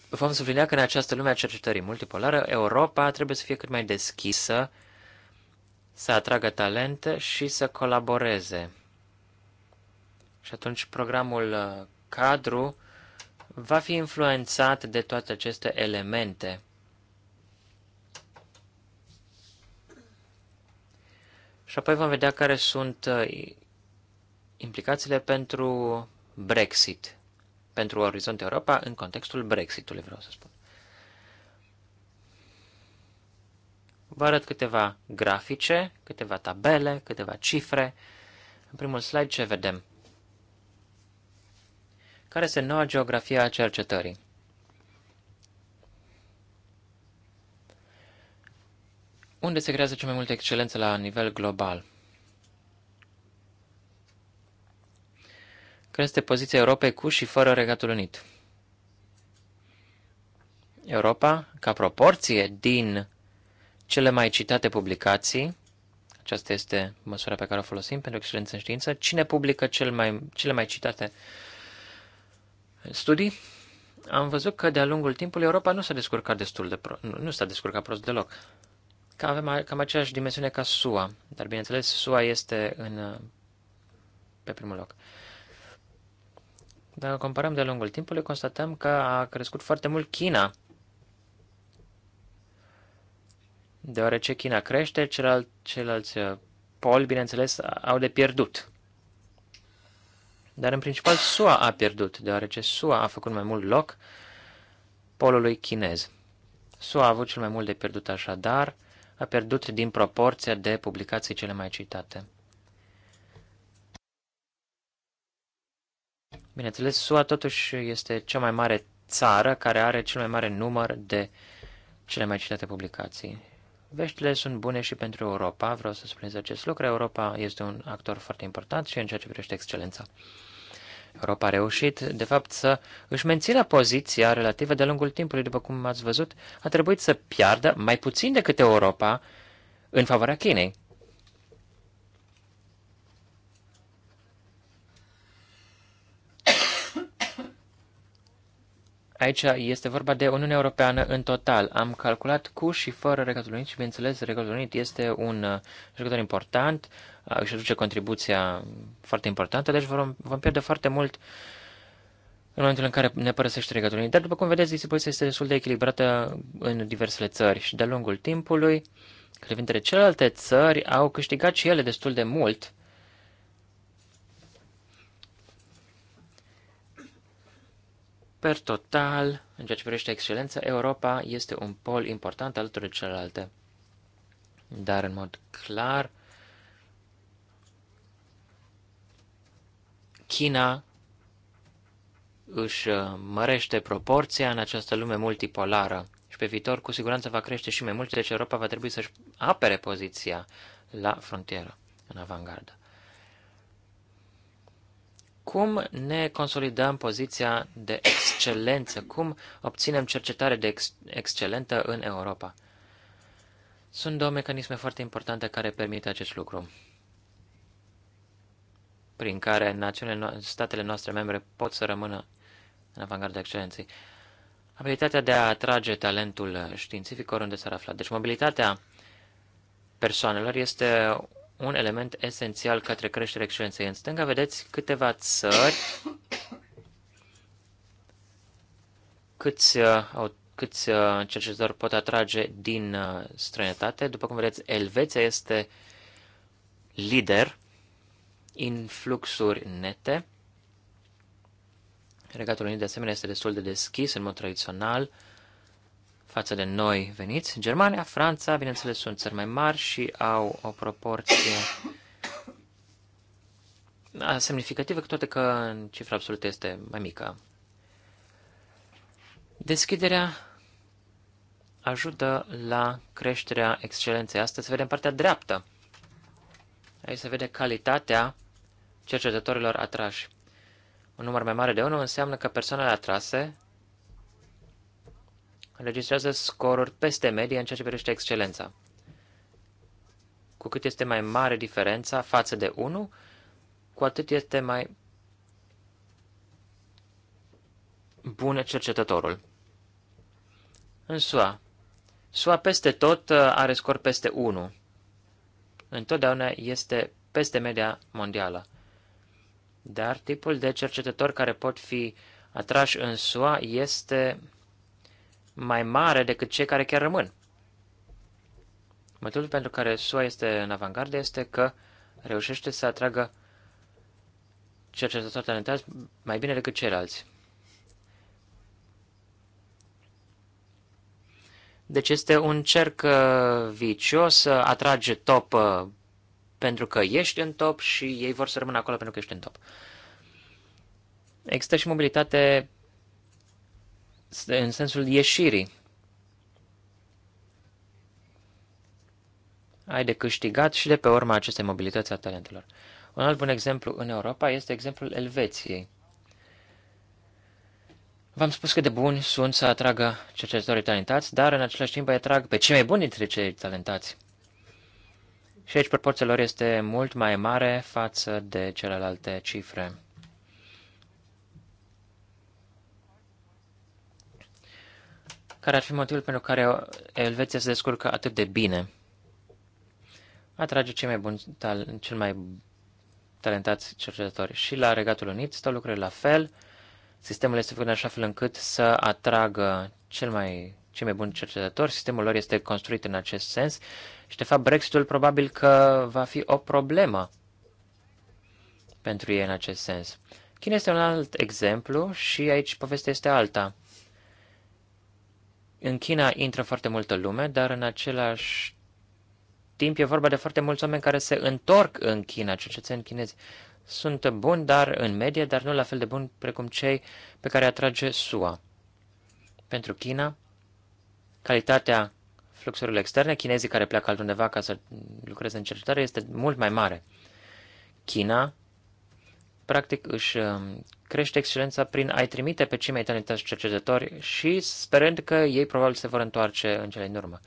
Vom sublinea că în această lume a cercetării multipolară, Europa trebuie să fie cât mai deschisă, să atragă talente și să colaboreze. Și atunci programul uh, cadru va fi influențat de toate aceste elemente. Și apoi vom vedea care sunt uh, implicațiile pentru Brexit, pentru Orizont Europa în contextul Brexitului, vreau să spun. Vă arăt câteva grafice, câteva tabele, câteva cifre. În primul slide ce vedem? Care este noua geografie a cercetării? Unde se creează cea mai multă excelență la nivel global? Care este poziția Europei cu și fără Regatul Unit? Europa, ca proporție din cele mai citate publicații, aceasta este măsura pe care o folosim pentru excelență în știință, cine publică cel mai, cele mai citate studii, am văzut că de-a lungul timpului Europa nu s-a descurcat destul de pro- nu s-a descurcat prost deloc. Că avem cam aceeași dimensiune ca SUA, dar bineînțeles SUA este în, pe primul loc. Dacă comparăm de-a lungul timpului, constatăm că a crescut foarte mult China. Deoarece China crește, celal- ceilalți poli, bineînțeles, au de pierdut. Dar în principal SUA a pierdut, deoarece SUA a făcut mai mult loc polului chinez. SUA a avut cel mai mult de pierdut așadar, a pierdut din proporția de publicații cele mai citate. Bineînțeles, SUA totuși este cea mai mare țară care are cel mai mare număr de cele mai citate publicații. Veștile sunt bune și pentru Europa, vreau să spunez acest lucru. Europa este un actor foarte important și în ceea ce privește excelența. Europa a reușit, de fapt, să își mențină poziția relativă de-a lungul timpului, după cum ați văzut, a trebuit să piardă mai puțin decât Europa în favoarea Chinei. Aici este vorba de Uniunea Europeană în total. Am calculat cu și fără Regatul Unit și, bineînțeles, Regatul Unit este un uh, jucător important, uh, își aduce contribuția foarte importantă, deci vom, vom pierde foarte mult în momentul în care ne părăsește Regatul Unit. Dar, după cum vedeți, distribuția este destul de echilibrată în diversele țări și de-a lungul timpului, credintele celelalte țări au câștigat și ele destul de mult Per total, în ceea ce privește excelența, Europa este un pol important alături de celelalte. Dar, în mod clar, China își uh, mărește proporția în această lume multipolară și pe viitor cu siguranță va crește și mai mult, deci Europa va trebui să-și apere poziția la frontieră, în avangardă cum ne consolidăm poziția de excelență, cum obținem cercetare de ex- excelentă în Europa. Sunt două mecanisme foarte importante care permit acest lucru, prin care națiunile, statele noastre membre pot să rămână în avangarda excelenței. Abilitatea de a atrage talentul științific oriunde s-ar afla. Deci mobilitatea persoanelor este un element esențial către creșterea excelenței. În stânga vedeți câteva țări, câți, uh, au, câți uh, cercetători pot atrage din uh, străinătate. După cum vedeți, Elveția este lider în fluxuri nete. Regatul Unit, de asemenea, este destul de deschis în mod tradițional. Uh, față de noi veniți. Germania, Franța, bineînțeles, sunt țări mai mari și au o proporție semnificativă, cu toate că în cifra absolută este mai mică. Deschiderea ajută la creșterea excelenței. Asta se vede în partea dreaptă. Aici se vede calitatea cercetătorilor atrași. Un număr mai mare de 1 înseamnă că persoanele atrase înregistrează scoruri peste medie în ceea ce privește excelența. Cu cât este mai mare diferența față de 1, cu atât este mai bun cercetătorul. În SUA. SUA peste tot uh, are scor peste 1. Întotdeauna este peste media mondială. Dar tipul de cercetători care pot fi atrași în SUA este mai mare decât cei care chiar rămân. Motivul pentru care SUA este în avangardă este că reușește să atragă cercetători talentați mai bine decât ceilalți. Deci este un cerc uh, vicios, uh, atrage top uh, pentru că ești în top și ei vor să rămână acolo pentru că ești în top. Există și mobilitate în sensul ieșirii. Ai de câștigat și de pe urma acestei mobilități a talentelor. Un alt bun exemplu în Europa este exemplul Elveției. V-am spus că de buni sunt să atragă cercetătorii talentați, dar în același timp îi atrag pe cei mai buni dintre cei talentați. Și aici proporția lor este mult mai mare față de celelalte cifre. care ar fi motivul pentru care Elveția se descurcă atât de bine. Atrage cei mai buni, tal, cel mai talentați cercetători. Și la Regatul Unit stau lucrurile la fel. Sistemul este făcut în așa fel încât să atragă cel mai, cei mai buni cercetători. Sistemul lor este construit în acest sens. Și, de fapt, Brexitul probabil că va fi o problemă pentru ei în acest sens. China este un alt exemplu și aici povestea este alta. În China intră foarte multă lume, dar în același timp e vorba de foarte mulți oameni care se întorc în China, cetățeni chinezi. Sunt buni dar în medie, dar nu la fel de buni precum cei pe care atrage SUA. Pentru China, calitatea fluxurilor externe, chinezii care pleacă altundeva ca să lucreze în cercetare, este mult mai mare. China practic își um, crește excelența prin a-i trimite pe cei mai talentați cercetători și sperând că ei probabil se vor întoarce în cele din urmă.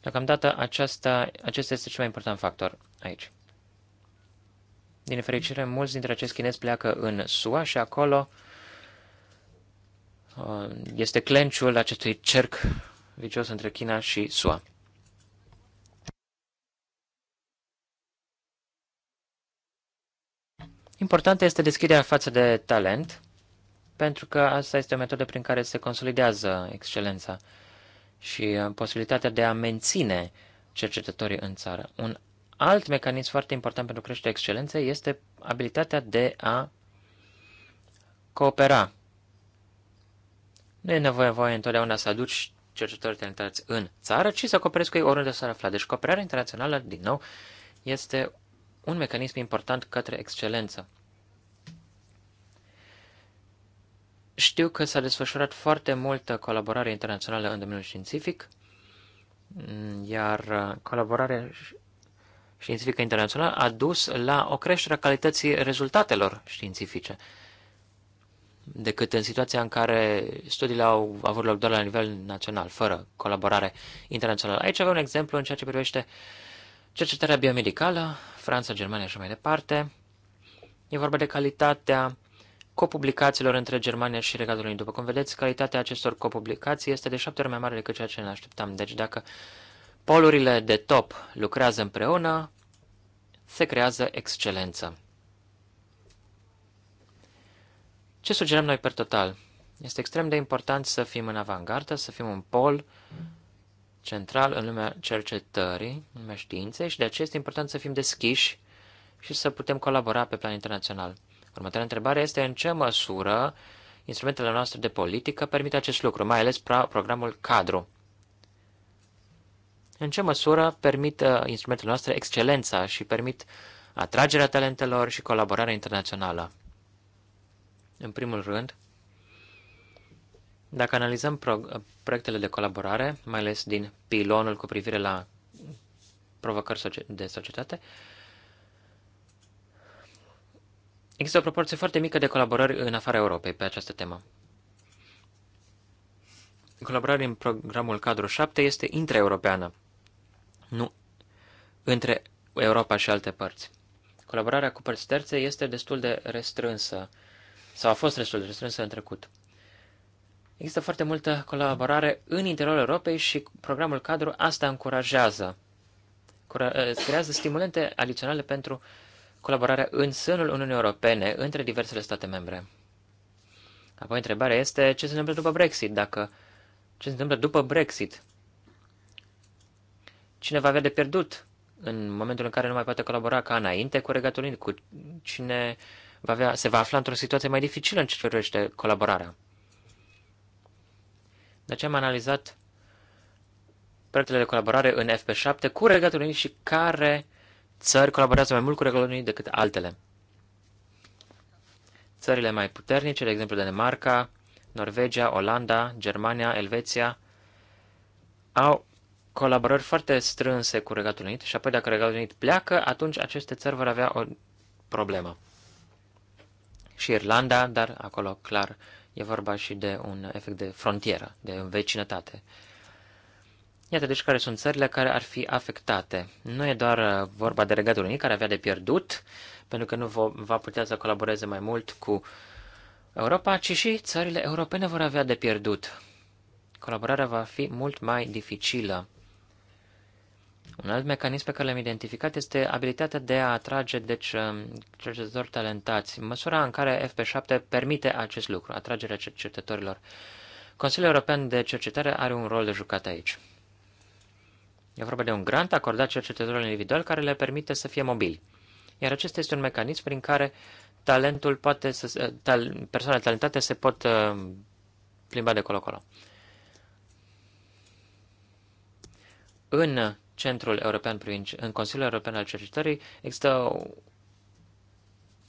Deocamdată aceasta, acesta este cel mai important factor aici. Din fericire, mulți dintre acești chinezi pleacă în SUA și acolo uh, este clenciul acestui cerc vicios între China și SUA. Importantă este deschiderea față de talent, pentru că asta este o metodă prin care se consolidează excelența și uh, posibilitatea de a menține cercetătorii în țară. Un alt mecanism foarte important pentru creșterea excelenței este abilitatea de a coopera. Nu e nevoie, voie întotdeauna să aduci cercetători talentați în țară, ci să cooperezi cu ei oriunde s-ar afla. Deci cooperarea internațională, din nou, este un mecanism important către excelență. Știu că s-a desfășurat foarte multă colaborare internațională în domeniul științific, iar colaborarea științifică internațională a dus la o creștere a calității rezultatelor științifice decât în situația în care studiile au avut loc doar la nivel național, fără colaborare internațională. Aici avem un exemplu în ceea ce privește uh, cercetarea biomedicală, Franța, Germania și mai departe. E vorba de calitatea copublicațiilor între Germania și Regatul Unit. După cum vedeți, calitatea acestor copublicații este de șapte ori mai mare decât ceea ce ne așteptam. Deci dacă polurile de top lucrează împreună, se creează excelență. Ce sugerăm noi per total? Este extrem de important să fim în avantgardă, să fim un pol central în lumea cercetării, în lumea științei și de aceea este important să fim deschiși și să putem colabora pe plan internațional. Următoarea întrebare este în ce măsură instrumentele noastre de politică permit acest lucru, mai ales programul cadru. În ce măsură permit uh, instrumentele noastre excelența și permit atragerea talentelor și colaborarea internațională? În primul rând, dacă analizăm proiectele de colaborare, mai ales din pilonul cu privire la provocări de societate, există o proporție foarte mică de colaborări în afara Europei pe această temă. Colaborarea în programul cadru 7 este intraeuropeană, nu între Europa și alte părți. Colaborarea cu părți terțe este destul de restrânsă, sau a fost destul de restrânsă în trecut. Există foarte multă colaborare în interiorul Europei și programul cadru asta încurajează. Uh, creează stimulente adiționale pentru colaborarea în sânul Uniunii Europene între diversele state membre. Apoi întrebarea este ce se întâmplă după Brexit, dacă ce se întâmplă după Brexit. Cine va avea de pierdut în momentul în care nu mai poate colabora ca înainte cu Regatul Unit, cu cine va avea, se va afla într-o situație mai dificilă în ce privește colaborarea. De deci aceea am analizat proiectele de colaborare în FP7 cu Regatul Unit și care țări colaborează mai mult cu Regatul Unit decât altele. Țările mai puternice, de exemplu Danemarca, Norvegia, Olanda, Germania, Elveția, au colaborări foarte strânse cu Regatul Unit și apoi dacă Regatul Unit pleacă, atunci aceste țări vor avea o problemă. Și Irlanda, dar acolo clar E vorba și de un efect de frontieră, de vecinătate. Iată deci care sunt țările care ar fi afectate. Nu e doar uh, vorba de Regatul Unit care avea de pierdut, pentru că nu va putea să colaboreze mai mult cu Europa, ci și țările europene vor avea de pierdut. Colaborarea va fi mult mai dificilă un alt mecanism pe care l-am identificat este abilitatea de a atrage deci, um, cercetători talentați, măsura în care FP7 permite acest lucru, atragerea cercetătorilor. Consiliul European de Cercetare are un rol de jucat aici. E vorba de un grant acordat cercetătorilor individual care le permite să fie mobili. Iar acesta este un mecanism prin care talentul poate să, uh, tal, persoanele talentate se pot uh, plimba de colo-colo. În Centrul European privind, în Consiliul European al Cercetării există o,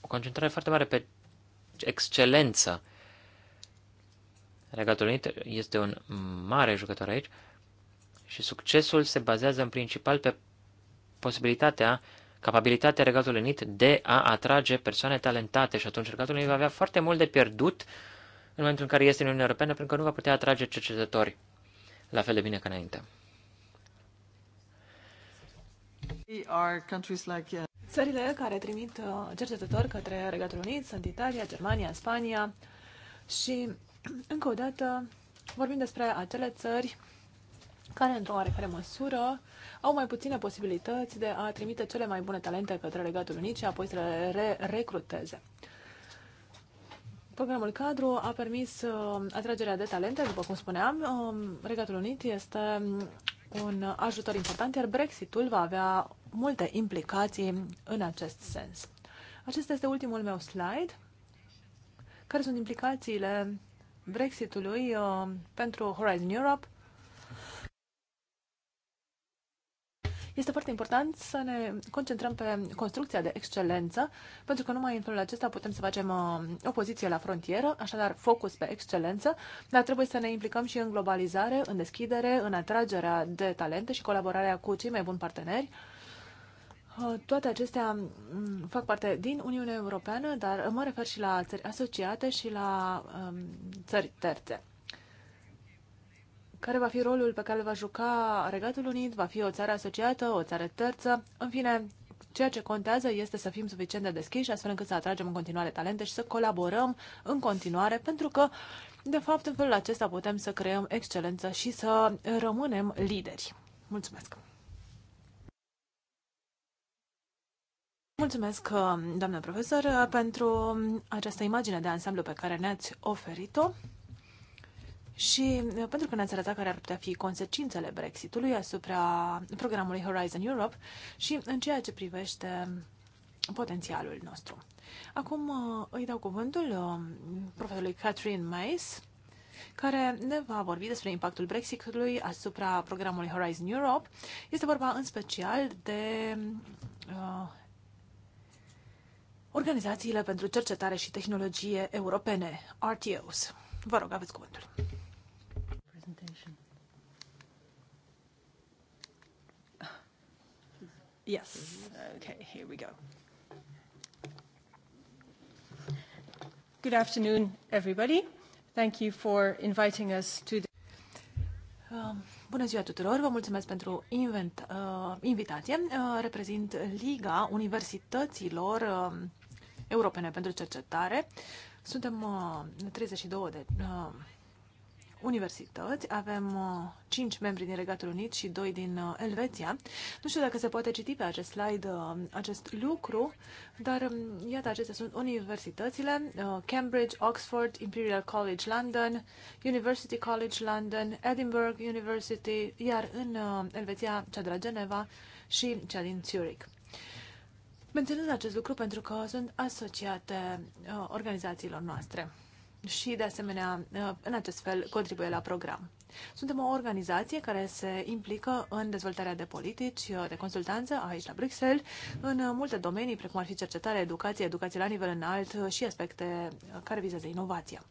o concentrare foarte mare pe excelență. Regatul Unit este un mare jucător aici și succesul se bazează în principal pe posibilitatea, capabilitatea Regatului Unit de a atrage persoane talentate și atunci Regatul Unit va avea foarte mult de pierdut în momentul în care este în Uniunea Europeană pentru că nu va putea atrage cercetători la fel de bine ca înainte. Țările care trimit uh, cercetători către Regatul Unit sunt Italia, Germania, Spania și, încă o dată, vorbim despre acele țări care, într-o oarecare măsură, au mai puține posibilități de a trimite cele mai bune talente către Regatul Unit și apoi să le re recruteze. Programul cadru a permis uh, atragerea de talente, după cum spuneam. Um, Regatul Unit este un ajutor important, iar Brexitul va avea multe implicații în acest sens. Acesta este ultimul meu slide. Care sunt implicațiile Brexitului uh, pentru Horizon Europe Este foarte important să ne concentrăm pe construcția de excelență, pentru că numai în felul acesta putem să facem uh, o poziție la frontieră, așadar focus pe excelență, dar trebuie să ne implicăm și în globalizare, în deschidere, în atragerea de talente și colaborarea cu cei mai buni parteneri. Uh, toate acestea mm, fac parte din Uniunea Europeană, dar mă refer și la țări asociate și la um, țări terțe. Care va fi rolul pe care îl va juca Regatul Unit? Va fi o țară asociată, o țară terță? În fine, ceea ce contează este să fim suficient de deschiși astfel încât să atragem în continuare talente și să colaborăm în continuare pentru că, de fapt, în felul acesta putem să creăm excelență și să rămânem lideri. Mulțumesc! Mulțumesc, doamnă profesor, pentru această imagine de ansamblu pe care ne-ați oferit-o. Și uh, pentru că ne-ați arătat care ar putea fi consecințele Brexitului asupra programului Horizon Europe și în ceea ce privește potențialul nostru. Acum uh, îi dau cuvântul uh, profesorului Catherine Mace, care ne va vorbi despre impactul Brexitului asupra programului Horizon Europe. Este vorba în special de uh, organizațiile pentru cercetare și tehnologie europene, RTOs. Vă rog, aveți cuvântul. Yes. Okay, here we go. Good afternoon, everybody. Thank you for inviting us to the... Um, bună ziua tuturor, vă mulțumesc pentru invent, uh, invitație. Uh, reprezint Liga Universităților uh, Europene pentru Cercetare. Suntem uh, 32 de uh, universități. Avem uh, cinci membri din Regatul Unit și doi din uh, Elveția. Nu știu dacă se poate citi pe acest slide uh, acest lucru, dar um, iată, acestea sunt universitățile. Cambridge, Oxford, Imperial College London, University College London, Edinburgh University, iar în Elveția cea de la Geneva și cea din Zurich. Menționez acest lucru pentru că sunt asociate organizațiilor noastre și, de asemenea, uh, în acest fel contribuie la program. Suntem o organizație care se implică în dezvoltarea de politici, uh, de consultanță aici la Bruxelles, în uh, multe domenii, precum ar fi cercetare, educație, educație la nivel înalt și aspecte care vizează inovația.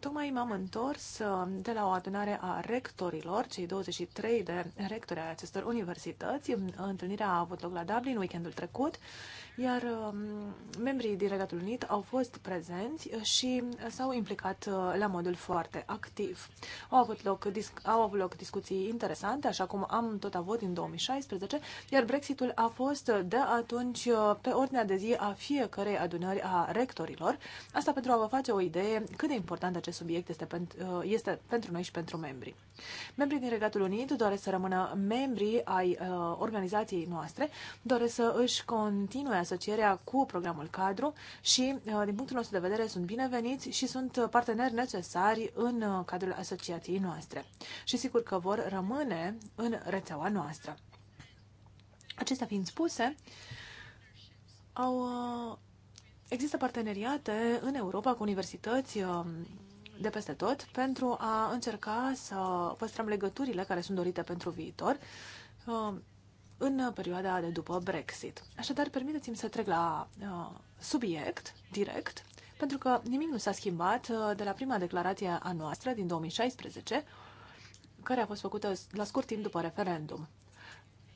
Tocmai m-am întors de la o adunare a rectorilor, cei 23 de rectori ai acestor universități. Întâlnirea a avut loc la Dublin weekendul trecut iar um, membrii din Regatul Unit au fost prezenți și s-au implicat uh, la modul foarte activ. Au avut loc, au avut loc discuții interesante, așa cum am tot avut în 2016, iar Brexitul a fost de atunci uh, pe ordinea de zi a fiecarei adunări a rectorilor. Asta pentru a vă face o idee cât de important acest subiect este pentru, uh, este pentru noi și pentru membri. Membrii din Regatul Unit doresc să rămână membri ai organizației noastre, doresc să își continue asocierea cu programul cadru și, uh, din punctul nostru de vedere, sunt bineveniți și sunt uh, parteneri necesari în uh, cadrul asociației noastre. Și sigur că vor rămâne în rețeaua noastră. Acestea fiind spuse, au, există parteneriate în Europa cu universități de peste tot pentru a încerca să păstrăm legăturile care sunt dorite pentru viitor în perioada de după Brexit. Așadar, permiteți-mi să trec la uh, subiect direct, pentru că nimic nu s-a schimbat uh, de la prima declarație a noastră din 2016, care a fost făcută la scurt timp după referendum.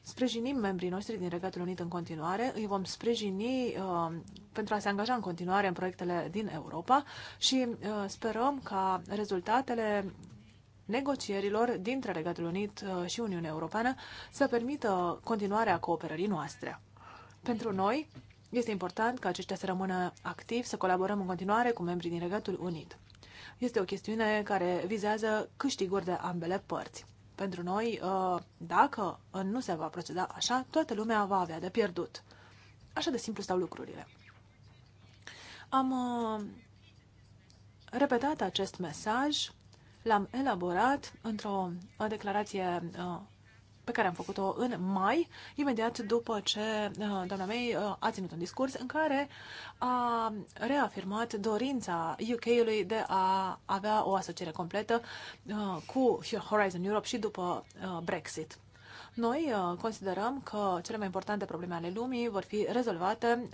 Sprijinim membrii noștri din Regatul Unit în continuare, îi vom sprijini uh, pentru a se angaja în continuare în proiectele din Europa și uh, sperăm ca rezultatele negocierilor dintre Regatul Unit uh, și Uniunea Europeană să permită continuarea cooperării noastre. Pentru noi este important ca aceștia să rămână activi, să colaborăm în continuare cu membrii din Regatul Unit. Este o chestiune care vizează câștiguri de ambele părți. Pentru noi, uh, dacă nu se va proceda așa, toată lumea va avea de pierdut. Așa de simplu stau lucrurile. Am uh, repetat acest mesaj L-am elaborat într-o declarație uh, pe care am făcut-o în mai, imediat după ce uh, doamna May uh, a ținut un discurs în care a reafirmat dorința UK-ului de a avea o asociere completă cu Horizon Europe și după Brexit. Noi considerăm că cele mai importante probleme ale lumii vor fi rezolvate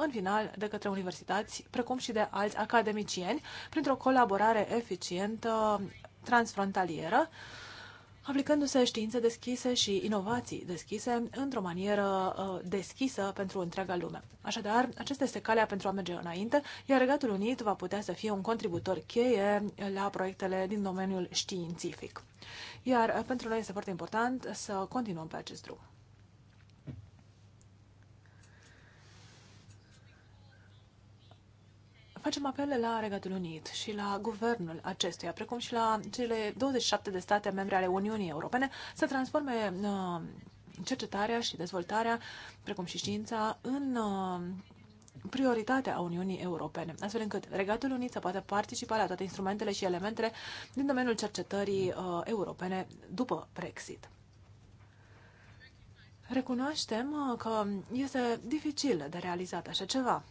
în final de către universități, precum și de alți academicieni, printr-o colaborare eficientă transfrontalieră, aplicându-se științe deschise și inovații deschise într-o manieră ă, deschisă pentru întreaga lume. Așadar, acesta este calea pentru a merge înainte, iar Regatul Unit va putea să fie un contributor cheie la proiectele din domeniul științific. Iar pentru noi este foarte important să continuăm pe acest drum. facem apele la Regatul Unit și la guvernul acestuia, precum și la cele 27 de state membre ale Uniunii Europene, să transforme uh, cercetarea și dezvoltarea, precum și știința, în uh, prioritatea a Uniunii Europene, astfel încât Regatul Unit să poată participa la toate instrumentele și elementele din domeniul cercetării uh, europene după Brexit. Recunoaștem uh, că este dificil de realizat așa ceva,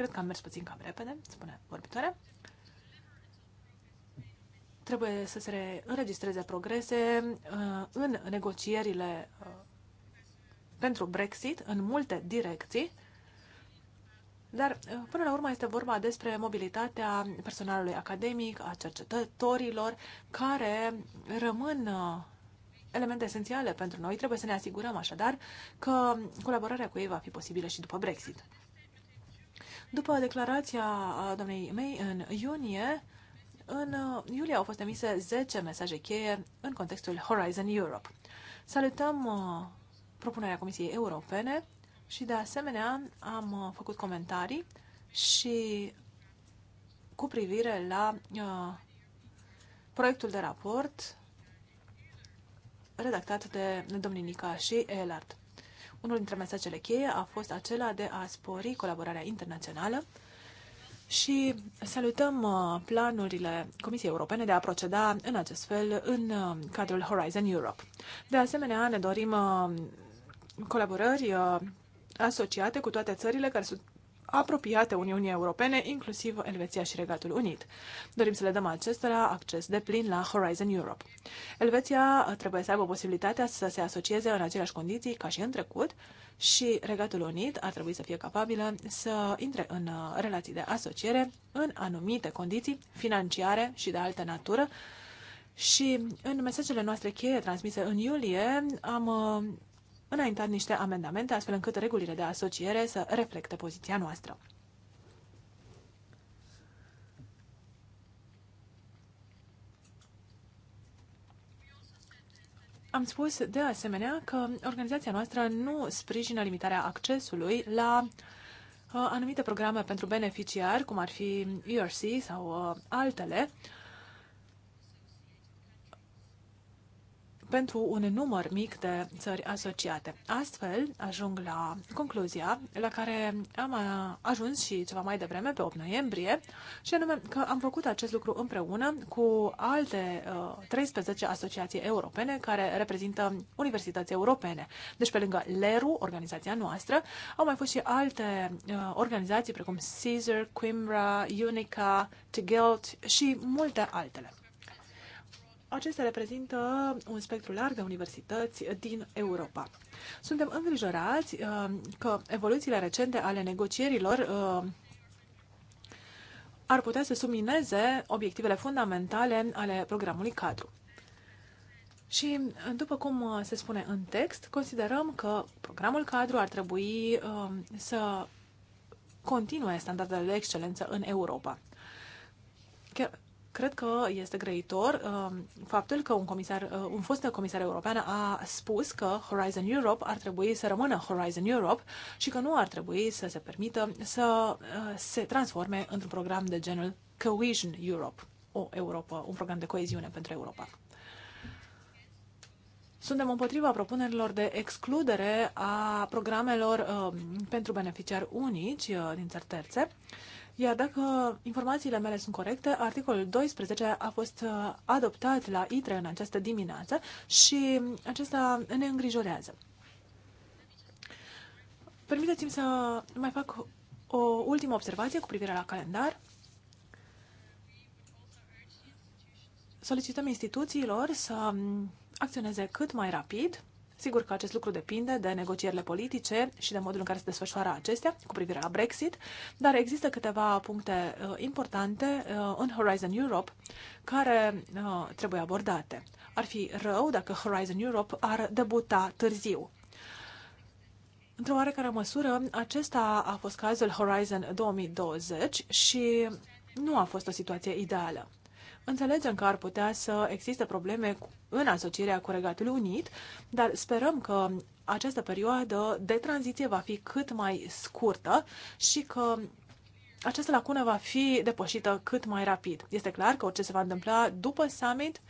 Cred că am mers puțin cam repede, spune vorbitoarea. Trebuie să se înregistreze progrese uh, în negocierile uh, pentru Brexit în multe direcții, dar uh, până la urmă este vorba despre mobilitatea personalului academic, a cercetătorilor, care rămân uh, elemente esențiale pentru noi. Trebuie să ne asigurăm așadar că colaborarea cu ei va fi posibilă și după Brexit. După declarația doamnei mei în iunie, în uh, iulie au fost emise 10 mesaje cheie în contextul Horizon Europe. Salutăm uh, propunerea Comisiei Europene și, de asemenea, am uh, făcut comentarii și cu privire la proiectul de raport redactat de domnii Nica și Elard. Unul dintre mesajele cheie a fost acela de a spori colaborarea internațională și salutăm uh, planurile Comisiei Europene de a proceda în acest fel în uh, cadrul Horizon Europe. De asemenea, ne dorim uh, colaborări asociate cu toate țările care sunt apropiate Uniunii Europene, inclusiv Elveția și Regatul Unit. Dorim să le dăm acestora acces de plin la Horizon Europe. Elveția uh, trebuie să aibă posibilitatea să se asocieze în aceleași condiții ca și în trecut și Regatul Unit ar trebui să fie capabilă să intre în uh, relații de asociere în anumite condiții financiare și de altă natură, și în mesajele noastre cheie transmise în iulie am uh, înaintat niște amendamente astfel încât regulile de asociere să reflecte poziția noastră. Am spus de asemenea că organizația noastră nu sprijină limitarea accesului la uh, anumite programe pentru beneficiari, cum ar fi ERC sau uh, altele, pentru un număr mic de țări asociate. Astfel, ajung la concluzia la care am uh, ajuns și ceva mai devreme, pe 8 noiembrie, și anume că am făcut acest lucru împreună cu alte 13 uh, asociații europene care reprezintă universități europene. Deci, pe lângă LERU, organizația noastră, au mai fost și alte uh, organizații precum Caesar, Quimbra, Unica, Tegelt și multe altele. Acestea reprezintă un spectru larg de universități din Europa. Suntem îngrijorați uh, că evoluțiile recente ale negocierilor uh, ar putea să submineze obiectivele fundamentale ale programului cadru. Și, uh, după cum se spune în text, considerăm că programul cadru ar trebui um, să continue standardele de excelență în Europa. Cred că este greitor uh, faptul că un, comisar, uh, un fost comisar european a spus că Horizon Europe ar trebui să rămână Horizon Europe și că nu ar trebui să se permită să uh, se transforme într-un program de genul Cohesion Europe, o Europa, un program de coeziune pentru Europa. Suntem împotriva propunerilor de excludere a programelor uh, pentru beneficiari unici uh, din țări terțe iar dacă informațiile mele sunt corecte, articolul 12 a fost uh, adoptat la ITRE în această dimineață și acesta ne îngrijorează. Permiteți-mi să mai fac o ultimă observație cu privire la calendar. Solicităm instituțiilor să acționeze cât mai rapid Sigur că acest lucru depinde de negocierile politice și de modul în care se desfășoară acestea cu privire la Brexit, dar există câteva puncte uh, importante uh, în Horizon Europe care uh, trebuie abordate. Ar fi rău dacă Horizon Europe ar debuta târziu. Într-o oarecare măsură, acesta a fost cazul Horizon 2020 și nu a fost o situație ideală. Înțelegem că ar putea să existe probleme în asocierea cu Regatul Unit, dar sperăm că această perioadă de tranziție va fi cât mai scurtă și că această lacună va fi depășită cât mai rapid. Este clar că orice se va întâmpla după summit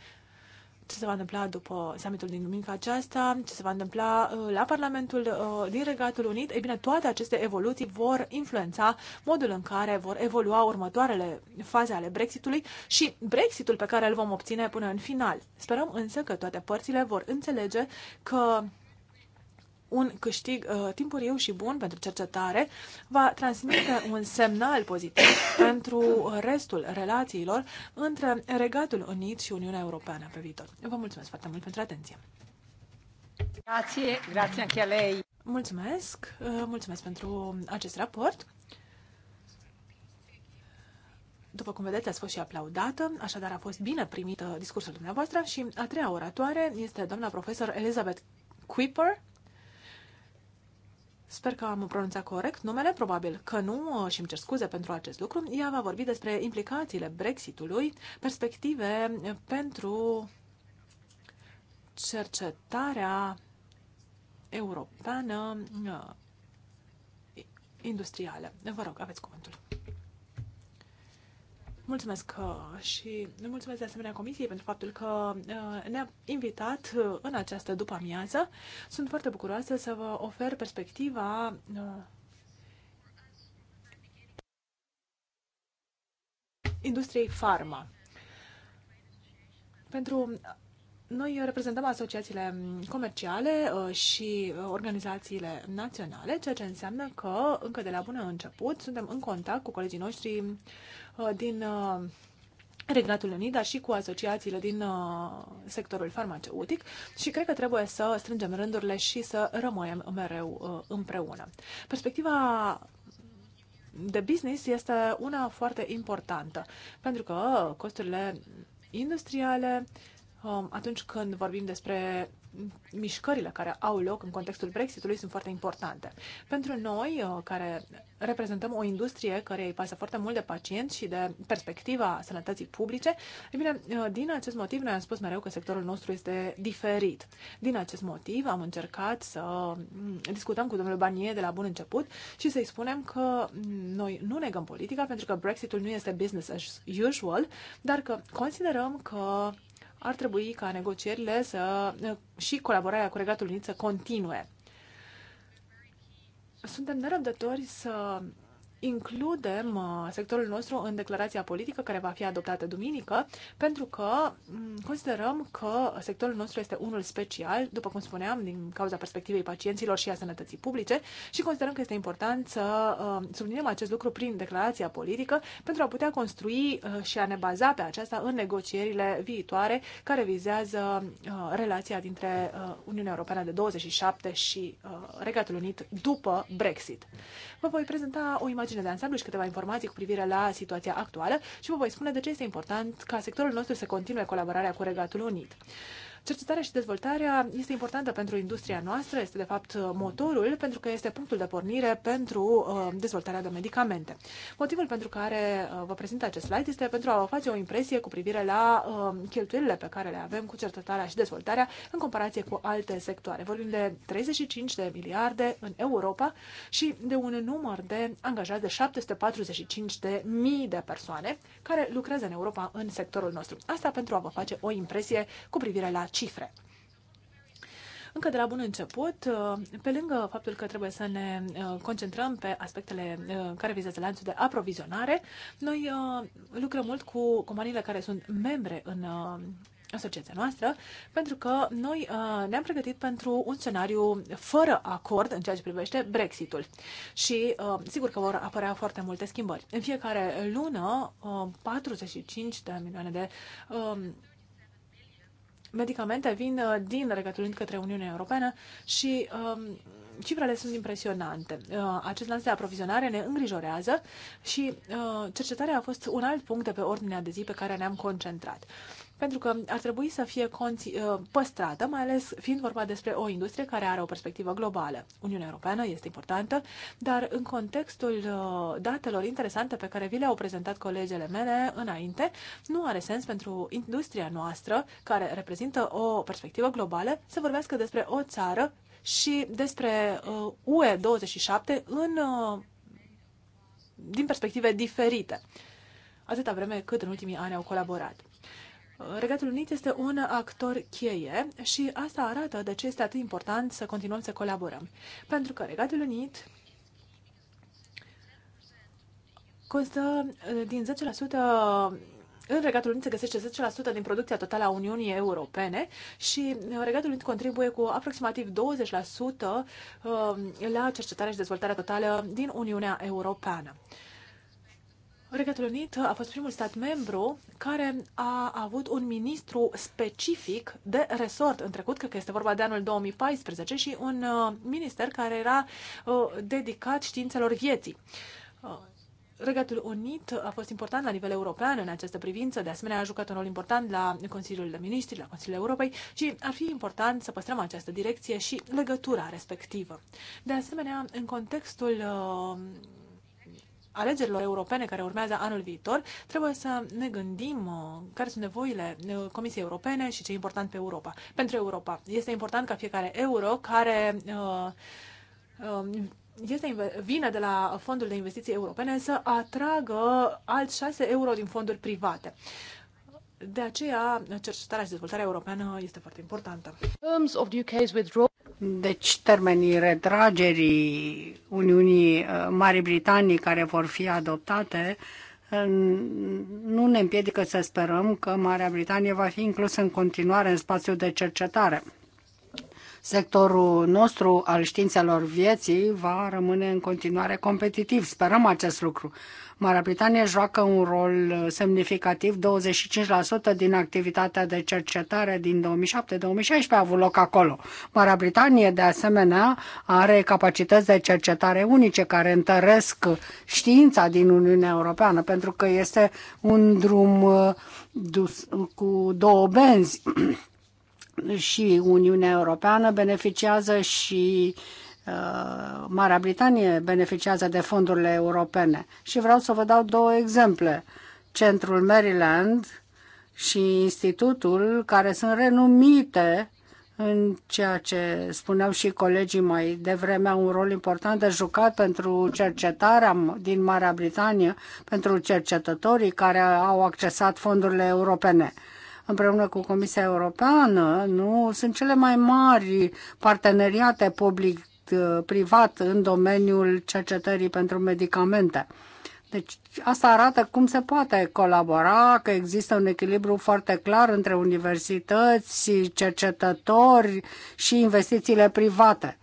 ce se va întâmpla după summitul din duminica aceasta, ce se va întâmpla uh, la Parlamentul uh, din Regatul Unit. Ei bine, toate aceste evoluții vor influența modul în care vor evolua următoarele faze ale Brexitului și Brexitul pe care îl vom obține până în final. Sperăm însă că toate părțile vor înțelege că un câștig uh, timpuriu și bun pentru cercetare, va transmite un semnal pozitiv pentru restul relațiilor între Regatul Unit și Uniunea Europeană pe viitor. Vă mulțumesc foarte mult pentru atenție. Grație, grație anche a lei. Mulțumesc, uh, mulțumesc pentru acest raport. După cum vedeți, a fost și aplaudată, așadar a fost bine primită uh, discursul dumneavoastră și a treia oratoare este doamna profesor Elizabeth Kuiper, Sper că am pronunțat corect numele, probabil că nu uh, și îmi cer scuze pentru acest lucru. Ea va vorbi despre implicațiile Brexitului, perspective uh, pentru cercetarea europeană uh, industrială. Vă rog, aveți cuvântul. Mulțumesc uh, și mulțumesc de asemenea Comisiei pentru faptul că uh, ne-a invitat uh, în această după-amiază. Sunt foarte bucuroasă să vă ofer perspectiva industriei farma. Pentru noi reprezentăm asociațiile comerciale uh, și uh, organizațiile naționale, ceea ce înseamnă că încă de la bun început suntem în contact cu colegii noștri uh, din Regnatul Unit, dar și cu asociațiile din sectorul farmaceutic și cred că trebuie să strângem rândurile și să rămânem mereu împreună. Perspectiva de business este una foarte importantă, pentru că costurile industriale uh, Um, atunci când vorbim despre mișcările care au loc în contextul Brexitului sunt foarte importante. Pentru noi, uh, care reprezentăm o industrie care îi pasă foarte mult de pacienți și de perspectiva sănătății publice, e bine, uh, din acest motiv noi am spus mereu că sectorul nostru este diferit. Din acest motiv am încercat să mm, discutăm cu domnul Barnier de la bun început și să-i spunem că mm, noi nu negăm politica pentru că Brexitul nu este business as usual, dar că considerăm că ar trebui ca negocierile să, și colaborarea cu Regatul Unit să continue. Suntem nerăbdători să includem uh, sectorul nostru în declarația politică care va fi adoptată duminică, pentru că mm, considerăm că sectorul nostru este unul special, după cum spuneam, din cauza perspectivei pacienților și a sănătății publice și considerăm că este important să uh, subliniem acest lucru prin declarația politică pentru a putea construi uh, și a ne baza pe aceasta în negocierile viitoare care vizează relația dintre Uniunea Europeană de 27 și Regatul Unit după Brexit. Vă voi prezenta o imagine pagina de ansamblu și câteva informații cu privire la situația actuală și vă voi spune de ce este important ca sectorul nostru să continue colaborarea cu Regatul Unit. Cercetarea și dezvoltarea este importantă pentru industria noastră, este de fapt motorul pentru că este punctul de pornire pentru uh, dezvoltarea de medicamente. Motivul pentru care uh, vă prezint acest slide este pentru a vă face o impresie cu privire la uh, cheltuielile pe care le avem cu cercetarea și dezvoltarea în comparație cu alte sectoare. Vorbim de 35 de miliarde în Europa și de un număr de angajați de 745 de mii de persoane care lucrează în Europa în sectorul nostru. Asta pentru a vă face o impresie cu privire la cifre. Încă de la bun început, uh, pe lângă faptul că trebuie să ne uh, concentrăm pe aspectele uh, care vizează lanțul de aprovizionare, noi lucrăm mult cu companiile care sunt membre în asociația noastră, pentru că noi ne-am pregătit pentru un scenariu fără acord în ceea ce privește Brexitul. Și sigur că vor apărea foarte multe schimbări. În fiecare lună, 45 de milioane de um, medicamente vin uh, din Regatul către Uniunea Europeană și um, cifrele sunt impresionante. Uh, acest lanț de aprovizionare ne îngrijorează și uh, cercetarea a fost un alt punct de pe ordinea de zi pe care ne-am concentrat pentru că ar trebui să fie uh, păstrată, mai ales fiind vorba despre o industrie care are o perspectivă globală. Uniunea Europeană este importantă, dar în contextul uh, datelor interesante pe care vi le-au prezentat colegele mele înainte, nu are sens pentru industria noastră, care reprezintă o perspectivă globală, să vorbească despre o țară și despre UE27 uh, în, din perspective diferite atâta vreme cât în ultimii ani au colaborat. Regatul Unit este un actor cheie și asta arată de ce este atât important să continuăm să colaborăm. Pentru că Regatul Unit constă uh, din 10% în Regatul Unit se găsește 10% din producția totală a Uniunii Europene și uh, Regatul Unit contribuie cu aproximativ 20% uh, la cercetarea și dezvoltarea totală din Uniunea Europeană. Regatul Unit a fost primul stat membru care a avut un ministru specific de resort în trecut, cred că este vorba de anul 2014, și un uh, minister care era uh, dedicat științelor vieții. Uh, Regatul Unit a fost important la nivel european în această privință, de asemenea a jucat un rol important la Consiliul de Ministri, la Consiliul Europei și ar fi important să păstrăm această direcție și legătura respectivă. De asemenea, în contextul uh, alegerilor europene care urmează anul viitor, trebuie să ne gândim uh, care sunt nevoile uh, Comisiei Europene și ce e important pe Europa. Pentru Europa este important ca fiecare euro care uh, um, este, vine de la Fondul de Investiții Europene să atragă alți 6 euro din fonduri private. De aceea, cercetarea și dezvoltarea europeană este foarte importantă. Deci termenii retragerii Uniunii uh, Marii Britanii care vor fi adoptate uh, nu ne împiedică să sperăm că Marea Britanie va fi inclusă în continuare în spațiul de cercetare. Sectorul nostru al științelor vieții va rămâne în continuare competitiv. Sperăm acest lucru. Marea Britanie joacă un rol uh, semnificativ, 25% din activitatea de cercetare din 2007-2016 a avut loc acolo. Marea Britanie, de asemenea, are capacități de cercetare unice care întăresc știința din Uniunea Europeană, pentru că este un drum uh, dus cu două benzi și Uniunea Europeană beneficiază și uh, Uh, Marea Britanie beneficiază de fondurile europene. Și vreau să vă dau două exemple. Centrul Maryland și Institutul, care sunt renumite în ceea ce spuneau și colegii mai devreme, au un rol important de jucat pentru cercetarea din Marea Britanie, pentru cercetătorii care au accesat fondurile europene împreună cu Comisia Europeană, nu sunt cele mai mari parteneriate public Uh, privat în domeniul cercetării pentru medicamente. Deci asta arată cum se poate colabora, că există un echilibru foarte clar între universități, cercetători și investițiile private.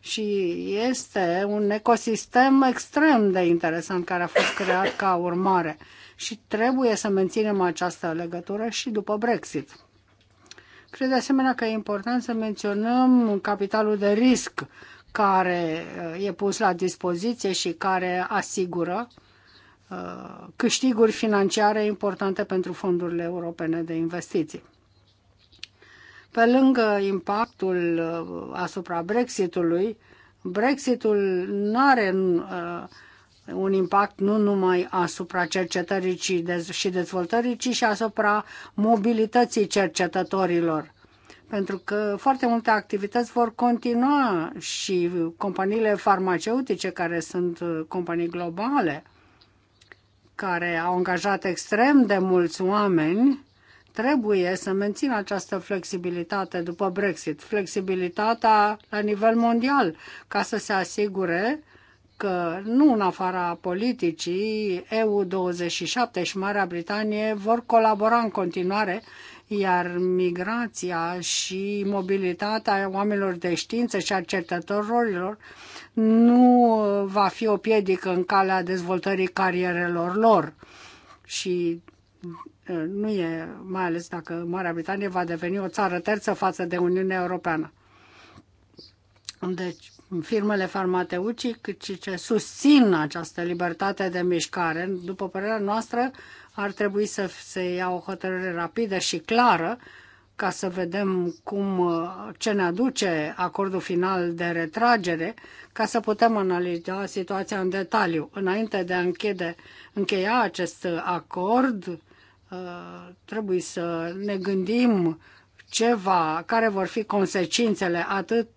Și este un ecosistem extrem de interesant care a fost creat ca urmare. Și trebuie să menținem această legătură și după Brexit. Cred de asemenea că e important să menționăm capitalul de risc care uh, e pus la dispoziție și care asigură uh, câștiguri financiare importante pentru fondurile europene de investiții. Pe lângă impactul uh, asupra Brexitului, Brexitul nu are un impact nu numai asupra cercetării și dezvoltării, ci și asupra mobilității cercetătorilor pentru că foarte multe activități vor continua și companiile farmaceutice, care sunt uh, companii globale, care au angajat extrem de mulți oameni, trebuie să mențină această flexibilitate după Brexit, flexibilitatea la nivel mondial, ca să se asigure că nu în afara politicii EU27 și Marea Britanie vor colabora în continuare iar migrația și mobilitatea oamenilor de știință și a cercetătorilor nu va fi o piedică în calea dezvoltării carierelor lor. Și nu e, mai ales dacă Marea Britanie va deveni o țară terță față de Uniunea Europeană. Deci, firmele farmaceutice ce susțin această libertate de mișcare, după părerea noastră, ar trebui să se ia o hotărâre rapidă și clară ca să vedem cum, uh, ce ne aduce acordul final de retragere, ca să putem analiza situația în detaliu. Înainte de a închide, încheia acest acord, uh, trebuie să ne gândim ceva, care vor fi consecințele atât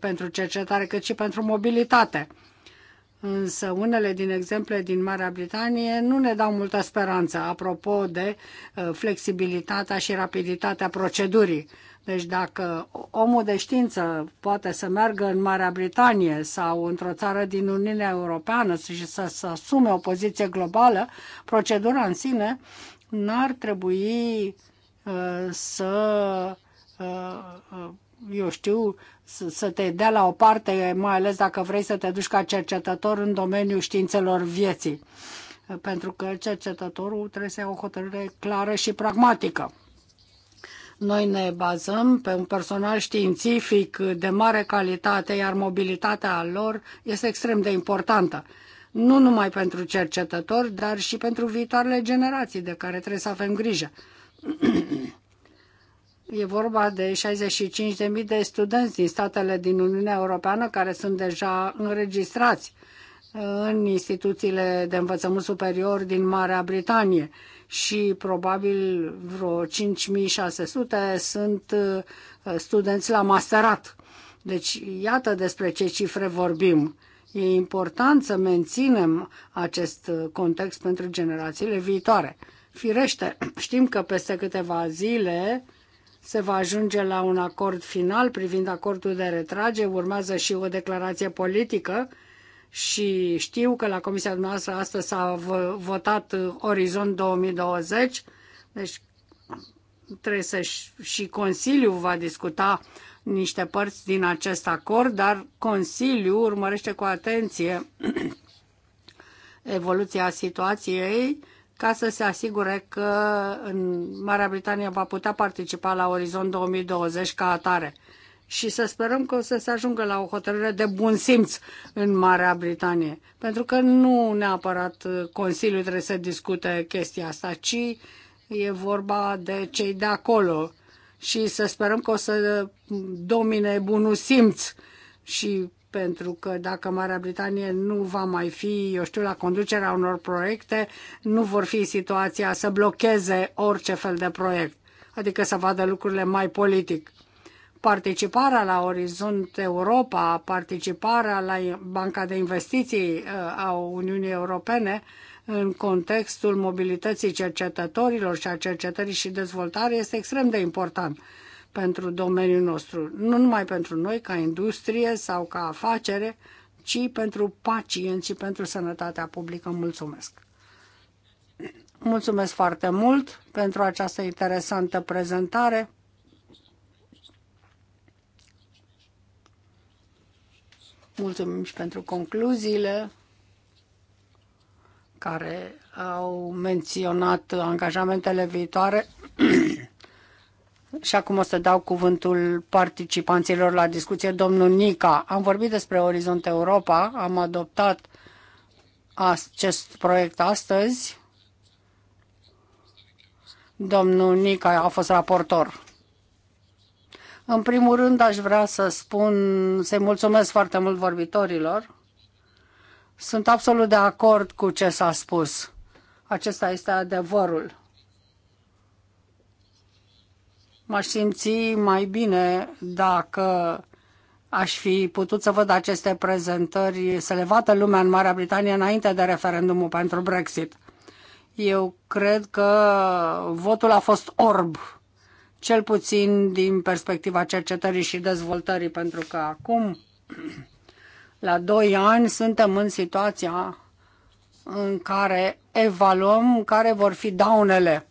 pentru cercetare cât și pentru mobilitate. Însă unele din exemple din Marea Britanie nu ne dau multă speranță apropo de uh, flexibilitatea și rapiditatea procedurii. Deci dacă omul de știință poate să meargă în Marea Britanie sau într-o țară din Uniunea Europeană și să, să asume o poziție globală, procedura în sine n-ar trebui uh, să uh, uh eu știu, să, să te dea la o parte, mai ales dacă vrei să te duci ca cercetător în domeniul științelor vieții. Pentru că cercetătorul trebuie să ia o hotărâre clară și pragmatică. Noi ne bazăm pe un personal științific de mare calitate, iar mobilitatea lor este extrem de importantă. Nu numai pentru cercetători, dar și pentru viitoarele generații de care trebuie să avem grijă. E vorba de 65.000 de studenți din statele din Uniunea Europeană care sunt deja înregistrați în instituțiile de învățământ superior din Marea Britanie și probabil vreo 5600 sunt uh, studenți la masterat. Deci iată despre ce cifre vorbim. E important să menținem acest context pentru generațiile viitoare. Firește, știm că peste câteva zile se va ajunge la un acord final privind acordul de retrage, urmează și o declarație politică și știu că la comisia noastră astăzi s-a votat Orizont 2020, deci trebuie să și Consiliul va discuta niște părți din acest acord, dar Consiliul urmărește cu atenție evoluția situației ca să se asigure că în Marea Britanie va putea participa la Orizont 2020 ca atare. Și să sperăm că o să se ajungă la o hotărâre de bun simț în Marea Britanie. Pentru că nu neapărat Consiliul trebuie să discute chestia asta, ci e vorba de cei de acolo. Și să sperăm că o să domine bunul simț și pentru că dacă Marea Britanie nu va mai fi, eu știu, la conducerea unor proiecte, nu vor fi situația să blocheze orice fel de proiect, adică să vadă lucrurile mai politic. Participarea la Orizont Europa, participarea la Banca de Investiții uh, a Uniunii Europene în contextul mobilității cercetătorilor și a cercetării și dezvoltare este extrem de important pentru domeniul nostru, nu numai pentru noi ca industrie sau ca afacere, ci pentru pacienți și pentru sănătatea publică. Mulțumesc! Mulțumesc foarte mult pentru această interesantă prezentare. Mulțumim și pentru concluziile care au menționat angajamentele viitoare Și acum o să dau cuvântul participanților la discuție. Domnul Nica, am vorbit despre Orizont Europa, am adoptat acest proiect astăzi. Domnul Nica a fost raportor. În primul rând aș vrea să spun, să-i mulțumesc foarte mult vorbitorilor. Sunt absolut de acord cu ce s-a spus. Acesta este adevărul. M-aș simți mai bine dacă aș fi putut să văd aceste prezentări, să le vadă lumea în Marea Britanie înainte de referendumul pentru Brexit. Eu cred că votul a fost orb, cel puțin din perspectiva cercetării și dezvoltării, pentru că acum, la doi ani, suntem în situația în care evaluăm care vor fi daunele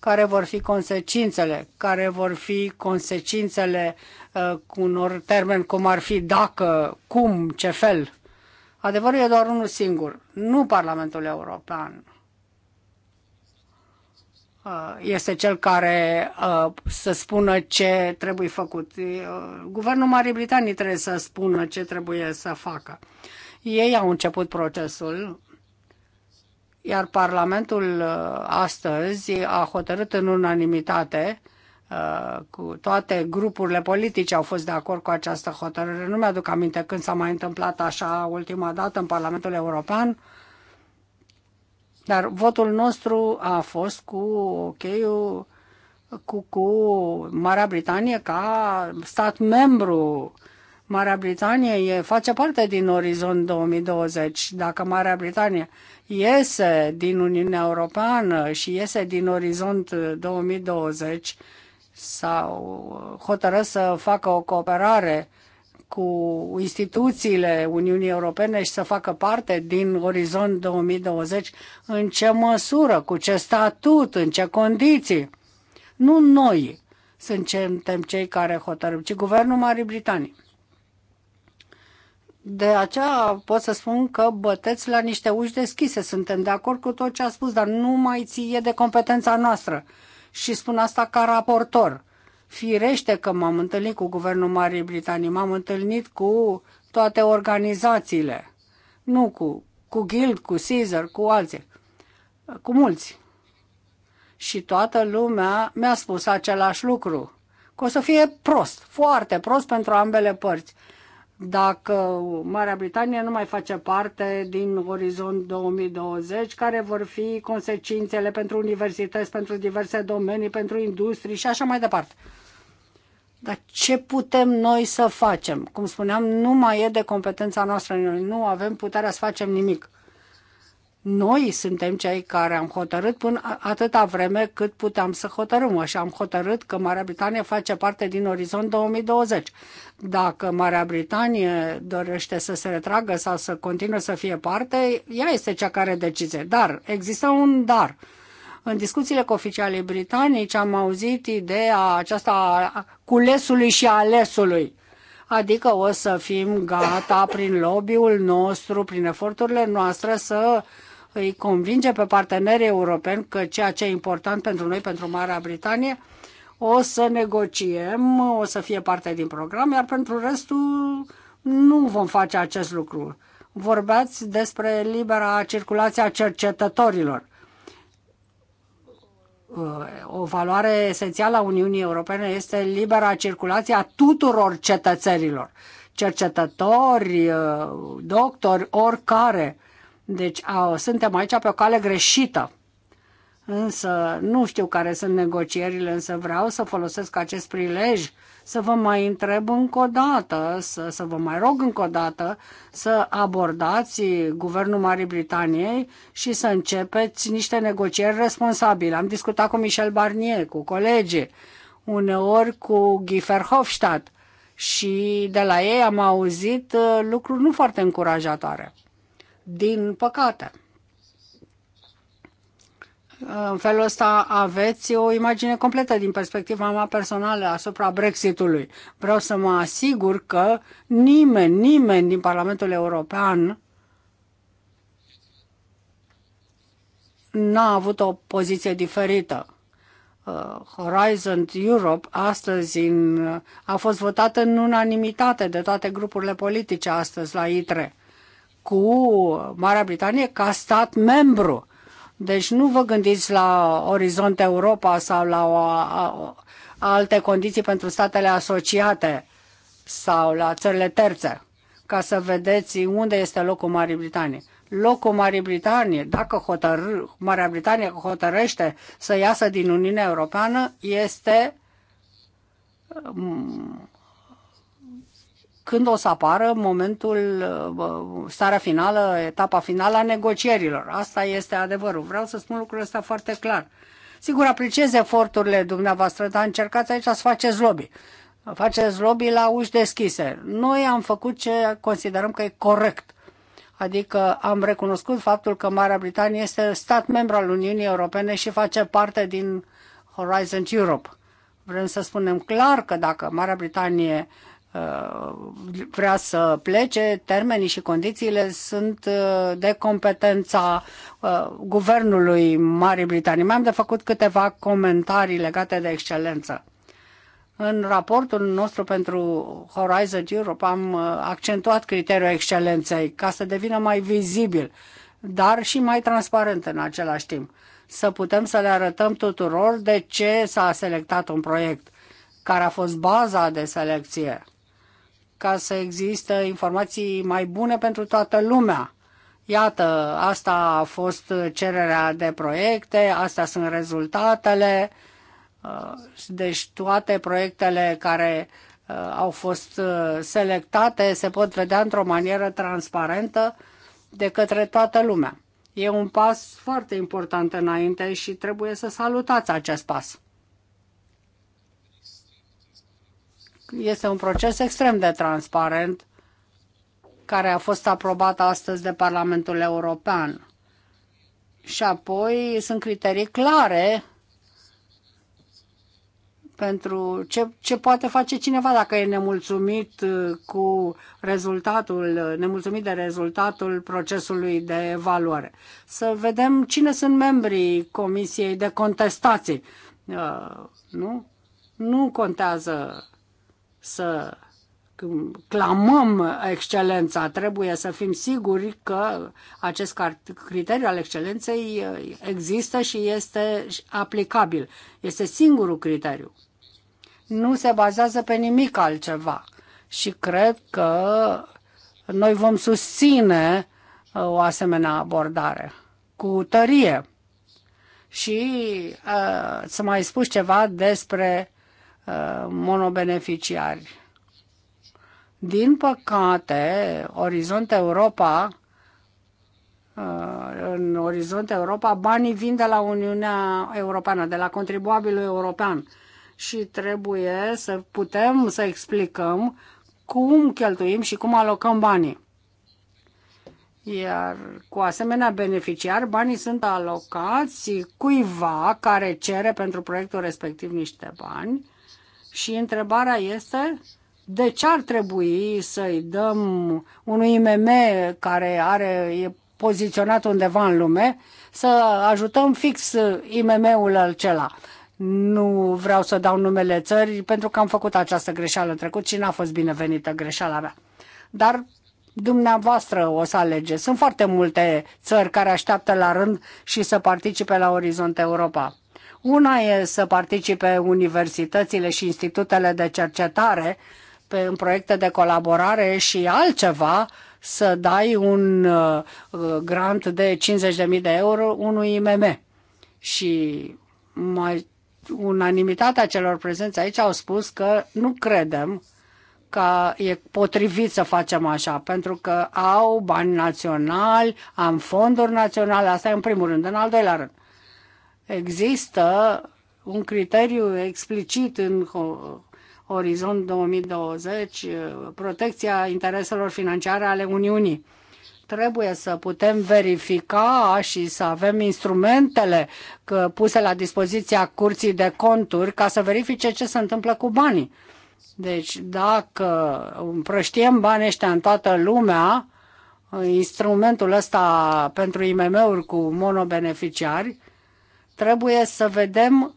care vor fi consecințele, care vor fi consecințele uh, cu unor termen cum ar fi dacă, cum, ce fel. Adevărul e doar unul singur, nu Parlamentul European. Uh, este cel care uh, să spună ce trebuie făcut. Uh, guvernul Marii Britanii trebuie să spună ce trebuie să facă. Ei au început procesul, iar Parlamentul uh, astăzi a hotărât în unanimitate uh, cu toate grupurile politice au fost de acord cu această hotărâre. Nu mi-aduc aminte când s-a mai întâmplat așa ultima dată în Parlamentul European, dar votul nostru a fost cu ok cu, cu Marea Britanie ca stat membru. Marea Britanie e, face parte din Orizont 2020. Dacă Marea Britanie iese din Uniunea Europeană și iese din orizont 2020 sau uh, hotărăsc să facă o cooperare cu instituțiile Uniunii Europene și să facă parte din Orizont 2020, în ce măsură, cu ce statut, în ce condiții. Nu noi suntem cei care hotărâm, ci Guvernul Marii Britanii. De aceea pot să spun că băteți la niște uși deschise. Suntem de acord cu tot ce a spus, dar nu mai ție de competența noastră. Și spun asta ca raportor. Firește că m-am întâlnit cu Guvernul Marii Britanii, m-am întâlnit cu toate organizațiile. Nu cu, cu Guild, cu Caesar, cu alții. Cu mulți. Și toată lumea mi-a spus același lucru. Că o să fie prost, foarte prost pentru ambele părți dacă Marea Britanie nu mai face parte din Orizont 2020, care vor fi consecințele pentru universități, pentru diverse domenii, pentru industrii și așa mai departe. Dar ce putem noi să facem? Cum spuneam, nu mai e de competența noastră. Noi nu avem puterea să facem nimic. Noi suntem cei care am hotărât până atâta vreme cât puteam să hotărâm și am hotărât că Marea Britanie face parte din Orizont 2020. Dacă Marea Britanie dorește să se retragă sau să continue să fie parte, ea este cea care decide. Dar există un dar. În discuțiile cu oficialii britanici am auzit ideea aceasta a culesului și a alesului adică o să fim gata prin lobby-ul nostru, prin eforturile noastre să îi convinge pe partenerii europeni că ceea ce e important pentru noi, pentru Marea Britanie, o să negociem, o să fie parte din program, iar pentru restul nu vom face acest lucru. Vorbeați despre libera circulație a cercetătorilor uh, o valoare esențială a Uniunii Europene este libera circulație a tuturor cetățenilor, cercetători, uh, doctori, oricare. Deci a, suntem aici pe o cale greșită. Însă nu știu care sunt negocierile, însă vreau să folosesc acest prilej să vă mai întreb încă o dată, să, să vă mai rog încă o dată să abordați Guvernul Marii Britaniei și să începeți niște negocieri responsabile. Am discutat cu Michel Barnier, cu colegii, uneori cu Guy Verhofstadt și de la ei am auzit uh, lucruri nu foarte încurajatoare din păcate. În felul ăsta aveți o imagine completă din perspectiva mea personală asupra Brexitului. Vreau să mă asigur că nimeni, nimeni din Parlamentul European n-a avut o poziție diferită. Uh, Horizon Europe astăzi în, a fost votată în unanimitate de toate grupurile politice astăzi la ITRE cu Marea Britanie ca stat membru. Deci nu vă gândiți la Orizont Europa sau la o, a, alte condiții pentru statele asociate sau la țările terțe, ca să vedeți unde este locul Marii Britanii. Locul Marii Britanie, dacă hotăr, Marea Britanie hotărăște să iasă din Uniunea Europeană, este când o să apară momentul, starea finală, etapa finală a negocierilor. Asta este adevărul. Vreau să spun lucrurile astea foarte clar. Sigur, apreciez eforturile dumneavoastră, dar încercați aici să faceți lobby. Faceți lobby la uși deschise. Noi am făcut ce considerăm că e corect. Adică am recunoscut faptul că Marea Britanie este stat membru al Uniunii Europene și face parte din Horizon Europe. Vrem să spunem clar că dacă Marea Britanie Uh, vrea să plece, termenii și condițiile sunt uh, de competența uh, guvernului Marii Britanii. Mi-am de făcut câteva comentarii legate de excelență. În raportul nostru pentru Horizon Europe am accentuat criteriul excelenței ca să devină mai vizibil, dar și mai transparent în același timp. Să putem să le arătăm tuturor de ce s-a selectat un proiect, care a fost baza de selecție ca să există informații mai bune pentru toată lumea. Iată, asta a fost cererea de proiecte, astea sunt rezultatele. Uh, deci toate proiectele care uh, au fost uh, selectate se pot vedea într-o manieră transparentă de către toată lumea. E un pas foarte important înainte și trebuie să salutați acest pas. este un proces extrem de transparent care a fost aprobat astăzi de Parlamentul European. Și apoi sunt criterii clare pentru ce, ce poate face cineva dacă e nemulțumit uh, cu rezultatul, uh, nemulțumit de rezultatul procesului de evaluare. Să vedem cine sunt membrii Comisiei de Contestații. Uh, nu? Nu contează să clamăm excelența, trebuie să fim siguri că acest criteriu al excelenței uh, există și este aplicabil. Este singurul criteriu. Nu se bazează pe nimic altceva. Și cred că noi vom susține uh, o asemenea abordare cu tărie. Și uh, să mai spus ceva despre Uh, monobeneficiari. Din păcate, Orizont Europa, uh, în Orizont Europa, banii vin de la Uniunea Europeană, de la contribuabilul european și trebuie să putem să explicăm cum cheltuim și cum alocăm banii. Iar cu asemenea beneficiar, banii sunt alocați cuiva care cere pentru proiectul respectiv niște bani și întrebarea este de ce ar trebui să-i dăm unui IMM care are, e poziționat undeva în lume, să ajutăm fix IMM-ul acela. Nu vreau să dau numele țării pentru că am făcut această greșeală în trecut și n-a fost binevenită greșeala mea. Dar dumneavoastră o să alegeți. Sunt foarte multe țări care așteaptă la rând și să participe la Orizont Europa. Una e să participe universitățile și institutele de cercetare pe, în proiecte de colaborare și altceva să dai un uh, grant de 50.000 de euro unui IMM. Și mai, unanimitatea celor prezenți aici au spus că nu credem că e potrivit să facem așa, pentru că au bani naționali, am fonduri naționale, asta e în primul rând. În al doilea rând, Există un criteriu explicit în Orizont 2020, eh, protecția intereselor financiare ale Uniunii. Trebuie să putem verifica și să avem instrumentele că puse la dispoziția curții de conturi ca să verifice ce se întâmplă cu banii. Deci dacă împrăștiem banii ăștia în toată lumea, eh, instrumentul ăsta pentru IMM-uri cu monobeneficiari, Trebuie să vedem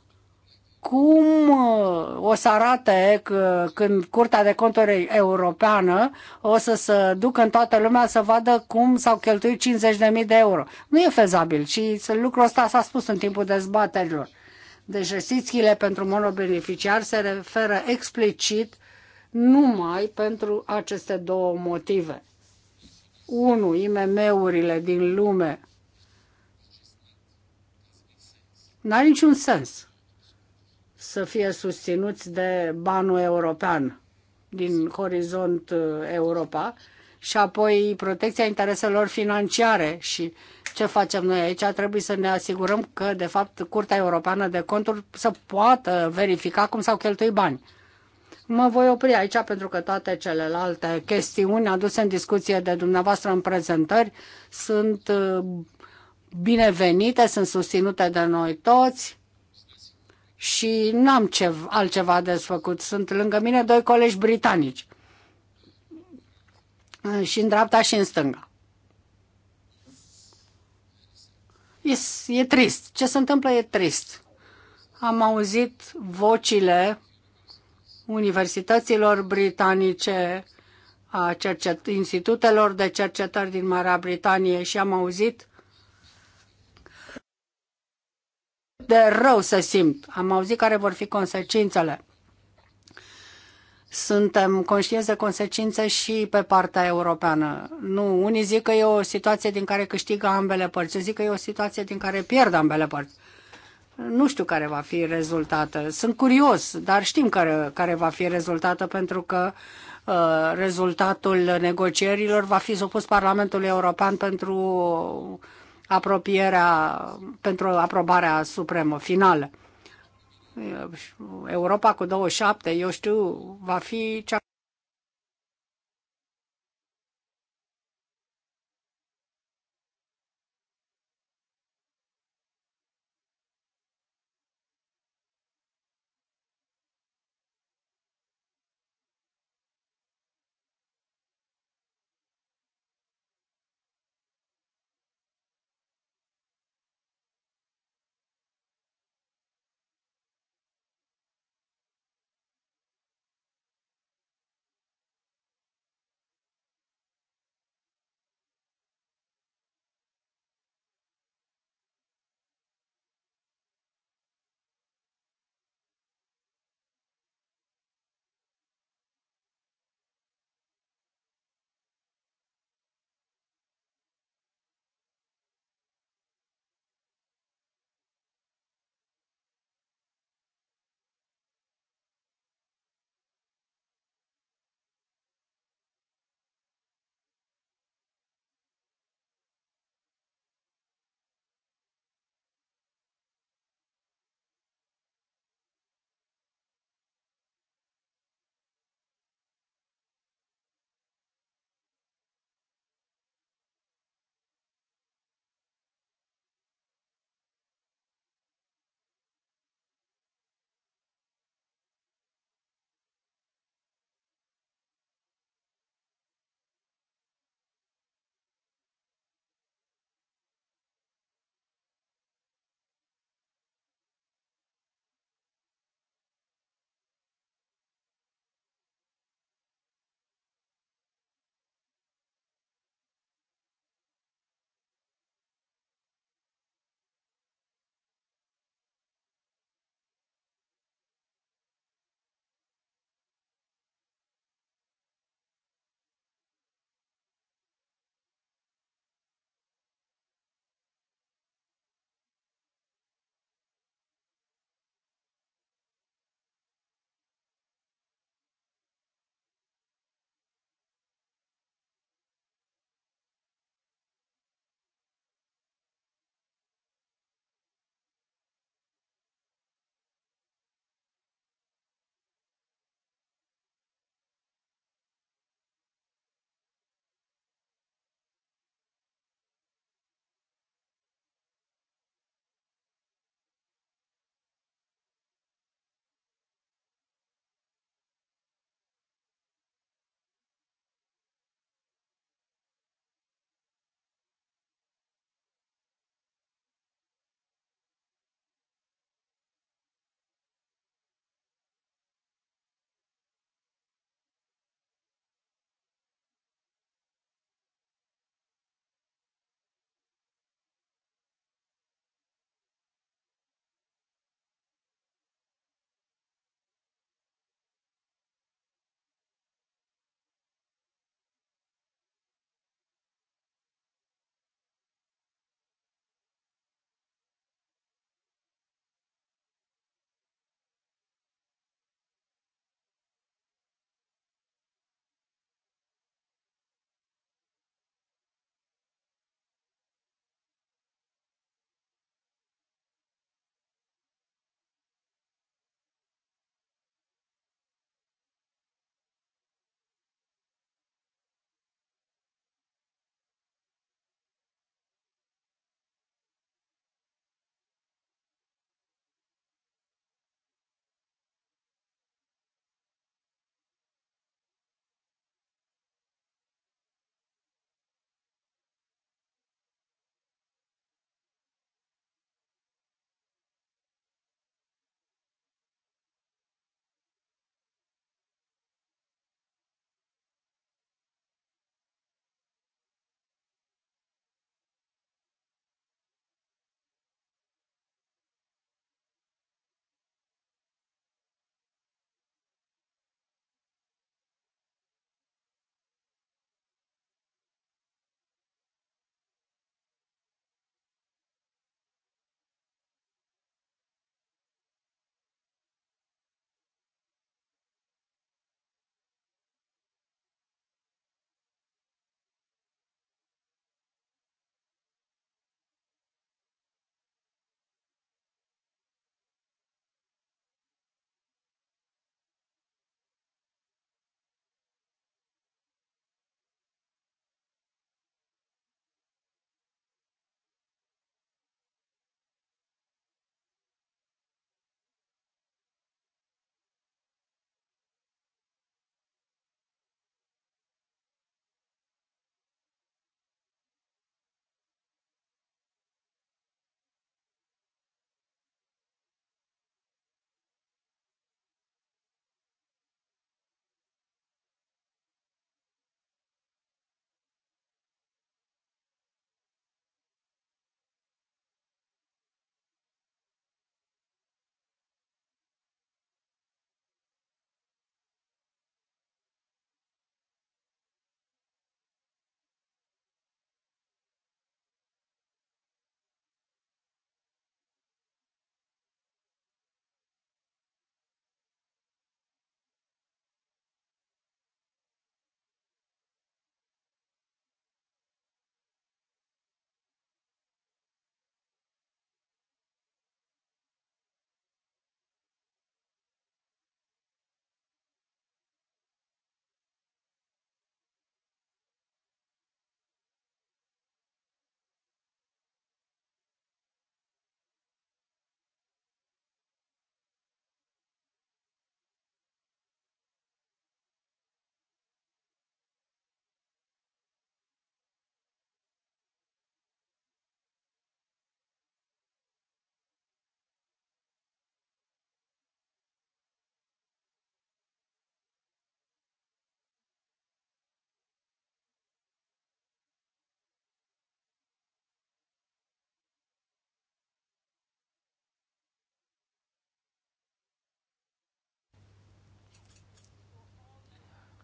cum uh, o să arate uh, când Curtea de Conturi Europeană o să se ducă în toată lumea să vadă cum s-au cheltuit 50.000 de euro. Nu e fezabil și lucrul ăsta s-a spus în timpul dezbaterilor. Deci restițiile pentru monobeneficiari se referă explicit numai pentru aceste două motive. 1. IMM-urile din lume N-are niciun sens să fie susținuți de banul european din Horizont uh, Europa și apoi protecția intereselor financiare și ce facem noi aici? Trebuie să ne asigurăm că, de fapt, Curtea Europeană de Conturi să poată verifica cum s-au cheltuit bani. Mă voi opri aici pentru că toate celelalte chestiuni aduse în discuție de dumneavoastră în prezentări sunt uh, binevenite, sunt susținute de noi toți și nu am ce, altceva de făcut. Sunt lângă mine doi colegi britanici eh, și în dreapta și în stânga. E, e trist. Ce se întâmplă e trist. Am auzit vocile universităților britanice, a cercet- institutelor de cercetări din Marea Britanie și am auzit de rău se simt. Am auzit care vor fi consecințele. Suntem conștienți de consecințe și pe partea europeană. Nu, unii zic că e o situație din care câștigă ambele părți, zic că e o situație din care pierd ambele părți. Nu știu care va fi rezultată. Sunt curios, dar știm care, care va fi rezultată pentru că uh, rezultatul negocierilor va fi supus Parlamentului European pentru apropierea pentru aprobarea supremă finală. Europa cu 27, eu știu, va fi cea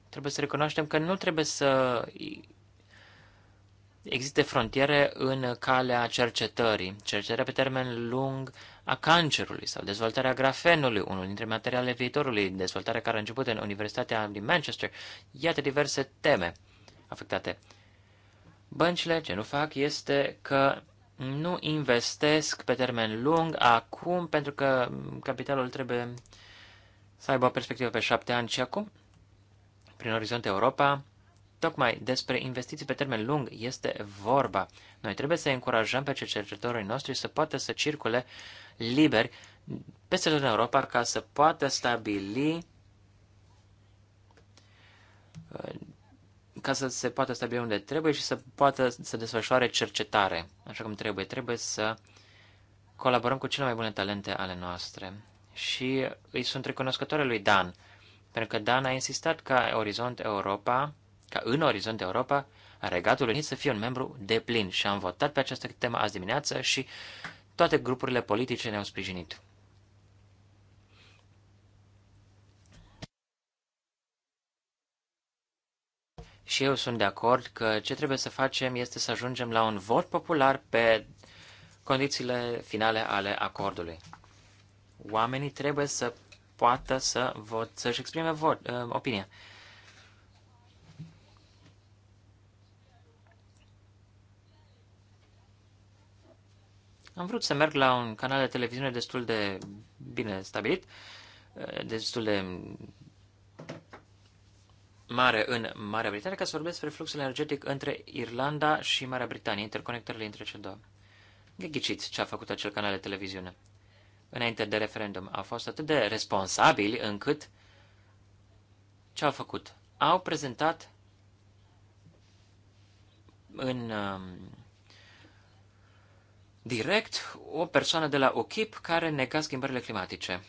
trebuie să recunoaștem că nu trebuie să existe frontiere în calea cercetării. Cercetarea pe termen lung a cancerului sau dezvoltarea grafenului, unul dintre materialele viitorului, dezvoltarea care a început în Universitatea din Manchester. Iată diverse teme afectate. Băncile ce nu fac este că nu investesc pe termen lung acum pentru că capitalul trebuie să aibă o perspectivă pe șapte ani și acum prin Orizont Europa, tocmai despre investiții pe termen lung este vorba. Noi trebuie să încurajăm pe cercetătorii noștri să poată să circule liberi peste tot în Europa ca să poată stabili uh, ca să se poată stabili unde trebuie și să poată să desfășoare cercetare așa cum trebuie. Trebuie să colaborăm cu cele mai bune talente ale noastre. Și îi sunt recunoscătoare lui Dan pentru că Dan a insistat ca Orizont Europa, ca în Orizont Europa, Regatul Unit să fie un membru de plin și am votat pe această temă azi dimineață și toate grupurile politice ne-au sprijinit. Și eu sunt de acord că ce trebuie să facem este să ajungem la un vot popular pe condițiile finale ale acordului. Oamenii trebuie să poată să vot, să-și exprime vot, uh, opinia. Am vrut să merg la un canal de televiziune destul de bine stabilit, uh, destul de mare în Marea Britanie, ca să vorbesc despre fluxul energetic între Irlanda și Marea Britanie, interconectările între cele două. Ghiciți ce a făcut acel canal de televiziune înainte de referendum au fost atât de responsabili încât ce au făcut? Au prezentat în um, direct o persoană de la OCHIP care nega schimbările climatice.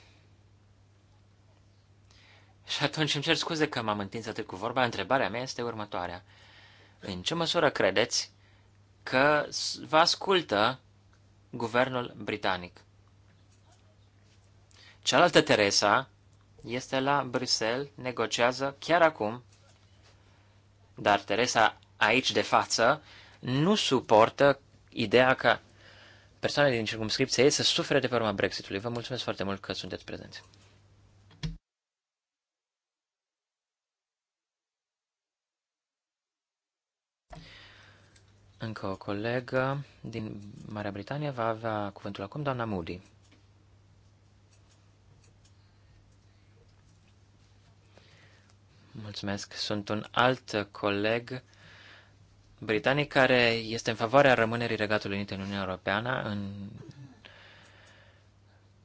Și atunci îmi cer scuze că m-am întins atât cu vorba. Întrebarea mea este următoarea. În ce măsură credeți că vă ascultă guvernul britanic? Cealaltă Teresa este la Bruxelles, negociază chiar acum, dar Teresa aici de față nu suportă ideea că persoanele din circumscripție ei să sufere de pe urma Brexitului. Vă mulțumesc foarte mult că sunteți prezenți. Încă o colegă din Marea Britanie va avea cuvântul acum, doamna Moody. Mulțumesc. Sunt un alt coleg britanic care este în favoarea rămânerii Regatului Unit în Uniunea Europeană. În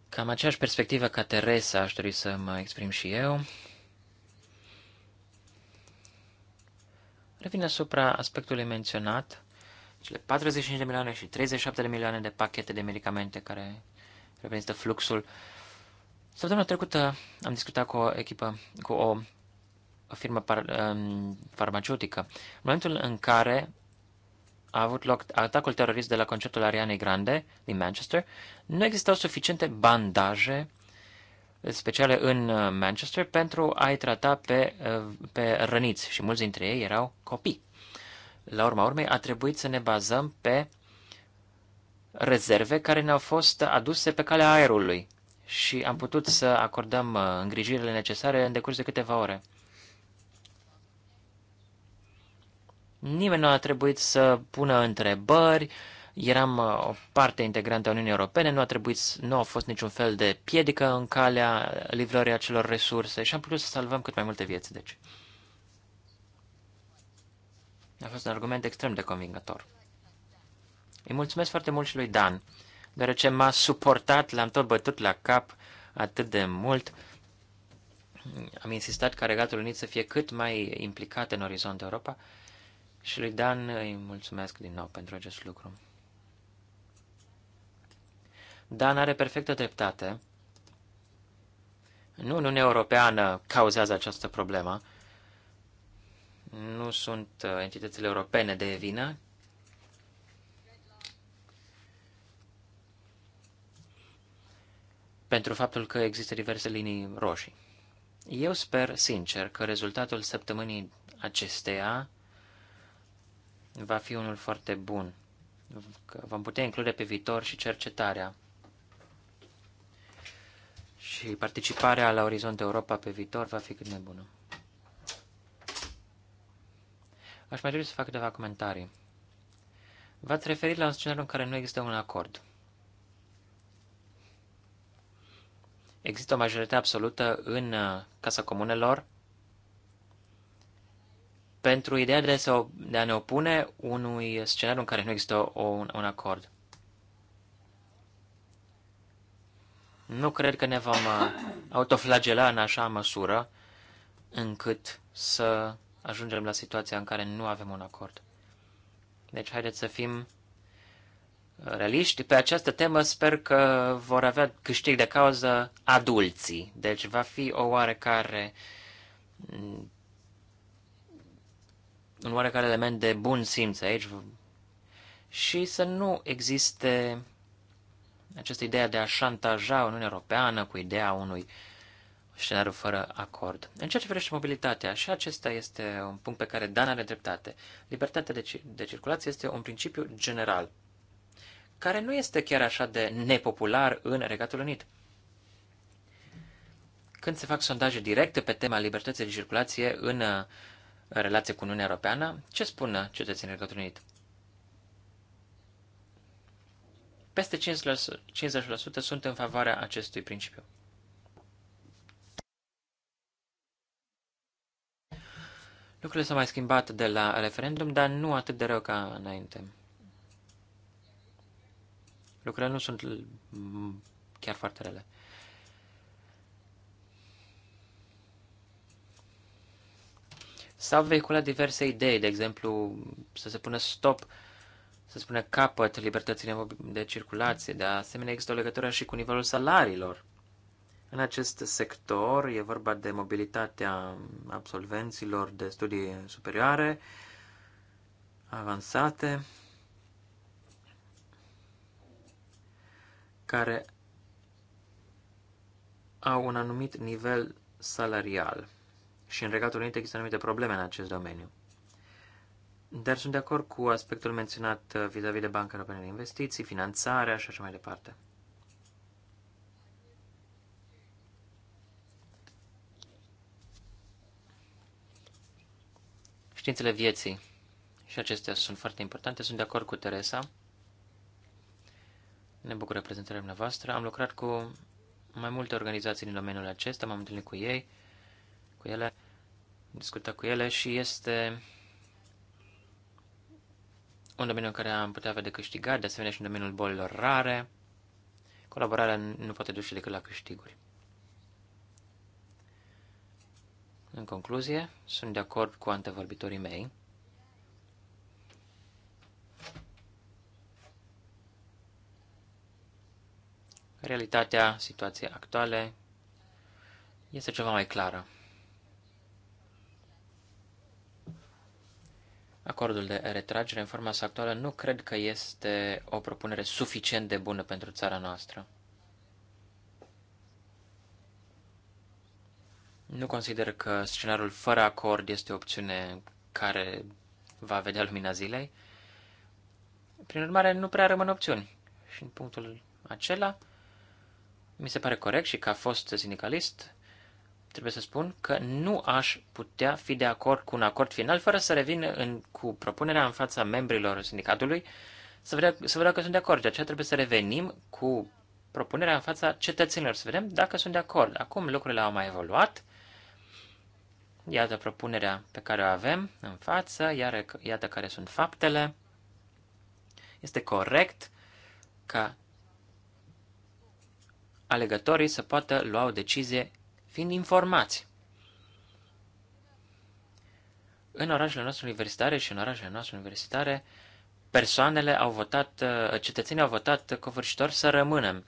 cam aceeași perspectivă ca Teresa aș dori să mă exprim și eu. Revin asupra aspectului menționat, cele 45 de milioane și 37 de milioane de pachete de medicamente care reprezintă fluxul. Săptămâna trecută am discutat cu o echipă, cu o firmă par, um, farmaceutică. În momentul în care a avut loc atacul terorist de la concertul Arianei Grande din Manchester, nu existau suficiente bandaje speciale în uh, Manchester pentru a-i trata pe, uh, pe răniți și mulți dintre ei erau copii. La urma urmei, a trebuit să ne bazăm pe rezerve care ne-au fost aduse pe calea aerului și am putut să acordăm uh, îngrijirile necesare în decurs de câteva ore. Nimeni nu a trebuit să pună întrebări, eram uh, o parte integrantă a Uniunii Europene, nu a trebuit, nu a fost niciun fel de piedică în calea livrării acelor resurse și am putut să salvăm cât mai multe vieți, deci. A fost un argument extrem de convingător. Îi mulțumesc foarte mult și lui Dan, deoarece m-a suportat, l-am tot bătut la cap atât de mult. Am insistat ca Regatul Unit să fie cât mai implicat în orizont Europa și lui Dan îi mulțumesc din nou pentru acest lucru. Dan are perfectă dreptate. Nu Uniunea Europeană cauzează această problemă. Nu sunt uh, entitățile europene de vină. Pentru faptul că există diverse linii roșii. Eu sper, sincer, că rezultatul săptămânii acesteia va fi unul foarte bun. Vom putea include pe viitor și cercetarea și participarea la Orizont Europa pe viitor va fi cât mai bună. Aș mai trebui să fac câteva comentarii. V-ați referit la un scenariu în care nu există un acord. Există o majoritate absolută în uh, Casa Comunelor pentru ideea de, să, de a ne opune unui scenariu în care nu există o, un acord. Nu cred că ne vom uh, autoflagela în așa măsură încât să ajungem la situația în care nu avem un acord. Deci haideți să fim realiști. Pe această temă sper că vor avea câștig de cauză adulții. Deci va fi o oarecare un oarecare element de bun simț aici și să nu existe această idee de a șantaja Uniunea Europeană cu ideea unui scenariu fără acord. În ceea ce privește mobilitatea, și acesta este un punct pe care Dan are dreptate. Libertatea de, de circulație este un principiu general, care nu este chiar așa de nepopular în Regatul Unit. Când se fac sondaje directe pe tema libertății de circulație în uh, în relație cu Uniunea Europeană, ce spun cetățenii Regatului Unit? Peste 50%, sunt în favoarea acestui principiu. Lucrurile s-au mai schimbat de la referendum, dar nu atât de rău ca înainte. Lucrurile nu sunt chiar foarte rele. S-au vehiculat diverse idei, de exemplu, să se pună stop, să se pună capăt libertății de circulație. De asemenea, există o legătură și cu nivelul salariilor. În acest sector e vorba de mobilitatea absolvenților de studii superioare, avansate, care au un anumit nivel salarial. Și în Regatul Unit există anumite probleme în acest domeniu. Dar sunt de acord cu aspectul menționat uh, vis-a-vis -vis de Banca Europeană de Investiții, finanțarea și așa mai departe. Științele vieții și acestea sunt foarte importante. Sunt de acord cu Teresa. Ne bucură prezentarea dumneavoastră. Am lucrat cu mai multe organizații din domeniul acesta, m-am întâlnit cu ei, cu ele discuta cu ele și este un domeniu în care am putea avea de câștigat, de asemenea și în domeniul bolilor rare. Colaborarea nu poate duce decât la câștiguri. În concluzie, sunt de acord cu antevorbitorii mei. Realitatea situației actuale este ceva mai clară. Acordul de retragere în forma sa actuală nu cred că este o propunere suficient de bună pentru țara noastră. Nu consider că scenariul fără acord este o opțiune care va vedea lumina zilei. Prin urmare, nu prea rămân opțiuni. Și în punctul acela, mi se pare corect și că a fost sindicalist, trebuie să spun că nu aș putea fi de acord cu un acord final fără să revin în, cu propunerea în fața membrilor sindicatului să vedem să vedea că sunt de acord. De aceea trebuie să revenim cu propunerea în fața cetățenilor, să vedem dacă sunt de acord. Acum lucrurile au mai evoluat. Iată propunerea pe care o avem în față, iar, iată care sunt faptele. Este corect ca alegătorii să poată lua o decizie fiind informați. În orașele noastre universitare și în orașele noastre universitare, persoanele au votat, uh, cetățenii au votat covârșitor să rămânem.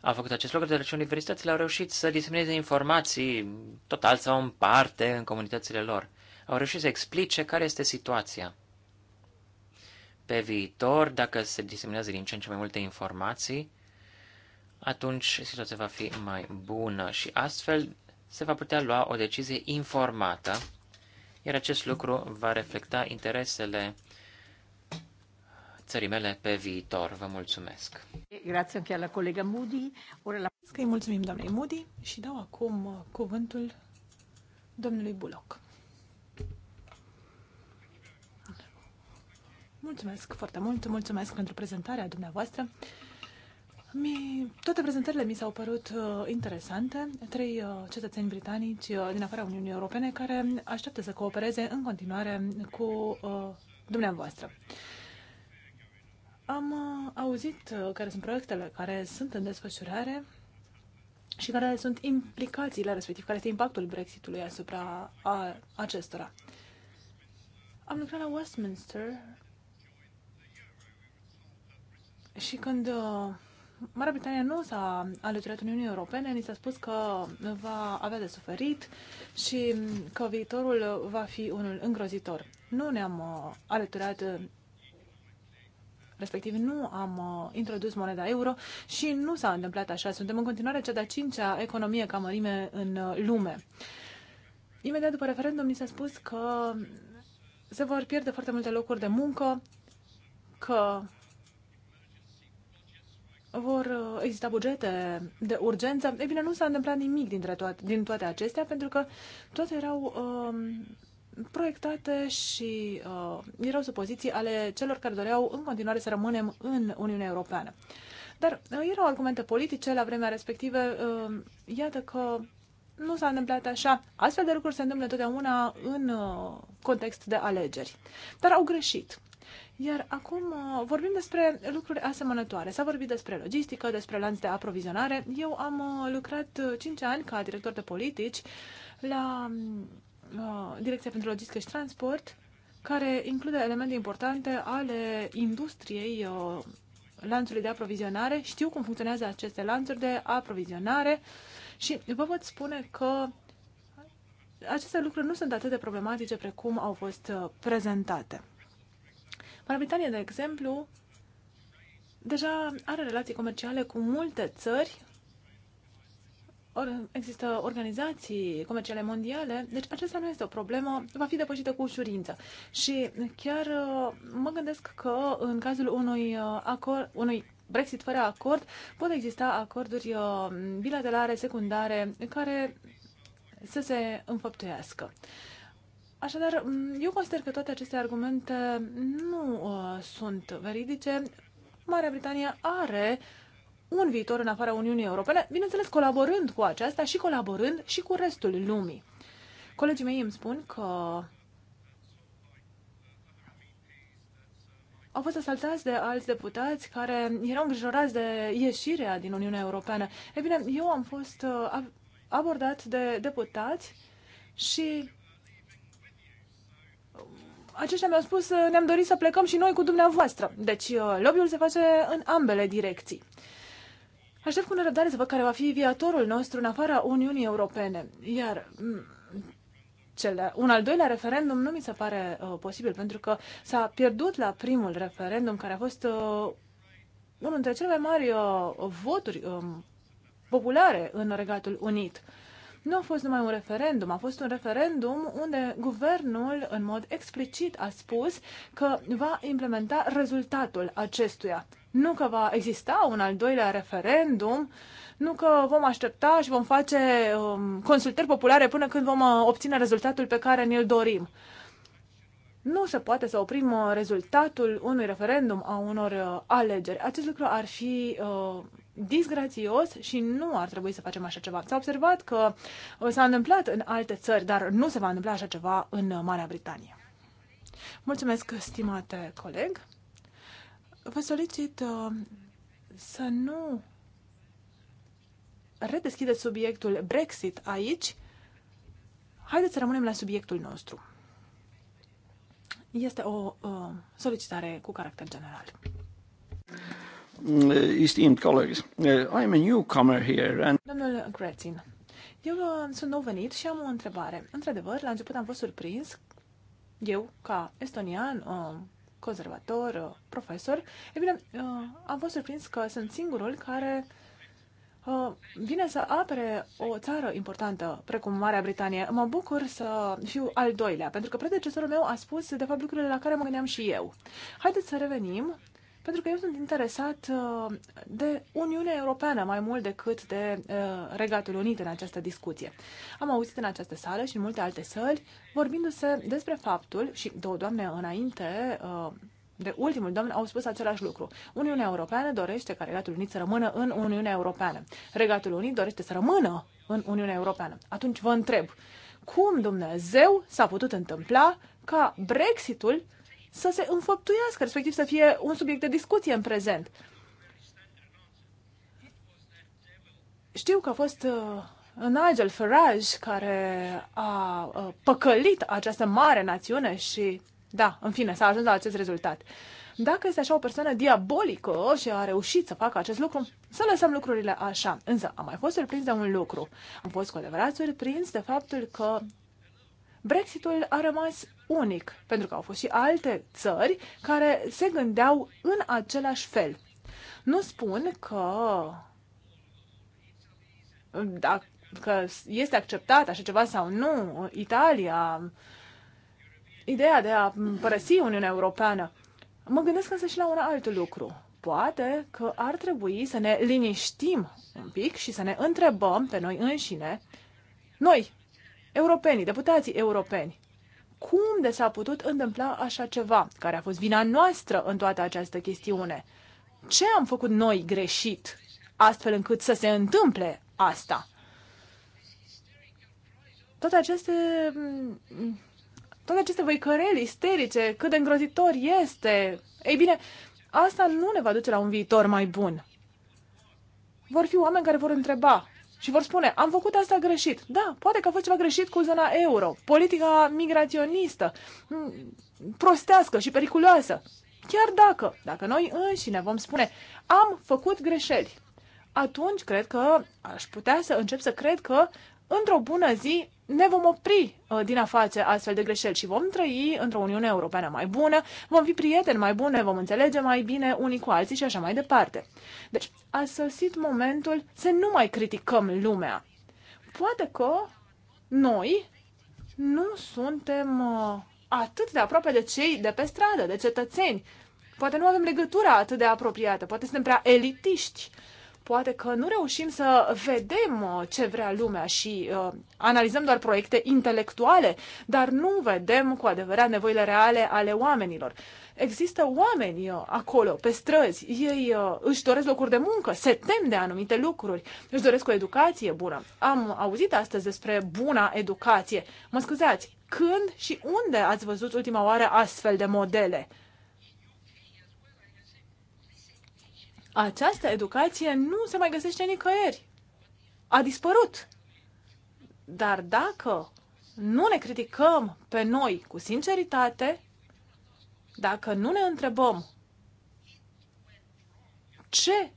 Au făcut acest lucru, deoarece universitățile au reușit să disemineze informații total sau în parte în comunitățile lor. Au reușit să explice care este situația. Pe viitor, dacă se diseminează din ce în ce mai multe informații, atunci situația va fi mai bună și astfel se va putea lua o decizie informată, iar acest lucru va reflecta interesele țării mele pe viitor. Vă mulțumesc! Grație colega Moody. Ora la... Îi mulțumim doamnei Moody și dau acum uh, cuvântul domnului Buloc. Mulțumesc foarte mult, mulțumesc pentru prezentarea dumneavoastră. Mi, toate prezentările mi s-au părut uh, interesante. Trei uh, cetățeni britanici uh, din afara Uniunii Europene care așteaptă să coopereze în continuare cu uh, dumneavoastră. Am uh, auzit uh, care sunt proiectele care sunt în desfășurare și care sunt implicațiile, respectiv care este impactul Brexitului asupra a, acestora. Am lucrat la Westminster și când uh, Marea Britanie nu s-a alăturat Uniunii Europene, ni s-a spus că va avea de suferit și că viitorul va fi unul îngrozitor. Nu ne-am uh, alăturat respectiv nu am uh, introdus moneda euro și nu s-a întâmplat așa. Suntem în continuare cea de-a cincea economie ca mărime în uh, lume. Imediat după referendum ni s-a spus că se vor pierde foarte multe locuri de muncă, că vor uh, exista bugete de urgență. E bine, nu s-a întâmplat nimic dintre toate, din toate acestea, pentru că toate erau uh, proiectate și uh, erau supoziții ale celor care doreau în continuare să rămânem în Uniunea Europeană. Dar uh, erau argumente politice la vremea respectivă. Uh, iată că nu s-a întâmplat așa. Astfel de lucruri se întâmplă totdeauna în uh, context de alegeri. Dar au greșit. Iar acum uh, vorbim despre lucruri asemănătoare. S-a vorbit despre logistică, despre lanț de aprovizionare. Eu am uh, lucrat 5 uh, ani ca director de politici la mm, Direcția pentru Logistică și Transport, care include elemente importante ale industriei lanțului de aprovizionare. Știu cum funcționează aceste lanțuri de aprovizionare și vă pot spune că aceste lucruri nu sunt atât de problematice precum au fost prezentate. Marea Britanie, de exemplu, deja are relații comerciale cu multe țări, Or, există organizații comerciale mondiale, deci acesta nu este o problemă, va fi depășită cu ușurință. Și chiar uh, mă gândesc că în cazul unui uh, acord, unui Brexit fără acord, pot exista acorduri uh, bilaterale, secundare, care să se înfăptuiască. Așadar, eu consider că toate aceste argumente nu uh, sunt veridice. Marea Britanie are un viitor în afara Uniunii Europene, bineînțeles colaborând cu aceasta și colaborând și cu restul lumii. Colegii mei îmi spun că au fost asaltați de alți deputați care erau îngrijorați de ieșirea din Uniunea Europeană. Ei bine, eu am fost uh, abordat de deputați și aceștia mi-au spus uh, ne-am dorit să plecăm și noi cu dumneavoastră. Deci uh, lobby-ul se face în ambele direcții. Aștept cu nerăbdare să văd care va fi viatorul nostru în afara Uniunii Europene. Iar mm, cele, un al doilea referendum nu mi se pare uh, posibil, pentru că s-a pierdut la primul referendum, care a fost uh, unul dintre cele mai mari uh, voturi uh, populare în Regatul Unit. Uh, nu a fost numai un referendum, a fost un referendum unde guvernul în mod explicit a spus că va implementa rezultatul acestuia. Nu că va exista un al doilea referendum, nu că vom aștepta și vom face um, consultări populare până când vom uh, obține rezultatul pe care ne-l dorim. Nu se poate să oprim uh, rezultatul unui referendum a unor uh, alegeri. Acest lucru ar fi uh, disgrațios și nu ar trebui să facem așa ceva. S-a observat că s-a întâmplat în alte țări, dar nu se va întâmpla așa ceva în Marea Britanie. Mulțumesc, stimate coleg. Vă solicit uh, să nu redeschideți subiectul Brexit aici. Haideți să rămânem la subiectul nostru. Este o uh, solicitare cu caracter general esteemed eh, colleagues. Eh, I am a newcomer here and... Domnul Gretzin, eu uh, sunt nou venit și am o întrebare. Într-adevăr, la început am fost surprins, eu, ca estonian, uh, conservator, uh, profesor, e bine, am fost surprins că sunt singurul care vine să apere o țară importantă, precum Marea Britanie. Mă bucur să fiu al doilea, pentru că predecesorul meu a spus, de fapt, lucrurile la care mă gândeam și eu. Haideți să revenim pentru că eu sunt interesat uh, de Uniunea Europeană mai mult decât de uh, Regatul Unit în această discuție. Am auzit în această sală și în multe alte săli vorbindu-se despre faptul, și două doamne înainte, uh, de ultimul domn au spus același lucru. Uniunea Europeană dorește ca Regatul Unit să rămână în Uniunea Europeană. Regatul Unit dorește să rămână în Uniunea Europeană. Atunci vă întreb, cum Dumnezeu s-a putut întâmpla ca Brexitul să se înfăptuiască, respectiv să fie un subiect de discuție în prezent. Știu că a fost uh, Nigel Farage care a uh, păcălit această mare națiune și, da, în fine, s-a ajuns la acest rezultat. Dacă este așa o persoană diabolică și a reușit să facă acest lucru, să lăsăm lucrurile așa. Însă am mai fost surprins de un lucru. Am fost cu adevărat surprins de faptul că Brexitul a rămas unic, pentru că au fost și alte țări care se gândeau în același fel. Nu spun că dacă este acceptat așa ceva sau nu, Italia, ideea de a părăsi Uniunea Europeană. Mă gândesc însă și la un alt lucru. Poate că ar trebui să ne liniștim un pic și să ne întrebăm pe noi înșine, noi, europenii, deputații europeni, cum de s-a putut întâmpla așa ceva? Care a fost vina noastră în toată această chestiune? Ce am făcut noi greșit astfel încât să se întâmple asta? Toate aceste mm, toate aceste văicăreli isterice, cât de îngrozitor este. Ei bine, asta nu ne va duce la un viitor mai bun. Vor fi oameni care vor întreba, și vor spune, am făcut asta greșit. Da, poate că a fost ceva greșit cu zona euro, politica migraționistă, prostească și periculoasă. Chiar dacă, dacă noi înșine vom spune, am făcut greșeli, atunci cred că aș putea să încep să cred că într-o bună zi ne vom opri uh, din a face astfel de greșeli și vom trăi într-o Uniune Europeană mai bună, vom fi prieteni mai bune, vom înțelege mai bine unii cu alții și așa mai departe. Deci a sosit momentul să nu mai criticăm lumea. Poate că noi nu suntem uh, atât de aproape de cei de pe stradă, de cetățeni. Poate nu avem legătura atât de apropiată, poate suntem prea elitiști poate că nu reușim să vedem uh, ce vrea lumea și uh, analizăm doar proiecte intelectuale, dar nu vedem cu adevărat nevoile reale ale oamenilor. Există oameni uh, acolo, pe străzi, ei uh, își doresc locuri de muncă, se tem de anumite lucruri, își doresc o educație bună. Am auzit astăzi despre buna educație. Mă scuzați, când și unde ați văzut ultima oară astfel de modele? Această educație nu se mai găsește nicăieri. A dispărut. Dar dacă nu ne criticăm pe noi cu sinceritate, dacă nu ne întrebăm ce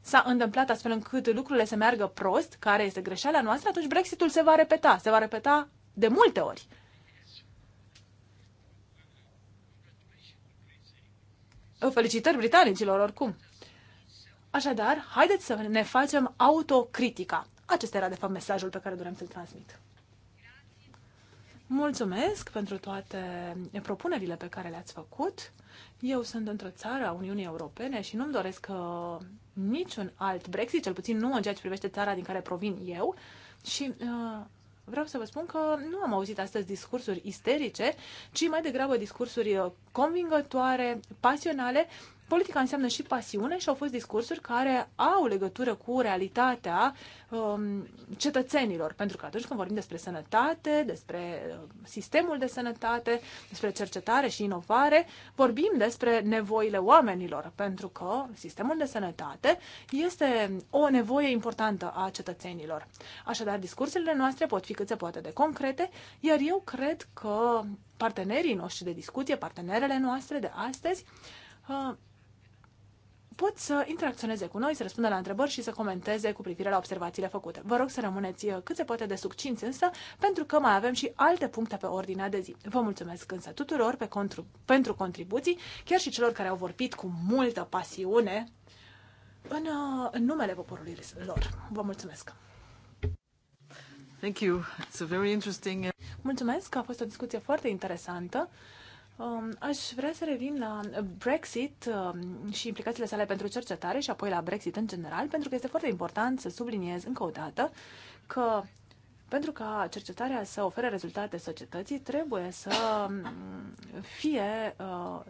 s-a întâmplat astfel încât lucrurile să meargă prost, care este greșeala noastră, atunci Brexitul se va repeta, se va repeta de multe ori. Felicitări britanicilor, oricum. Așadar, haideți să ne facem autocritica. Acesta era, de fapt, mesajul pe care doream să-l transmit. Mulțumesc pentru toate propunerile pe care le-ați făcut. Eu sunt într-o țară a Uniunii Europene și nu-mi doresc uh, niciun alt Brexit, cel puțin nu în ceea ce privește țara din care provin eu. Și uh, vreau să vă spun că nu am auzit astăzi discursuri isterice, ci mai degrabă discursuri uh, convingătoare, pasionale, politica înseamnă și pasiune și au fost discursuri care au legătură cu realitatea um, cetățenilor. Pentru că atunci când vorbim despre sănătate, despre uh, sistemul de sănătate, despre cercetare și inovare, vorbim despre nevoile oamenilor, pentru că sistemul de sănătate este o nevoie importantă a cetățenilor. Așadar, discursurile noastre pot fi cât se poate de concrete, iar eu cred că partenerii noștri de discuție, partenerele noastre de astăzi, uh, pot să interacționeze cu noi, să răspundă la întrebări și să comenteze cu privire la observațiile făcute. Vă rog să rămâneți uh, cât se poate de succinți însă, pentru că mai avem și alte puncte pe ordinea de zi. Vă mulțumesc însă tuturor pe contru, pentru contribuții, chiar și celor care au vorbit cu multă pasiune în, uh, în numele poporului lor. Vă mulțumesc! Thank you. It's a very interesting... Mulțumesc, a fost o discuție foarte interesantă. Um, aș vrea să revin la Brexit um, și implicațiile sale pentru cercetare și apoi la Brexit în general, pentru că este foarte important să subliniez încă o dată că pentru ca cercetarea să ofere rezultate societății, trebuie să um, fie uh,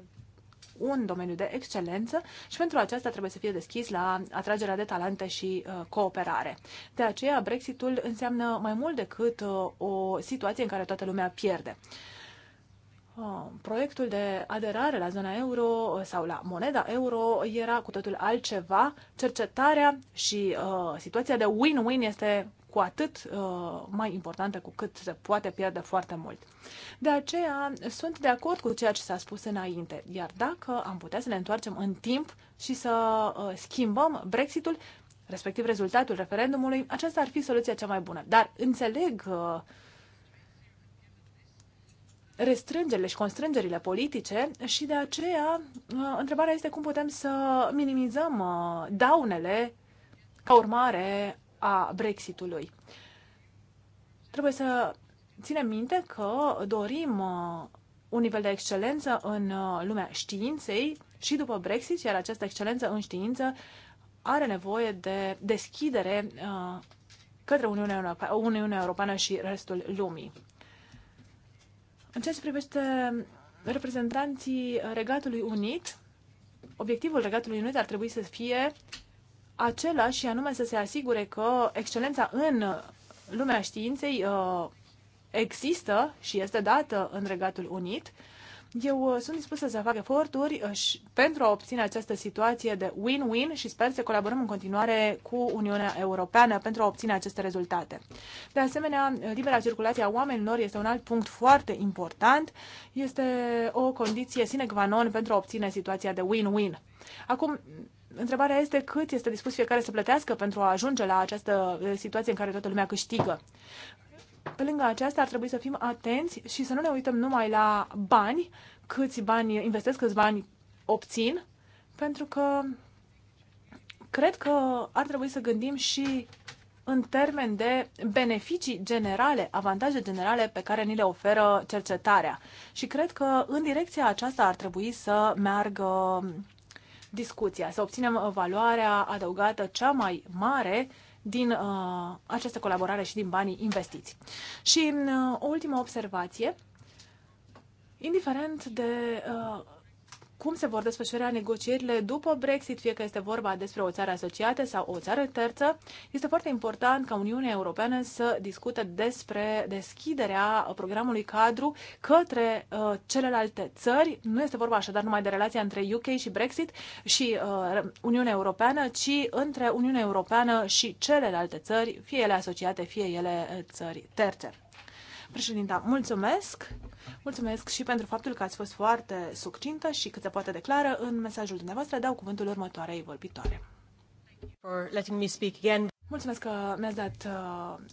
un domeniu de excelență și pentru aceasta trebuie să fie deschis la atragerea de talente și uh, cooperare. De aceea, Brexitul înseamnă mai mult decât uh, o situație în care toată lumea pierde. Uh, Uh, proiectul de aderare la zona euro uh, sau la moneda euro era cu totul altceva. Cercetarea și uh, situația de win-win este cu atât uh, mai importantă cu cât se poate pierde foarte mult. De aceea sunt de acord cu ceea ce s-a spus înainte, iar dacă am putea să ne întoarcem în timp și să uh, schimbăm Brexitul, respectiv rezultatul referendumului, aceasta ar fi soluția cea mai bună. Dar înțeleg uh, restrângerile și constrângerile politice și de aceea uh, întrebarea este cum putem să minimizăm uh, daunele ca urmare a Brexitului. Trebuie să ținem minte că dorim uh, un nivel de excelență în lumea științei și după Brexit, iar această excelență în știință are nevoie de deschidere către Uniunea Europeană și restul lumii. În ceea ce privește reprezentanții Regatului Unit, obiectivul Regatului Unit ar trebui să fie același și anume să se asigure că excelența în lumea științei uh, există și este dată în Regatul Unit eu uh, sunt dispusă să fac eforturi uh, pentru a obține această situație de win-win și sper să colaborăm în continuare cu Uniunea Europeană pentru a obține aceste rezultate. De asemenea, uh, libera circulație a oamenilor este un alt punct foarte important. Este o condiție sine qua non pentru a obține situația de win-win. Acum, întrebarea este cât este dispus fiecare să plătească pentru a ajunge la această situație în care toată lumea câștigă. Pe lângă aceasta, ar trebui să fim atenți și să nu ne uităm numai la bani, câți bani investesc, câți bani obțin, pentru că cred că ar trebui să gândim și în termen de beneficii generale, avantaje generale pe care ni le oferă cercetarea. Și cred că în direcția aceasta ar trebui să meargă discuția, să obținem valoarea adăugată cea mai mare din uh, această colaborare și din banii investiți. Și uh, o ultimă observație, indiferent de uh, cum se vor desfășura negocierile după Brexit, fie că este vorba despre o țară asociată sau o țară terță. Este foarte important ca Uniunea Europeană să discute despre deschiderea programului cadru către uh, celelalte țări. Nu este vorba așadar numai de relația între UK și Brexit și uh, Uniunea Europeană, ci între Uniunea Europeană și celelalte țări, fie ele asociate, fie ele uh, țări terțe. Președinta, mulțumesc! Mulțumesc și pentru faptul că ați fost foarte succintă și cât se poate declară în mesajul dumneavoastră. Dau cuvântul următoarei vorbitoare. For letting me speak again. Mulțumesc că mi-ați dat uh,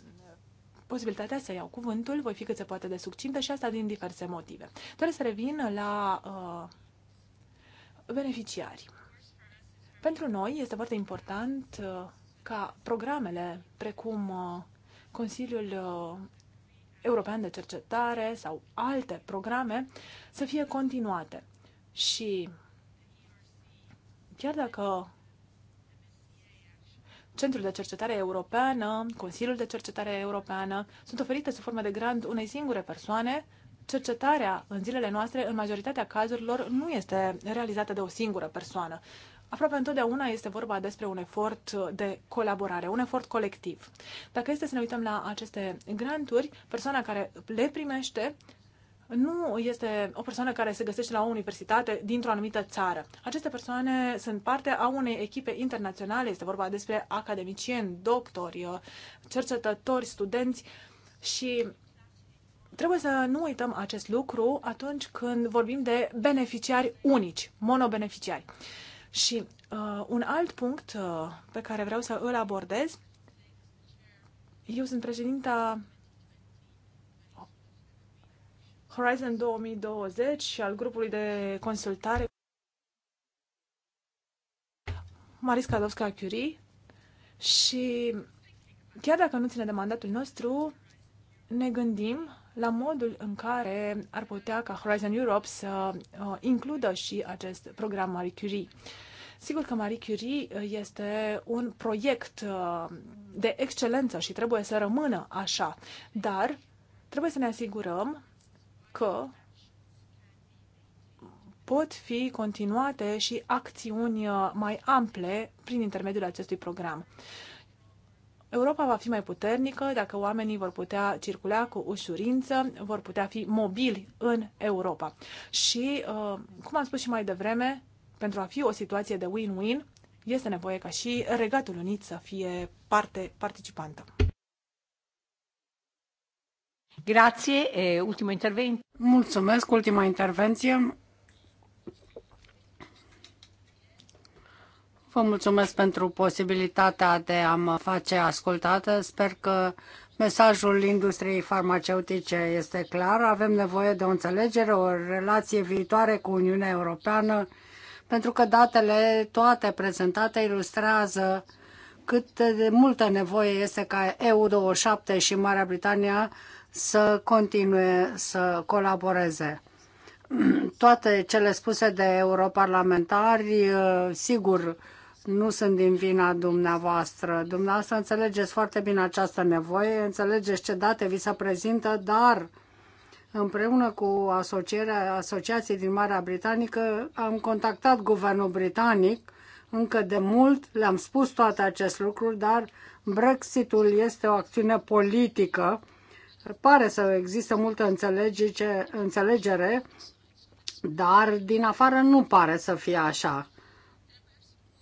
posibilitatea să iau cuvântul. Voi fi cât se poate de succintă și asta din diverse motive. Doresc să revin la uh, beneficiari. Pentru noi este foarte important uh, ca programele precum uh, Consiliul uh, European de Cercetare sau alte programe să fie continuate. Și chiar dacă Centrul de Cercetare Europeană, Consiliul de Cercetare Europeană sunt oferite sub formă de grant unei singure persoane, cercetarea în zilele noastre, în majoritatea cazurilor, nu este realizată de o singură persoană aproape întotdeauna este vorba despre un efort de colaborare, un efort colectiv. Dacă este să ne uităm la aceste granturi, persoana care le primește nu este o persoană care se găsește la o universitate dintr-o anumită țară. Aceste persoane sunt parte a unei echipe internaționale, este vorba despre academicieni, doctori, cercetători, studenți și trebuie să nu uităm acest lucru atunci când vorbim de beneficiari unici, monobeneficiari. beneficiari și uh, un alt punct uh, pe care vreau să îl abordez, eu sunt președinta Horizon 2020 și al grupului de consultare Maris Kadovska Curie și chiar dacă nu ține de mandatul nostru, ne gândim la modul în care ar putea ca Horizon Europe să uh, includă și acest program Marie Curie. Sigur că Marie Curie uh, este un proiect uh, de excelență și trebuie să rămână așa, dar trebuie să ne asigurăm că pot fi continuate și acțiuni mai ample prin intermediul acestui program. Europa va fi mai puternică dacă oamenii vor putea circula cu ușurință, vor putea fi mobili în Europa. Și, uh, cum am spus și mai devreme, pentru a fi o situație de win-win, este nevoie ca și Regatul Unit să fie parte participantă. Grație. ultimul intervenție. Mulțumesc, ultima intervenție. Vă mulțumesc pentru posibilitatea de a mă face ascultată. Sper că mesajul industriei farmaceutice este clar. Avem nevoie de o înțelegere, o relație viitoare cu Uniunea Europeană, pentru că datele toate prezentate ilustrează cât de multă nevoie este ca EU27 și Marea Britania să continue să colaboreze. Toate cele spuse de europarlamentari, sigur, nu sunt din vina dumneavoastră. Dumneavoastră înțelegeți foarte bine această nevoie, înțelegeți ce date vi se prezintă, dar împreună cu asocierea, asociației din Marea Britanică am contactat guvernul britanic încă de mult, le-am spus toate aceste lucruri, dar Brexitul este o acțiune politică. Pare să există multă înțelegere, dar din afară nu pare să fie așa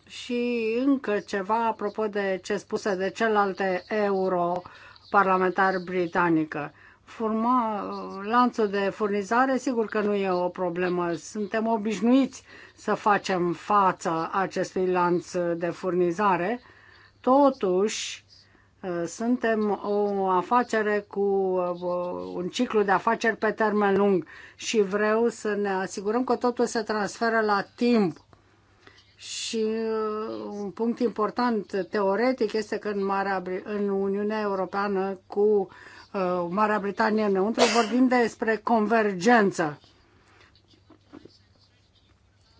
și încă ceva apropo de ce spuse de celelalte europarlamentari britanică. Furma, lanțul de furnizare, sigur că nu e o problemă. Suntem obișnuiți să facem față acestui lanț de furnizare. Totuși, suntem o afacere cu un ciclu de afaceri pe termen lung și vreau să ne asigurăm că totul se transferă la timp și uh, un punct important teoretic este că în, Marea, în Uniunea Europeană cu uh, Marea Britanie înăuntru vorbim despre convergență.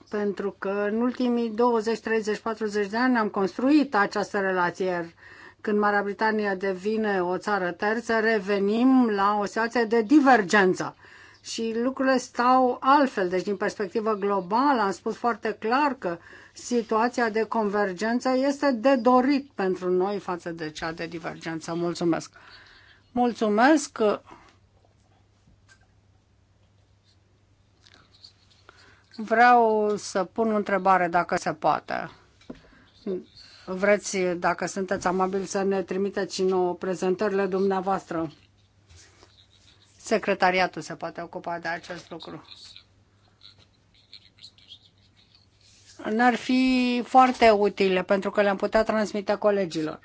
Pentru că în ultimii 20, 30, 40 de ani am construit această relație. Când Marea Britanie devine o țară terță, revenim la o situație de divergență și lucrurile stau altfel. Deci, din perspectivă globală, am spus foarte clar că uh, situația de convergență este de dorit pentru noi față de cea de divergență. Mulțumesc! Mulțumesc! Vreau să pun o întrebare dacă se poate. Vreți, dacă sunteți amabili, să ne trimiteți și nouă prezentările dumneavoastră. Secretariatul se poate ocupa de acest lucru. n-ar fi foarte utile pentru că le-am putea transmite colegilor.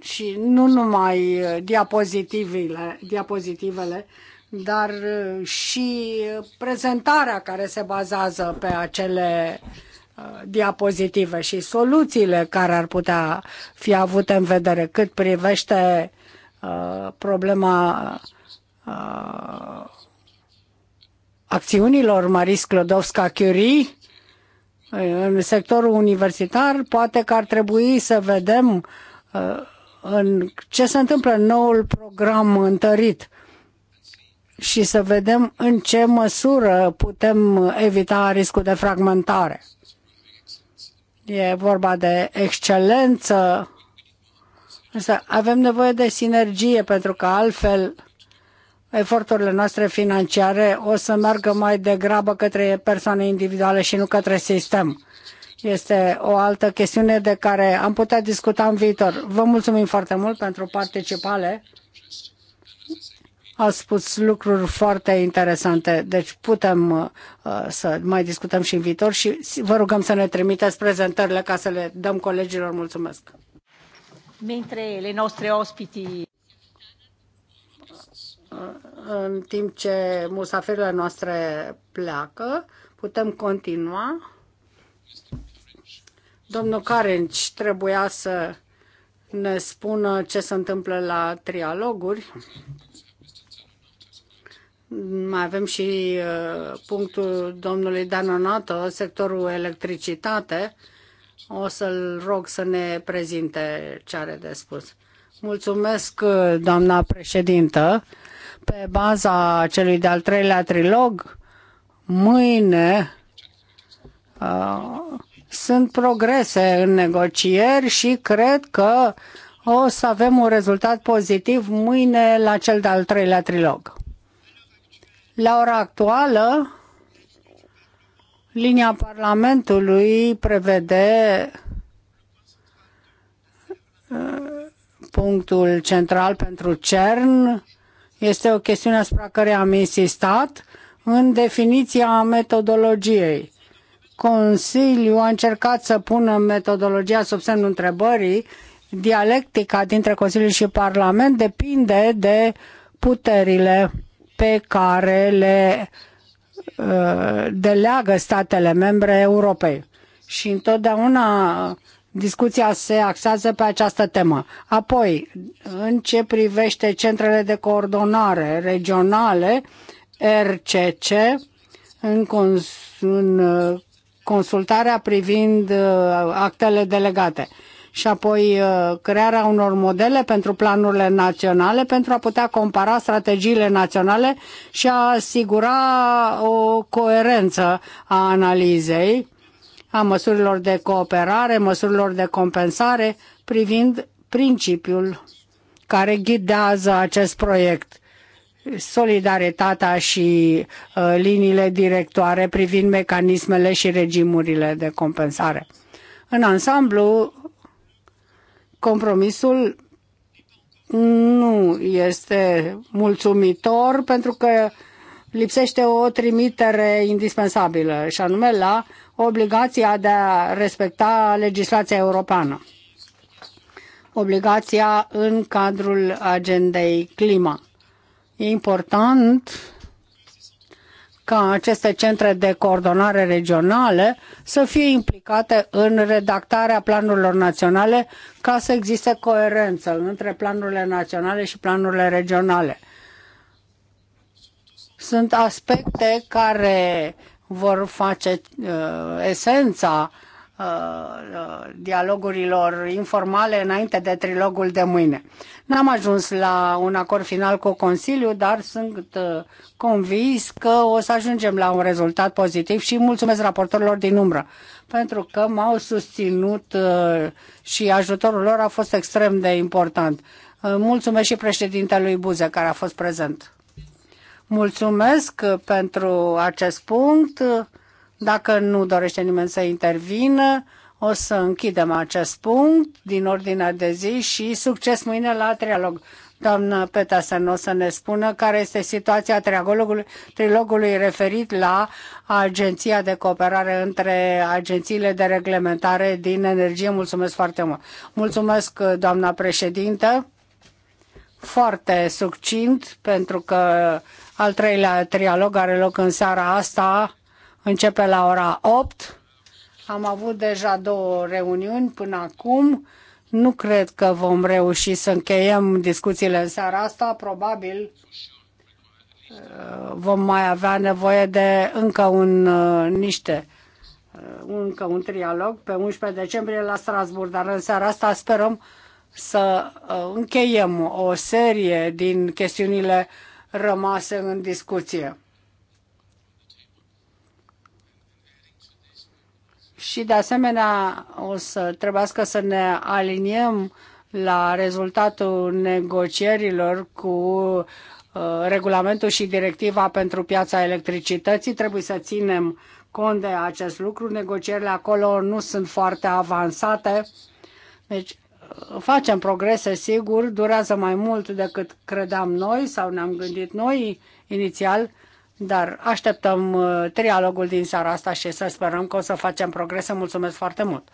Și nu numai diapozitivele, diapozitivele, dar și prezentarea care se bazează pe acele uh, diapozitive și soluțiile care ar putea fi avute în vedere cât privește uh, problema uh, acțiunilor Maris Sklodowska-Curie în sectorul universitar, poate că ar trebui să vedem uh, în ce se întâmplă în noul program întărit și să vedem în ce măsură putem evita riscul de fragmentare. E vorba de excelență, însă avem nevoie de sinergie pentru că altfel eforturile noastre financiare o să meargă mai degrabă către persoane individuale și nu către sistem. Este o altă chestiune de care am putea discuta în viitor. Vă mulțumim foarte mult pentru participare. Ați spus lucruri foarte interesante, deci putem uh, să mai discutăm și în viitor și vă rugăm să ne trimiteți prezentările ca să le dăm colegilor. Mulțumesc! Mentre le nostre ospiti în timp ce musafirile noastre pleacă. Putem continua. Domnul Carenci trebuia să ne spună ce se întâmplă la trialoguri. Mai avem și uh, punctul domnului Danonato, sectorul electricitate. O să-l rog să ne prezinte ce are de spus. Mulțumesc, uh, doamna președintă pe baza celui de-al treilea trilog, mâine uh, sunt progrese în negocieri și cred că o să avem un rezultat pozitiv mâine la cel de-al treilea trilog. La ora actuală, linia Parlamentului prevede punctul central pentru CERN este o chestiune asupra care am insistat în definiția metodologiei. Consiliul a încercat să pună metodologia sub semnul întrebării. Dialectica dintre Consiliu și Parlament depinde de puterile pe care le uh, deleagă statele membre Europei. Și întotdeauna discuția se axează pe această temă. Apoi, în ce privește centrele de coordonare regionale, RCC, în, cons- în uh, consultarea privind uh, actele delegate și apoi uh, crearea unor modele pentru planurile naționale pentru a putea compara strategiile naționale și a asigura o coerență a analizei a măsurilor de cooperare, măsurilor de compensare, privind principiul care ghidează acest proiect solidaritatea și uh, liniile directoare privind mecanismele și regimurile de compensare. În ansamblu, compromisul nu este mulțumitor pentru că lipsește o trimitere indispensabilă, și anume la obligația de a respecta legislația europeană, obligația în cadrul agendei clima. E important ca aceste centre de coordonare regionale să fie implicate în redactarea planurilor naționale ca să existe coerență între planurile naționale și planurile regionale sunt aspecte care vor face uh, esența uh, uh, dialogurilor informale înainte de trilogul de mâine. N-am ajuns la un acord final cu Consiliu, dar sunt uh, convins că o să ajungem la un rezultat pozitiv și mulțumesc raportorilor din umbră, pentru că m-au susținut uh, și ajutorul lor a fost extrem de important. Uh, mulțumesc și președintelui Buze care a fost prezent. Mulțumesc uh, pentru acest punct. Dacă nu dorește nimeni să intervină, o să închidem acest punct din ordinea de zi și succes mâine la trialog. Doamnă Petasen, o să ne spună care este situația trilogului, trilogului referit la Agenția de Cooperare între Agențiile de Reglementare din Energie. Mulțumesc foarte mult. Mulțumesc, uh, doamna președintă. Foarte succint, pentru că al treilea trialog are loc în seara asta, începe la ora 8. Am avut deja două reuniuni până acum. Nu cred că vom reuși să încheiem discuțiile în seara asta. Probabil uh, vom mai avea nevoie de încă un uh, niște uh, încă un trialog pe 11 decembrie la Strasburg, dar în seara asta sperăm să încheiem o serie din chestiunile rămase în discuție. Și de asemenea o să trebuiască să ne aliniem la rezultatul negocierilor cu uh, regulamentul și directiva pentru piața electricității. Trebuie să ținem cont de acest lucru. Negocierile acolo nu sunt foarte avansate. Deci facem progrese, sigur, durează mai mult decât credeam noi sau ne-am gândit noi inițial, dar așteptăm uh, trialogul din seara asta și să sperăm că o să facem progrese. Mulțumesc foarte mult!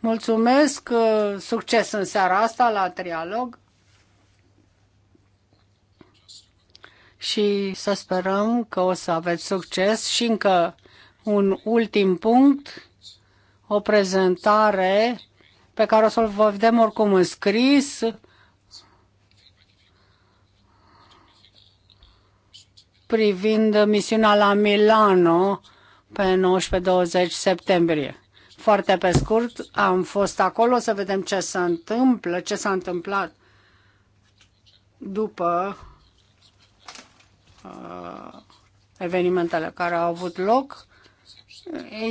Mulțumesc, uh, succes în seara asta la trialog și să sperăm că o să aveți succes și încă un ultim punct, o prezentare pe care o să-l vedem oricum în scris. privind misiunea la Milano pe 19-20 septembrie. Foarte pe scurt, am fost acolo să vedem ce se întâmplă, ce s-a întâmplat după uh, evenimentele care au avut loc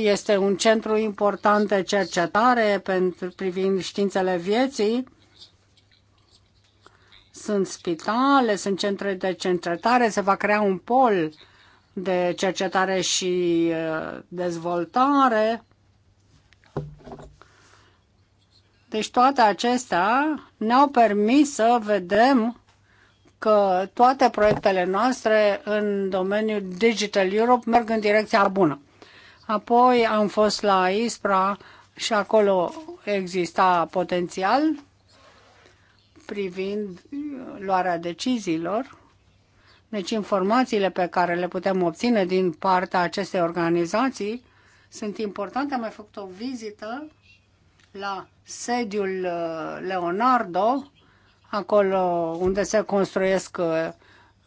este un centru important de cercetare pentru privind științele vieții. Sunt spitale, sunt centre de cercetare, se va crea un pol de cercetare și uh, dezvoltare. Deci toate acestea ne-au permis să vedem că toate proiectele noastre în domeniul Digital Europe merg în direcția bună. Apoi am fost la Ispra și acolo exista potențial privind uh, luarea deciziilor. Deci informațiile pe care le putem obține din partea acestei organizații sunt importante. Am mai făcut o vizită la sediul uh, Leonardo, acolo unde se construiesc uh,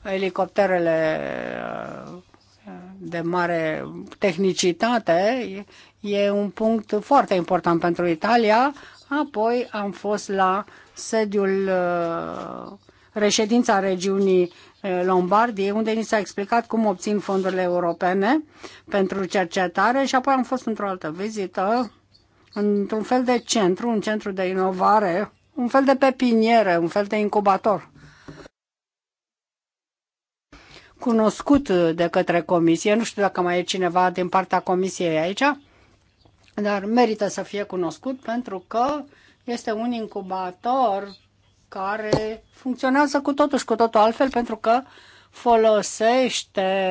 elicopterele de mare tehnicitate, e un punct foarte important pentru Italia. Apoi am fost la sediul uh, reședința regiunii uh, Lombardiei, unde ni s-a explicat cum obțin fondurile europene pentru cercetare și apoi am fost într-o altă vizită într-un fel de centru, un centru de inovare, un fel de pepiniere, un fel de incubator cunoscut de către comisie. Nu știu dacă mai e cineva din partea comisiei aici, dar merită să fie cunoscut pentru că este un incubator care funcționează cu totul și cu totul altfel pentru că folosește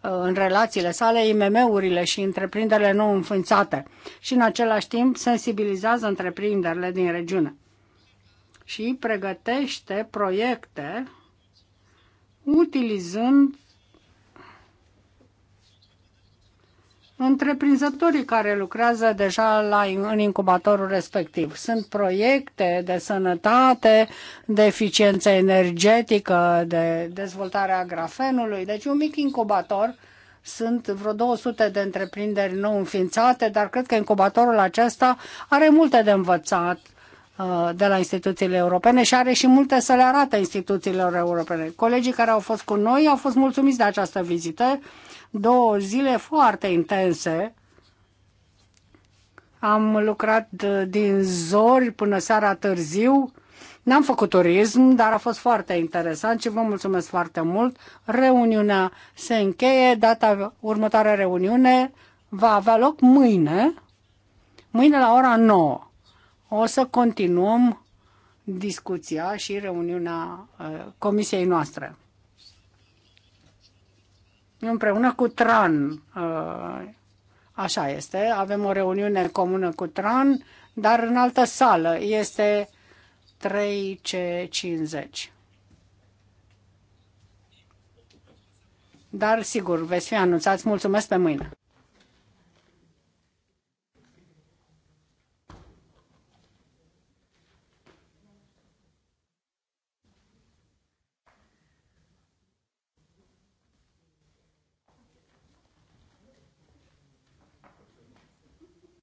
în relațiile sale IMM-urile și întreprinderile nou înființate și în același timp sensibilizează întreprinderile din regiune și pregătește proiecte utilizând întreprinzătorii care lucrează deja la, în incubatorul respectiv. Sunt proiecte de sănătate, de eficiență energetică, de dezvoltarea grafenului, deci un mic incubator. Sunt vreo 200 de întreprinderi nou înființate, dar cred că incubatorul acesta are multe de învățat Uh, de la instituțiile europene și are și multe să le arată instituțiilor europene. Colegii care au fost cu noi au fost mulțumiți de această vizită, două zile foarte intense. Am lucrat uh, din zori până seara târziu. N-am făcut turism, dar a fost foarte interesant și vă mulțumesc foarte mult. Reuniunea se încheie, data următoare reuniune va avea loc mâine, mâine la ora 9 o să continuăm discuția și reuniunea uh, comisiei noastre. Împreună cu TRAN, uh, așa este, avem o reuniune comună cu TRAN, dar în altă sală este 3C50. Dar sigur, veți fi anunțați. Mulțumesc pe mâine!